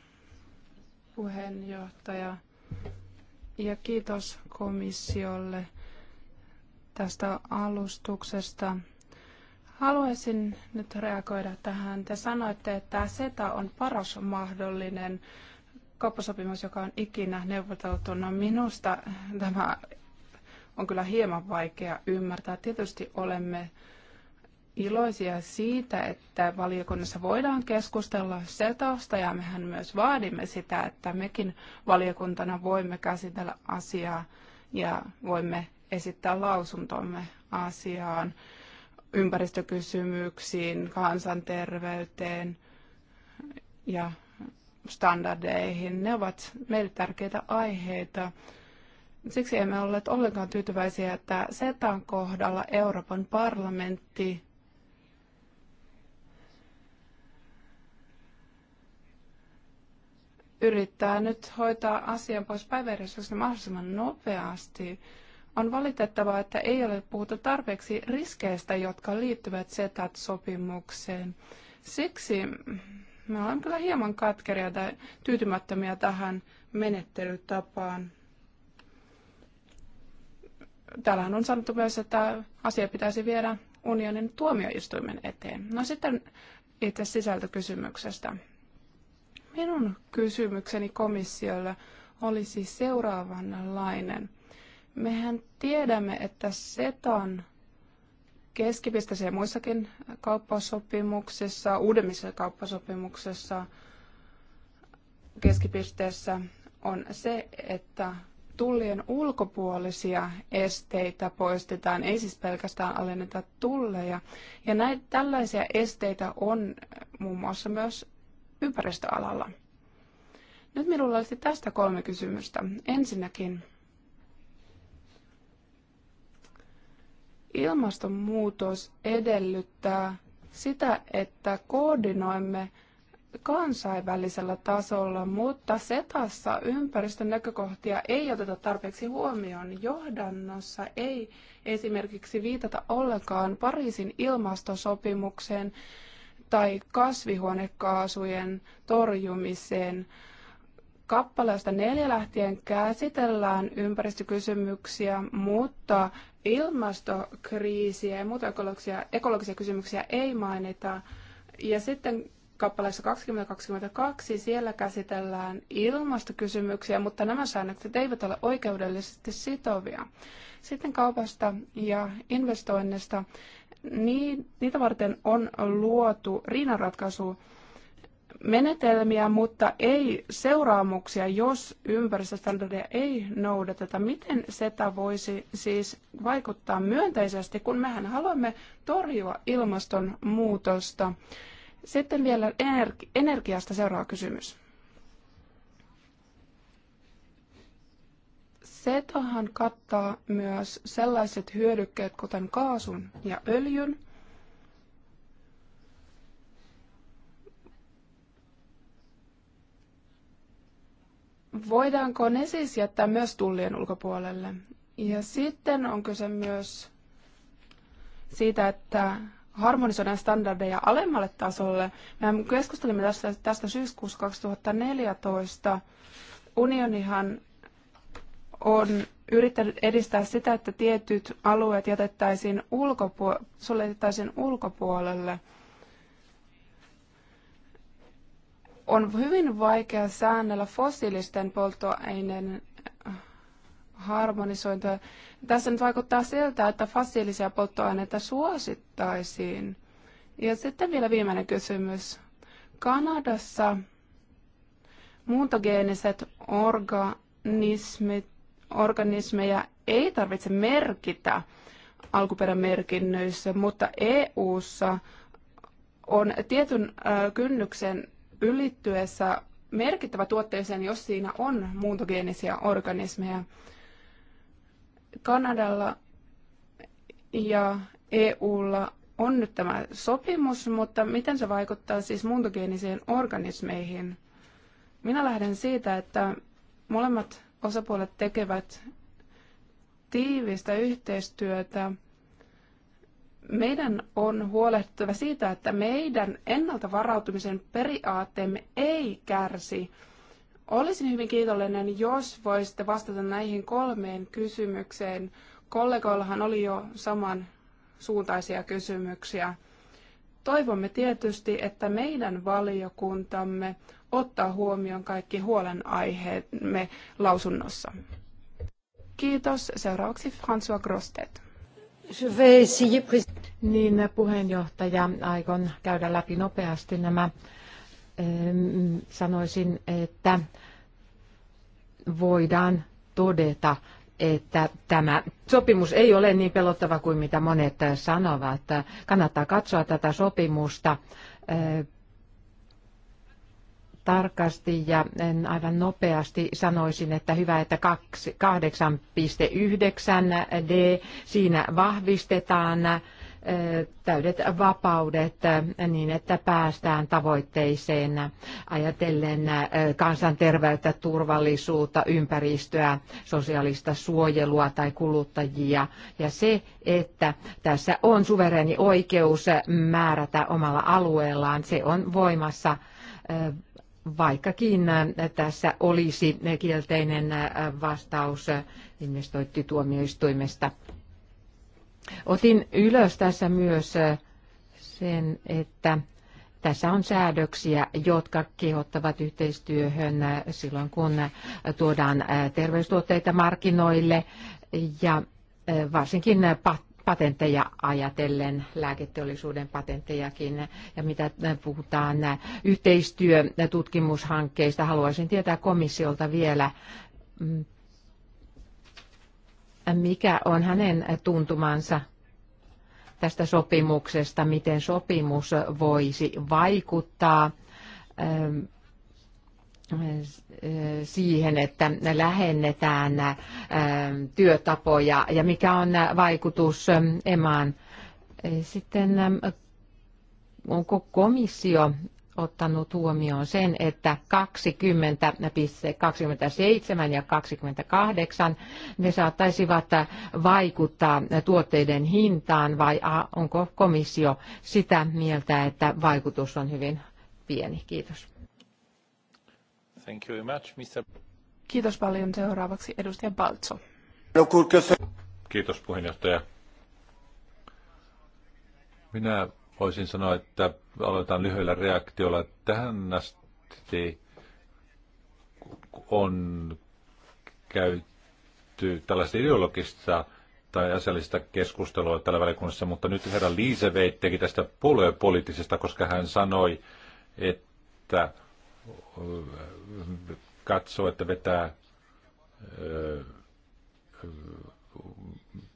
puheenjohtaja ja kiitos komissiolle tästä alustuksesta. Haluaisin nyt reagoida tähän. Te sanoitte, että SETA on paras mahdollinen kauppasopimus, joka on ikinä neuvoteltu. No minusta tämä on kyllä hieman vaikea ymmärtää. Tietysti olemme iloisia siitä, että valiokunnassa voidaan keskustella SETAsta ja mehän myös vaadimme sitä, että mekin valiokuntana voimme käsitellä asiaa ja voimme esittää lausuntomme asiaan ympäristökysymyksiin, kansanterveyteen ja standardeihin. Ne ovat meille tärkeitä aiheita. Siksi emme olleet ollenkaan tyytyväisiä, että SETAn kohdalla Euroopan parlamentti yrittää nyt hoitaa asian pois päiväjärjestyksestä mahdollisimman nopeasti. On valitettavaa, että ei ole puhuttu tarpeeksi riskeistä, jotka liittyvät SETAT-sopimukseen. Siksi me olemme kyllä hieman katkeria tai tyytymättömiä tähän menettelytapaan. Täällähän on sanottu myös, että asia pitäisi viedä unionin tuomioistuimen eteen. No sitten itse sisältökysymyksestä. Minun kysymykseni komissiolle olisi seuraavanlainen – Mehän tiedämme, että SETAn keskipisteessä ja muissakin kauppasopimuksissa, uudemmissa kauppasopimuksissa keskipisteessä on se, että tullien ulkopuolisia esteitä poistetaan, ei siis pelkästään alenneta tulleja. Ja näitä tällaisia esteitä on muun muassa myös ympäristöalalla. Nyt minulla olisi tästä kolme kysymystä. Ensinnäkin, Ilmastonmuutos edellyttää sitä, että koordinoimme kansainvälisellä tasolla, mutta setassa ympäristön näkökohtia ei oteta tarpeeksi huomioon. Johdannossa ei esimerkiksi viitata ollenkaan Pariisin ilmastosopimukseen tai kasvihuonekaasujen torjumiseen kappaleesta neljä lähtien käsitellään ympäristökysymyksiä, mutta ilmastokriisiä ja muuta ekologisia, ekologisia kysymyksiä ei mainita. Ja sitten kappaleessa 2022 siellä käsitellään ilmastokysymyksiä, mutta nämä säännökset eivät ole oikeudellisesti sitovia. Sitten kaupasta ja investoinnista. Niitä varten on luotu riinanratkaisu menetelmiä, mutta ei seuraamuksia, jos ympäristöstandardeja ei noudateta. Miten SETA voisi siis vaikuttaa myönteisesti, kun mehän haluamme torjua ilmastonmuutosta? Sitten vielä energiasta seuraava kysymys. SETAhan kattaa myös sellaiset hyödykkeet, kuten kaasun ja öljyn – voidaanko ne siis jättää myös tullien ulkopuolelle? Ja sitten on kyse myös siitä, että harmonisoidaan standardeja alemmalle tasolle. Me keskustelimme tästä, tästä syyskuussa 2014. Unionihan on yrittänyt edistää sitä, että tietyt alueet jätettäisiin ulkopuolelle, suljettaisiin ulkopuolelle – on hyvin vaikea säännellä fossiilisten polttoaineiden äh, harmonisointia. Tässä nyt vaikuttaa siltä, että fossiilisia polttoaineita suosittaisiin. Ja sitten vielä viimeinen kysymys. Kanadassa muuntogeeniset organismit, organismeja ei tarvitse merkitä alkuperämerkinnöissä, mutta EU:ssa on tietyn äh, kynnyksen ylittyessä merkittävä tuotteeseen, jos siinä on muuntogeenisiä organismeja. Kanadalla ja EUlla on nyt tämä sopimus, mutta miten se vaikuttaa siis muuntogeenisiin organismeihin? Minä lähden siitä, että molemmat osapuolet tekevät tiivistä yhteistyötä meidän on huolehdittava siitä, että meidän ennalta varautumisen periaatteemme ei kärsi. Olisin hyvin kiitollinen, jos voisitte vastata näihin kolmeen kysymykseen. Kollegoillahan oli jo saman suuntaisia kysymyksiä. Toivomme tietysti, että meidän valiokuntamme ottaa huomioon kaikki huolenaiheemme lausunnossa. Kiitos. Seuraavaksi François Grostet. Niin puheenjohtaja, aikon käydä läpi nopeasti nämä. Sanoisin, että voidaan todeta, että tämä sopimus ei ole niin pelottava kuin mitä monet sanovat. Kannattaa katsoa tätä sopimusta tarkasti ja aivan nopeasti sanoisin, että hyvä, että 8.9d siinä vahvistetaan täydet vapaudet niin, että päästään tavoitteiseen ajatellen kansanterveyttä, turvallisuutta, ympäristöä, sosiaalista suojelua tai kuluttajia. Ja se, että tässä on suvereni oikeus määrätä omalla alueellaan, se on voimassa vaikkakin äh, tässä olisi kielteinen äh, vastaus äh, investointituomioistuimesta. Otin ylös tässä myös sen, että tässä on säädöksiä, jotka kehottavat yhteistyöhön silloin, kun tuodaan terveystuotteita markkinoille ja varsinkin patentteja ajatellen, lääketeollisuuden patenttejakin, ja mitä puhutaan yhteistyötutkimushankkeista. Haluaisin tietää komissiolta vielä, mm, mikä on hänen tuntumansa tästä sopimuksesta, miten sopimus voisi vaikuttaa mm, siihen, että lähennetään työtapoja ja mikä on vaikutus emaan. E, sitten onko komissio ottanut huomioon sen, että 20 27 ja 28 ne saattaisivat vaikuttaa tuotteiden hintaan vai onko komissio sitä mieltä, että vaikutus on hyvin pieni? Kiitos. Thank you very much, Mr. Kiitos paljon. Seuraavaksi edustaja Baltso. Kiitos puheenjohtaja. Minä voisin sanoa, että aloitan lyhyellä reaktiolla. Tähän asti on käyty tällaista ideologista tai asiallista keskustelua tällä välikunnassa, mutta nyt herra Liise teki tästä puoluepoliittisesta, koska hän sanoi, että katsoo, että vetää,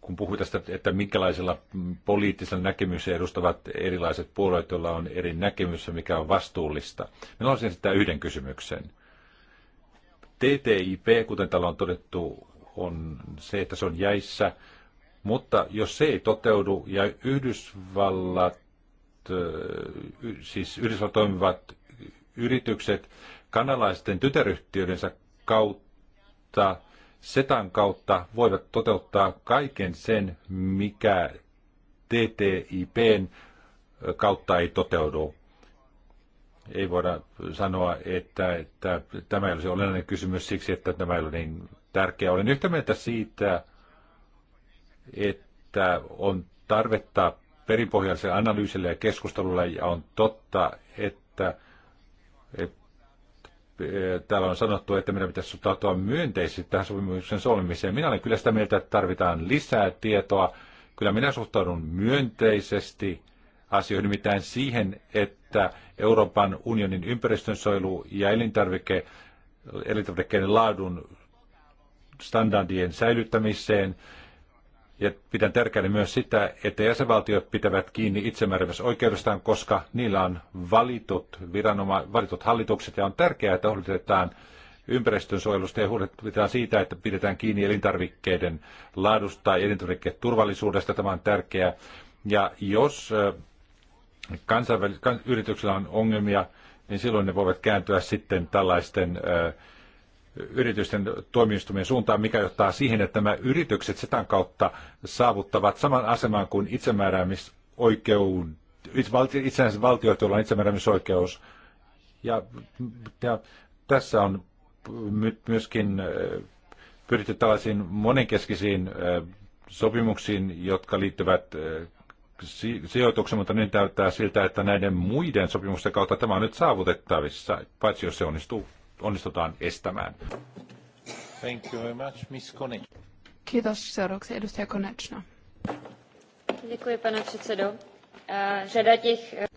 kun puhuu tästä, että minkälaisella poliittisella näkemyksellä edustavat erilaiset puolueet, joilla on eri näkemys mikä on vastuullista. Minä olisin sitä yhden kysymyksen. TTIP, kuten täällä on todettu, on se, että se on jäissä, mutta jos se ei toteudu ja Yhdysvallat, siis Yhdysvallat toimivat yritykset kanalaisten tytäryhtiöidensä kautta, SETAn kautta voivat toteuttaa kaiken sen, mikä TTIPn kautta ei toteudu. Ei voida sanoa, että, että tämä ei olisi olennainen kysymys siksi, että tämä ei ole niin tärkeä. Olen yhtä mieltä siitä, että on tarvetta perinpohjaiselle analyysille ja keskustelulle, ja on totta, että Eh, täällä on sanottu, että meidän pitäisi suhtautua myönteisesti tähän sopimuksen solmimiseen. Minä olen kyllä sitä mieltä, että tarvitaan lisää tietoa. Kyllä minä suhtaudun myönteisesti asioihin, nimittäin siihen, että Euroopan unionin ympäristönsuojelu ja elintarvike, elintarvikkeiden laadun standardien säilyttämiseen ja pidän tärkeänä myös sitä, että jäsenvaltiot pitävät kiinni itsemääräämisoikeudestaan, koska niillä on valitut, viranoma- valitut hallitukset ja on tärkeää, että huolehditaan ympäristönsuojelusta ja huolehditaan siitä, että pidetään kiinni elintarvikkeiden laadusta ja elintarvikkeiden turvallisuudesta. Tämä on tärkeää. Ja jos kansainväl- yrityksillä on ongelmia, niin silloin ne voivat kääntyä sitten tällaisten äh, yritysten toimistumien suuntaan, mikä johtaa siihen, että nämä yritykset sitä kautta saavuttavat saman aseman kuin itsemääräämisoikeuden, itsenäiset valtiot, joilla on itsemääräämisoikeus. Ja, ja tässä on myöskin pyritty tällaisiin monenkeskisiin sopimuksiin, jotka liittyvät sijoituksen, mutta nyt näyttää siltä, että näiden muiden sopimusten kautta tämä on nyt saavutettavissa, paitsi jos se onnistuu onnistutaan estämään. Thank you very much, Miss Kiitos. Seuraavaksi edustaja Konečna. Děkuji, pane předsedo. Eh, řada těch... Eh,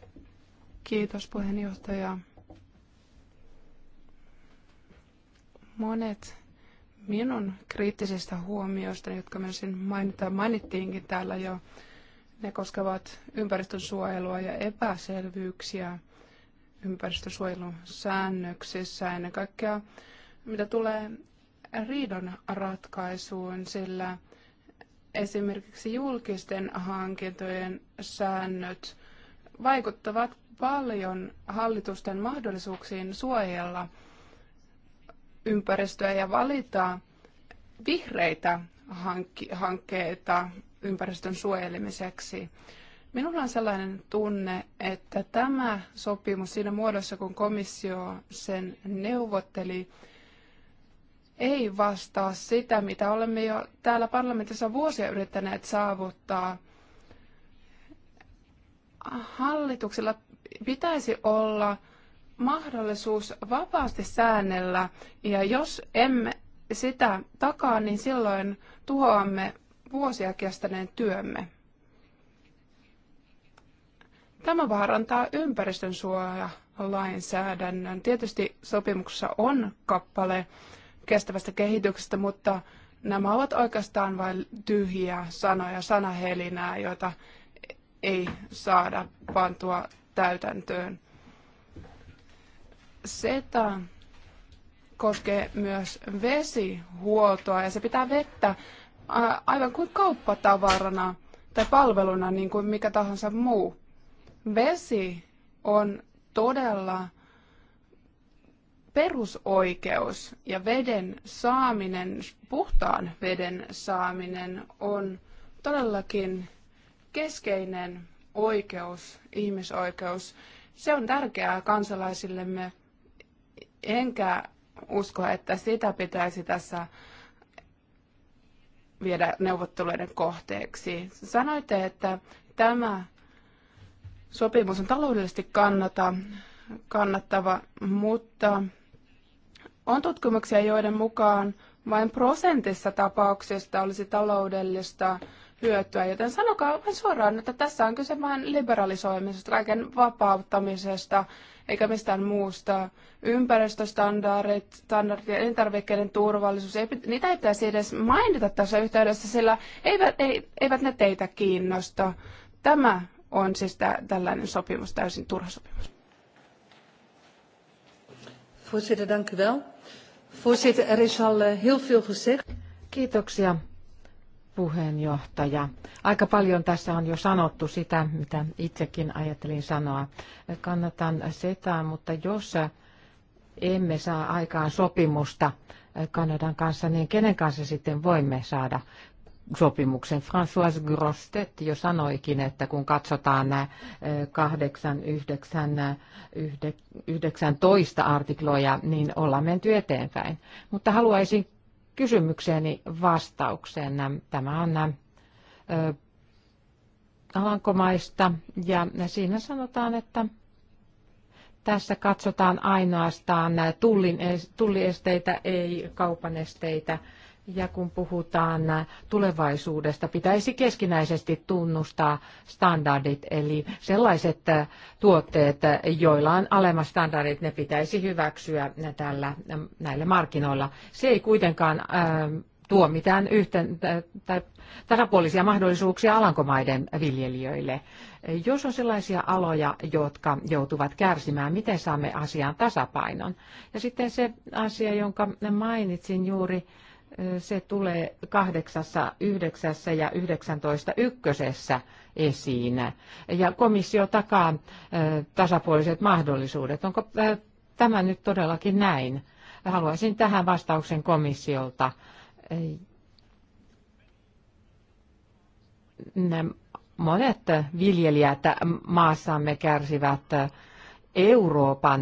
Kiitos, puheenjohtaja. Monet minun kriittisistä huomioista, jotka minä mainita, mainittiinkin täällä jo, ne koskevat ympäristönsuojelua ja epäselvyyksiä ympäristösuojelusäännöksissä säännöksissä ennen kaikkea, mitä tulee riidan ratkaisuun, sillä esimerkiksi julkisten hankintojen säännöt vaikuttavat paljon hallitusten mahdollisuuksiin suojella ympäristöä ja valita vihreitä hankkeita ympäristön suojelemiseksi. Minulla on sellainen tunne, että tämä sopimus siinä muodossa, kun komissio sen neuvotteli, ei vastaa sitä, mitä olemme jo täällä parlamentissa vuosia yrittäneet saavuttaa. Hallituksella pitäisi olla mahdollisuus vapaasti säännellä, ja jos emme sitä takaa, niin silloin tuhoamme vuosia kestäneen työmme. Tämä vaarantaa ympäristön suoja lainsäädännön. Tietysti sopimuksessa on kappale kestävästä kehityksestä, mutta nämä ovat oikeastaan vain tyhjiä sanoja, sanahelinää, joita ei saada pantua täytäntöön. SETA koskee myös vesihuoltoa ja se pitää vettä aivan kuin kauppatavarana tai palveluna, niin kuin mikä tahansa muu. Vesi on todella perusoikeus ja veden saaminen, puhtaan veden saaminen on todellakin keskeinen oikeus, ihmisoikeus. Se on tärkeää kansalaisillemme, enkä usko, että sitä pitäisi tässä viedä neuvotteluiden kohteeksi. Sanoitte, että tämä Sopimus on taloudellisesti kannata, kannattava, mutta on tutkimuksia, joiden mukaan vain prosentissa tapauksista olisi taloudellista hyötyä, joten sanokaa vain suoraan, että tässä on kyse vain liberalisoimisesta, kaiken vapauttamisesta, eikä mistään muusta. Ympäristöstandardit, standardit ja elintarvikkeiden turvallisuus, ei, niitä ei pitäisi edes mainita tässä yhteydessä, sillä eivät, ei, eivät ne teitä kiinnosta. Tämä on siis tä- tällainen sopimus täysin turha sopimus. Voorzitter, dank u wel. Voorzitter, er is al eh, heel veel gezegd. Kiitoksia puheenjohtaja. Aika paljon tässä on jo sanottu sitä, mitä itsekin ajattelin sanoa. Kannatan sitä, mutta jos emme saa aikaan sopimusta eh, Kanadan kanssa, niin kenen kanssa sitten voimme saada sopimuksen. François Grostet jo sanoikin, että kun katsotaan nämä 8, 9, 19 artikloja, niin ollaan menty eteenpäin. Mutta haluaisin kysymykseeni vastaukseen. Tämä on äh, Alankomaista ja siinä sanotaan, että tässä katsotaan ainoastaan äh, tulliesteitä, ei kaupanesteitä. esteitä ja kun puhutaan tulevaisuudesta, pitäisi keskinäisesti tunnustaa standardit, eli sellaiset äh, tuotteet, joilla on alemmat standardit, ne pitäisi hyväksyä tällä, näillä markkinoilla. Se ei kuitenkaan tuo mitään yhten, tai tasapuolisia mahdollisuuksia alankomaiden viljelijöille. Jos on sellaisia aloja, jotka joutuvat kärsimään, miten saamme asian tasapainon? Ja sitten se asia, jonka mainitsin juuri, se tulee kahdeksassa, yhdeksässä ja yhdeksäntoista ykkösessä esiin. Ja komissio takaa tasapuoliset mahdollisuudet. Onko tämä nyt todellakin näin? Haluaisin tähän vastauksen komissiolta. Monet viljelijät maassamme kärsivät Euroopan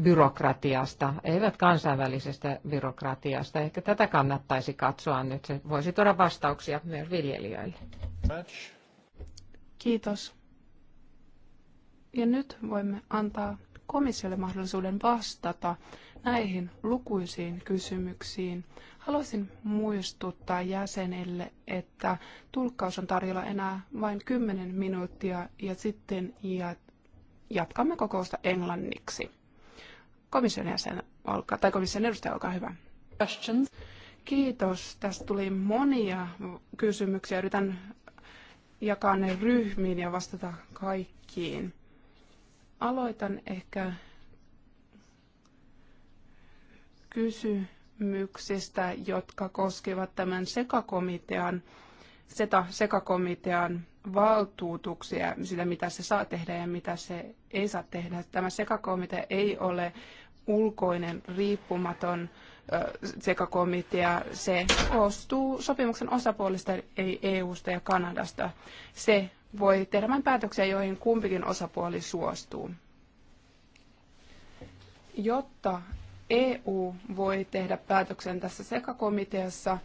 byrokratiasta, eivät kansainvälisestä byrokratiasta. Ehkä tätä kannattaisi katsoa nyt. Se voisi tuoda vastauksia myös viljelijöille. Kiitos. Ja nyt voimme antaa komissiolle mahdollisuuden vastata näihin lukuisiin kysymyksiin. Haluaisin muistuttaa jäsenille, että tulkkaus on tarjolla enää vain 10 minuuttia ja sitten jat- jatkamme kokousta englanniksi. Komission jäsen, olkaa, tai komission edustaja, olkaa hyvä. Questions. Kiitos. Tästä tuli monia kysymyksiä. Yritän jakaa ne ryhmiin ja vastata kaikkiin. Aloitan ehkä kysymyksistä, jotka koskivat tämän sekakomitean, SETA-sekakomitean valtuutuksia, sitä mitä se saa tehdä ja mitä se ei saa tehdä. Tämä sekakomitea ei ole ulkoinen, riippumaton sekakomitea. Se koostuu sopimuksen osapuolista, ei EUsta ja Kanadasta. Se voi tehdä vain päätöksiä, joihin kumpikin osapuoli suostuu. Jotta EU voi tehdä päätöksen tässä sekakomiteassa,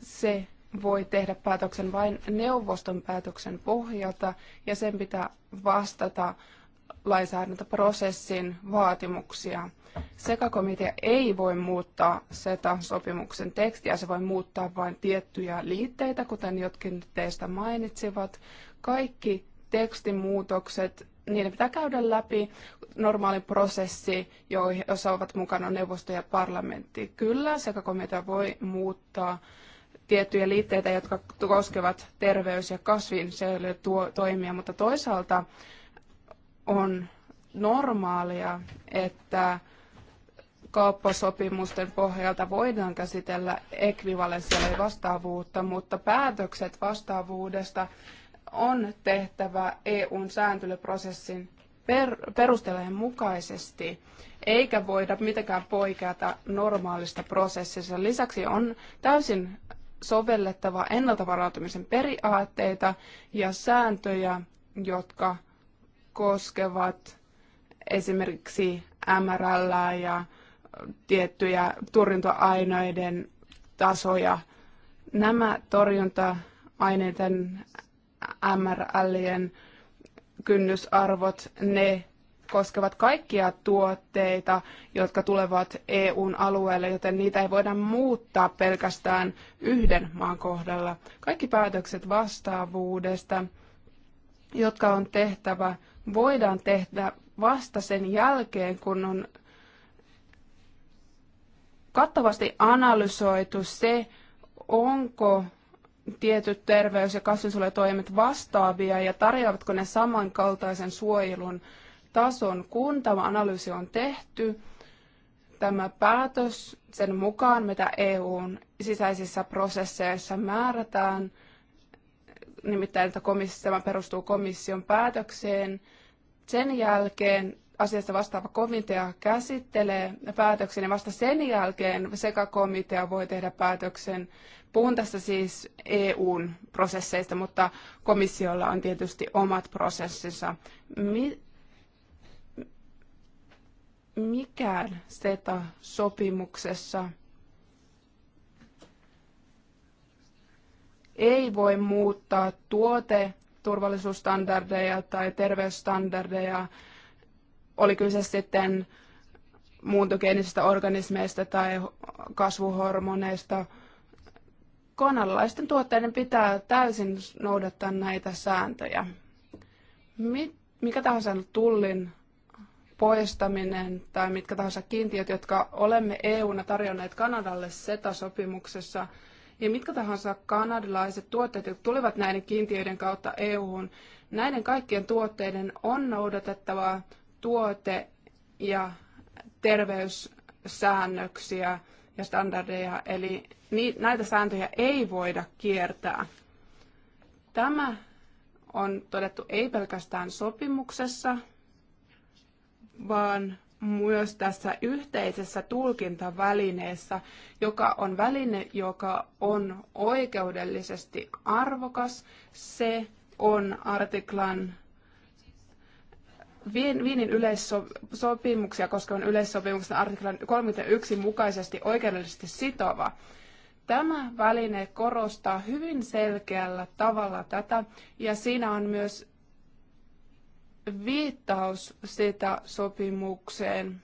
se voi tehdä päätöksen vain neuvoston päätöksen pohjalta ja sen pitää vastata lainsäädäntöprosessin vaatimuksia. Sekakomitea ei voi muuttaa SETA-sopimuksen tekstiä, se voi muuttaa vain tiettyjä liitteitä, kuten jotkin teistä mainitsivat. Kaikki tekstimuutokset, niiden pitää käydä läpi normaali prosessi, jossa ovat mukana neuvosto ja parlamentti. Kyllä, sekakomitea voi muuttaa tiettyjä liitteitä, jotka koskevat terveys- ja kasvinsuojelutoimia, mutta toisaalta on normaalia, että kauppasopimusten pohjalta voidaan käsitellä ekvivalenssia eli vastaavuutta, mutta päätökset vastaavuudesta on tehtävä EUn sääntelyprosessin per, perustelujen mukaisesti, eikä voida mitenkään poiketa normaalista prosessista. Lisäksi on täysin sovellettava ennaltavarautumisen periaatteita ja sääntöjä, jotka koskevat esimerkiksi MRL ja tiettyjä torjunta-aineiden tasoja. Nämä torjunta-aineiden MRLien kynnysarvot, ne koskevat kaikkia tuotteita, jotka tulevat EUn alueelle, joten niitä ei voida muuttaa pelkästään yhden maan kohdalla. Kaikki päätökset vastaavuudesta, jotka on tehtävä, voidaan tehdä vasta sen jälkeen, kun on kattavasti analysoitu se, onko tietyt terveys- ja kasvinsuojelutoimet vastaavia ja tarjoavatko ne samankaltaisen suojelun tason, kun tämä analyysi on tehty. Tämä päätös sen mukaan, mitä EUn sisäisissä prosesseissa määrätään, nimittäin että komissio, tämä perustuu komission päätökseen. Sen jälkeen asiasta vastaava komitea käsittelee päätöksen ja vasta sen jälkeen sekä komitea voi tehdä päätöksen. Puhun tässä siis EUn prosesseista, mutta komissiolla on tietysti omat prosessinsa mikään SETA-sopimuksessa ei voi muuttaa tuote turvallisuusstandardeja tai terveysstandardeja, oli kyse sitten muuntogeenisistä organismeista tai kasvuhormoneista. Konalaisten tuotteiden pitää täysin noudattaa näitä sääntöjä. Mikä tahansa tullin poistaminen tai mitkä tahansa kiintiöt, jotka olemme EU: EU-na tarjonneet Kanadalle SETA-sopimuksessa, ja mitkä tahansa kanadalaiset tuotteet, jotka tulevat näiden kiintiöiden kautta EU: EU-hun, näiden kaikkien tuotteiden on noudatettava tuote- ja terveyssäännöksiä ja standardeja, eli näitä sääntöjä ei voida kiertää. Tämä on todettu ei pelkästään sopimuksessa, vaan myös tässä yhteisessä tulkintavälineessä, joka on väline, joka on oikeudellisesti arvokas. Se on artiklan Viinin yleissopimuksia koskevan yleissopimuksen artiklan 31 mukaisesti oikeudellisesti sitova. Tämä väline korostaa hyvin selkeällä tavalla tätä ja siinä on myös viittaus sitä sopimukseen.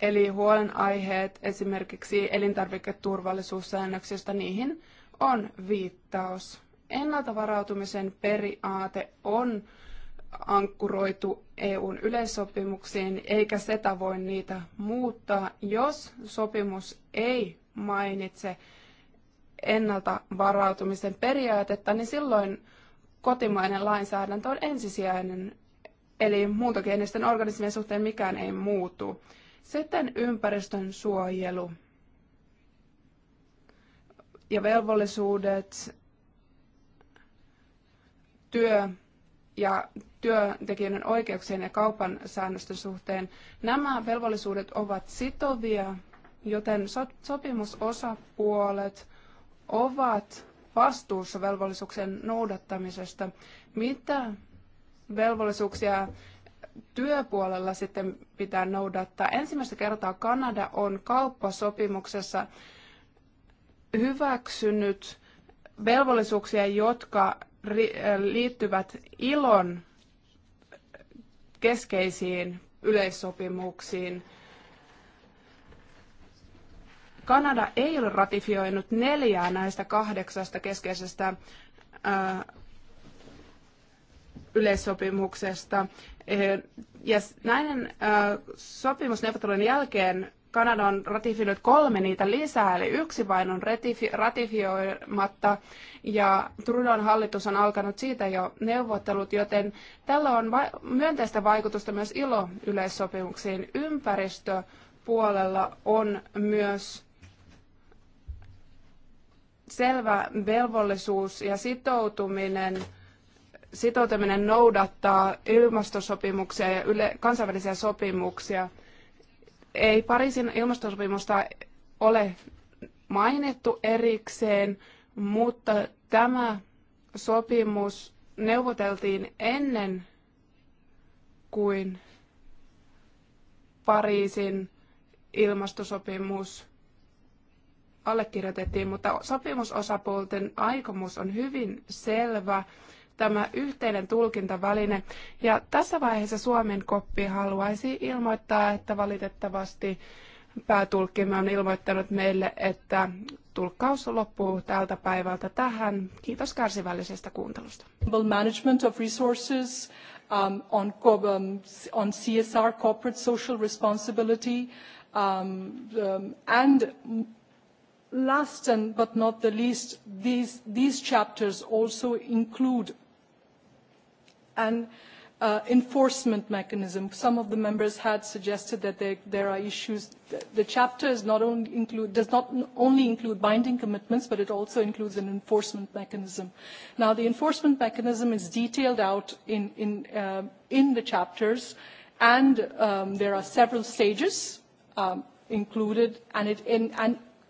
Eli huolenaiheet esimerkiksi elintarviketurvallisuussäännöksistä, niihin on viittaus. ennaltavarautumisen periaate on ankkuroitu EUn yleissopimuksiin, eikä SETA voi niitä muuttaa, jos sopimus ei mainitse ennalta varautumisen periaatetta, niin silloin kotimainen lainsäädäntö on ensisijainen, eli muuntogeenisten organismien suhteen mikään ei muutu. Sitten ympäristön suojelu ja velvollisuudet, työ ja työntekijöiden oikeuksien ja kaupan säännösten suhteen. Nämä velvollisuudet ovat sitovia, joten sopimusosapuolet ovat vastuussa velvollisuuksien noudattamisesta. Mitä velvollisuuksia työpuolella sitten pitää noudattaa? Ensimmäistä kertaa Kanada on kauppasopimuksessa hyväksynyt velvollisuuksia, jotka liittyvät ilon keskeisiin yleissopimuksiin – Kanada ei ole ratifioinut neljää näistä kahdeksasta keskeisestä yleissopimuksesta. Eh, ja näiden sopimusneuvottelujen jälkeen Kanada on ratifioinut kolme niitä lisää, eli yksi vain on ratifi- ratifioimatta, ja Trudon hallitus on alkanut siitä jo neuvottelut, joten tällä on va- myönteistä vaikutusta myös ilo-yleissopimuksiin. Ympäristöpuolella on myös selvä velvollisuus ja sitoutuminen, sitoutuminen noudattaa ilmastosopimuksia ja yle, kansainvälisiä sopimuksia. Ei Pariisin ilmastosopimusta ole mainittu erikseen, mutta tämä sopimus neuvoteltiin ennen kuin Pariisin ilmastosopimus allekirjoitettiin, mutta sopimusosapuolten aikomus on hyvin selvä, tämä yhteinen tulkintaväline. Ja tässä vaiheessa Suomen koppi haluaisi ilmoittaa, että valitettavasti päätulkkimme on ilmoittanut meille, että tulkkaus loppuu tältä päivältä tähän. Kiitos kärsivällisestä kuuntelusta. Management of resources um, on, um, on CSR, corporate social responsibility, um, um, and last but not the least, these, these chapters also include an uh, enforcement mechanism. Some of the members had suggested that there, there are issues. The chapter is not only include, does not only include binding commitments, but it also includes an enforcement mechanism. Now, the enforcement mechanism is detailed out in, in, uh, in the chapters, and um, there are several stages um, included, and, it, in, and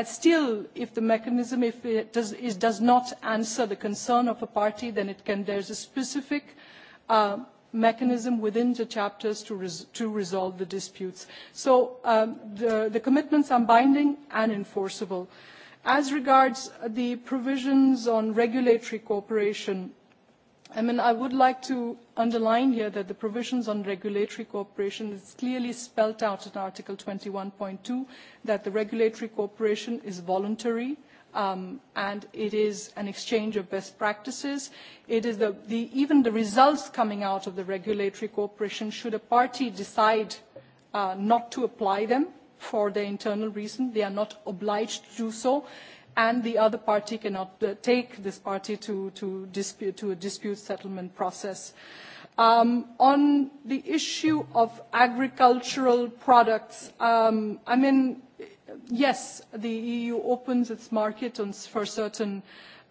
And still, if the mechanism does, not answer the concern of a party, then there is a specific uh, mechanism within the chapters to, resolve the disputes. So um, the, the commitments are binding and enforceable. As regards the provisions on regulatory cooperation, I mean, I would like to underline here that the provisions on regulatory cooperation is clearly spelt out in Article 21.2 that the regulatory cooperation is voluntary um, and it is an exchange of best practices. It is the, the, even the results coming out of the regulatory cooperation, should a party decide uh, not to apply them for their internal reason, they are not obliged to do so and the other party cannot uh, take this party to, to, dispute, to a dispute settlement process. Uh, Um, on the issue of agricultural products, um, I mean, yes, the EU opens its market on, for certain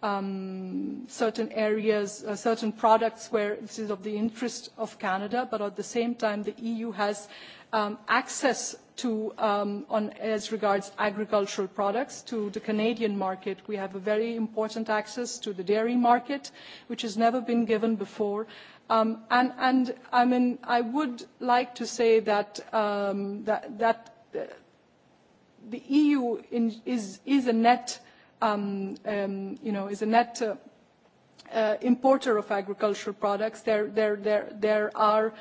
um, certain areas, uh, certain products where this is of the interest of Canada, but at the same time, the EU has um, access to, um, on, as regards agricultural products, to the Canadian market. We have a very important access to the dairy market, which has never been given before Um, I would like to say that um, uh, the EU is a net, um, you know, is a net. Uh, uh, importer of agricultural products. There, are,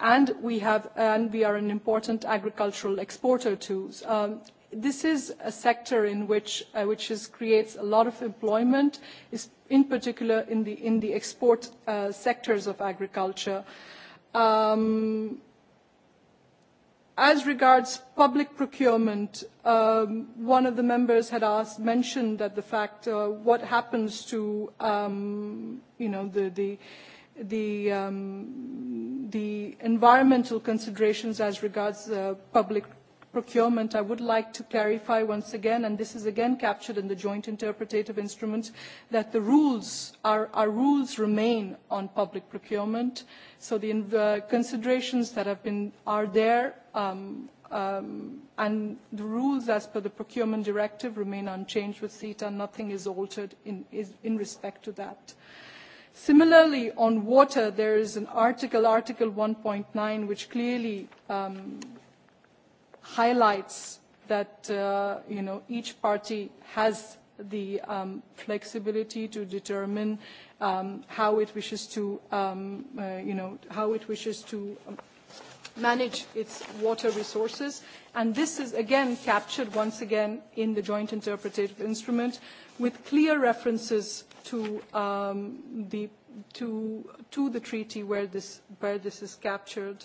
and we have, and we are an important agricultural exporter too this is a sector in which uh, which is, creates a lot of employment, is in particular in the in the export uh, sectors of agriculture. Um, as regards public procurement, um, one of the members had asked, mentioned that the fact uh, what happens to um, you know the the the, um, the environmental considerations as regards uh, public procurement, I would like to clarify once again, and this is again captured in the joint interpretative instrument, that the rules, our, our rules remain on public procurement. So the uh, considerations that have been, are there um, um, and the rules as per the procurement directive remain unchanged with CETA. Nothing is altered in, is, in respect to that. Similarly, on water, there is an article, Article 1.9, which clearly um, highlights that uh, you know, each party has the um, flexibility to determine um, how it wishes to, um, uh, you know, how it wishes to um, manage its water resources. And this is again captured once again in the joint interpretative instrument with clear references to um, the to, to the treaty where this where this is captured.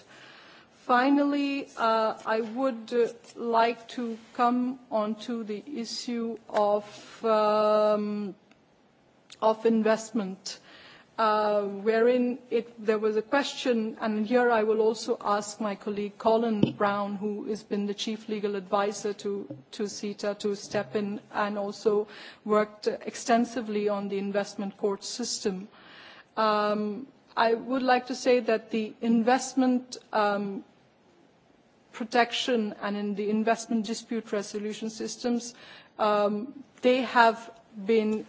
Finally, uh, I would uh, like to come onto the issue of, um, of investment, uh, wherein it, there was a question, and here I will also ask my colleague Colin Brown, who has been the chief legal advisor to, to CETA, to step in and also worked extensively on the investment court system. Um, I would like to say that the investment um, protection and in the investment dispute resolution systems, um, they have been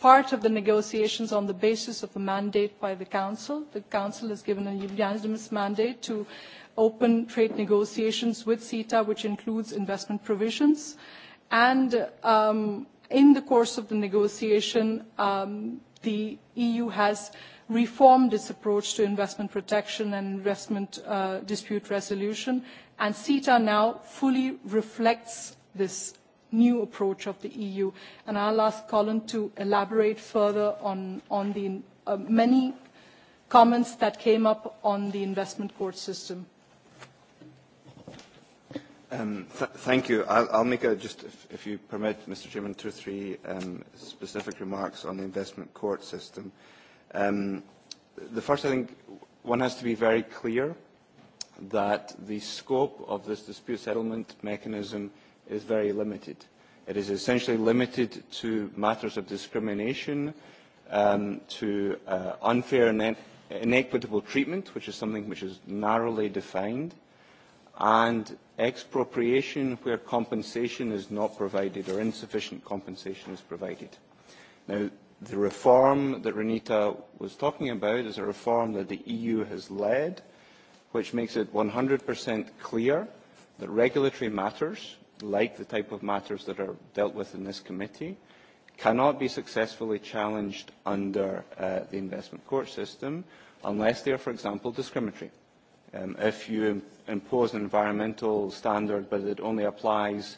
part of the negotiations on the basis of a mandate by the Council. The Council has given a unanimous mandate to open trade negotiations with CETA, which includes investment provisions. And um, in the course of the negotiation, um, the EU has reformed its approach to investment protection and investment uh, dispute resolution, and CETA now fully reflects this new approach of the EU. And I'll ask Colin to elaborate further on, on the uh, many comments that came up on the investment court system. Um, th thank you. I'll, I'll make a, just, if, if you permit, Mr. Chairman, two or three um, specific remarks on the investment court system. Um, the first, I think, one has to be very clear that the scope of this dispute settlement mechanism is very limited. It is essentially limited to matters of discrimination, um, to uh, unfair and inequitable treatment, which is something which is narrowly defined, and expropriation where compensation is not provided or insufficient compensation is provided. Now, The reform that Renita was talking about is a reform that the EU has led, which makes it 100% clear that regulatory matters, like the type of matters that are dealt with in this committee, cannot be successfully challenged under uh, the investment court system unless they are, for example, discriminatory. Um, if you impose an environmental standard but it only applies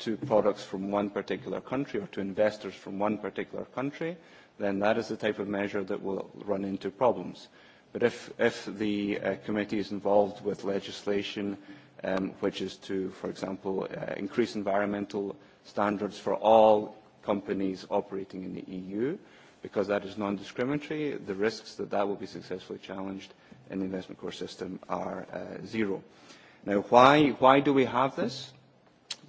to products from one particular country or to investors from one particular country, then that is the type of measure that will run into problems. But if, if the uh, committee is involved with legislation um, which is to, for example, uh, increase environmental standards for all companies operating in the EU, because that is non-discriminatory, the risks that that will be successfully challenged in the investment core system are uh, zero. Now, why, why do we have this?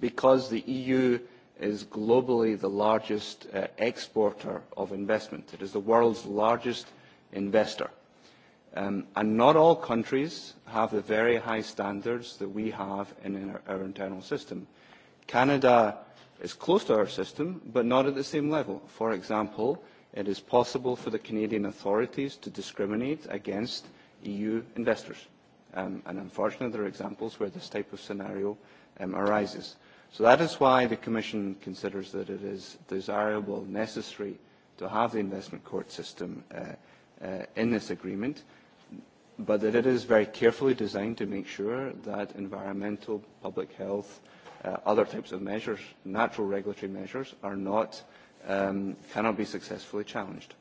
because the EU is globally the largest uh, exporter of investment. It is the world's largest investor. Um, and not all countries have the very high standards that we have in our, our internal system. Canada is close to our system, but not at the same level. For example, it is possible for the Canadian authorities to discriminate against EU investors. Um, and unfortunately, there are examples where this type of scenario um, arises. So that is why the Commission considers that it is desirable, necessary to have the investment court system uh, uh, in this agreement, but that it is very carefully designed to make sure that environmental, public health, uh, other types of measures, natural regulatory measures, are not, um, cannot be successfully challenged.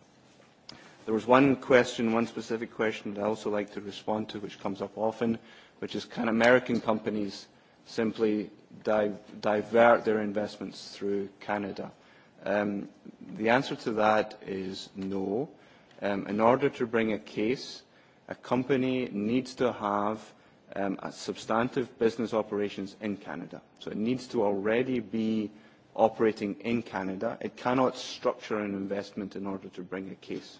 There was one question, one specific question that I also like to respond to, which comes up often, which is can American companies simply di divert their investments through Canada? Um, the answer to that is no. Um, in order to bring a case, a company needs to have um, a substantive business operations in Canada. So it needs to already be operating in Canada. It cannot structure an investment in order to bring a case.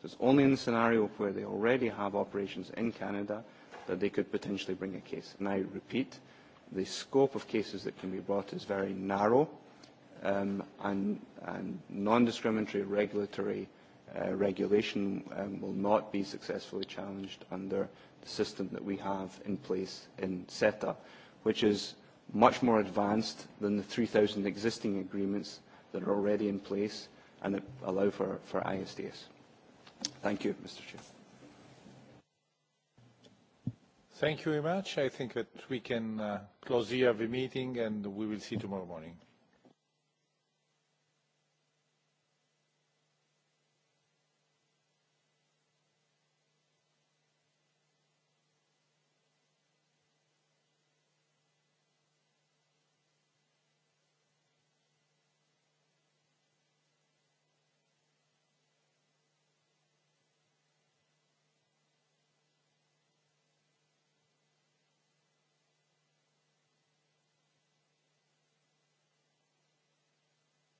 So it's only in the scenario where they already have operations in Canada that they could potentially bring a case. And I repeat, the scope of cases that can be brought is very narrow um, and, and non-discriminatory regulatory uh, regulation um, will not be successfully challenged under the system that we have in place in CETA, which is much more advanced than the 3,000 existing agreements that are already in place and that allow for, for ISDS. Thank you, Mr. Chair. Thank you very much. I think that we can uh, close here the meeting, and we will see tomorrow morning.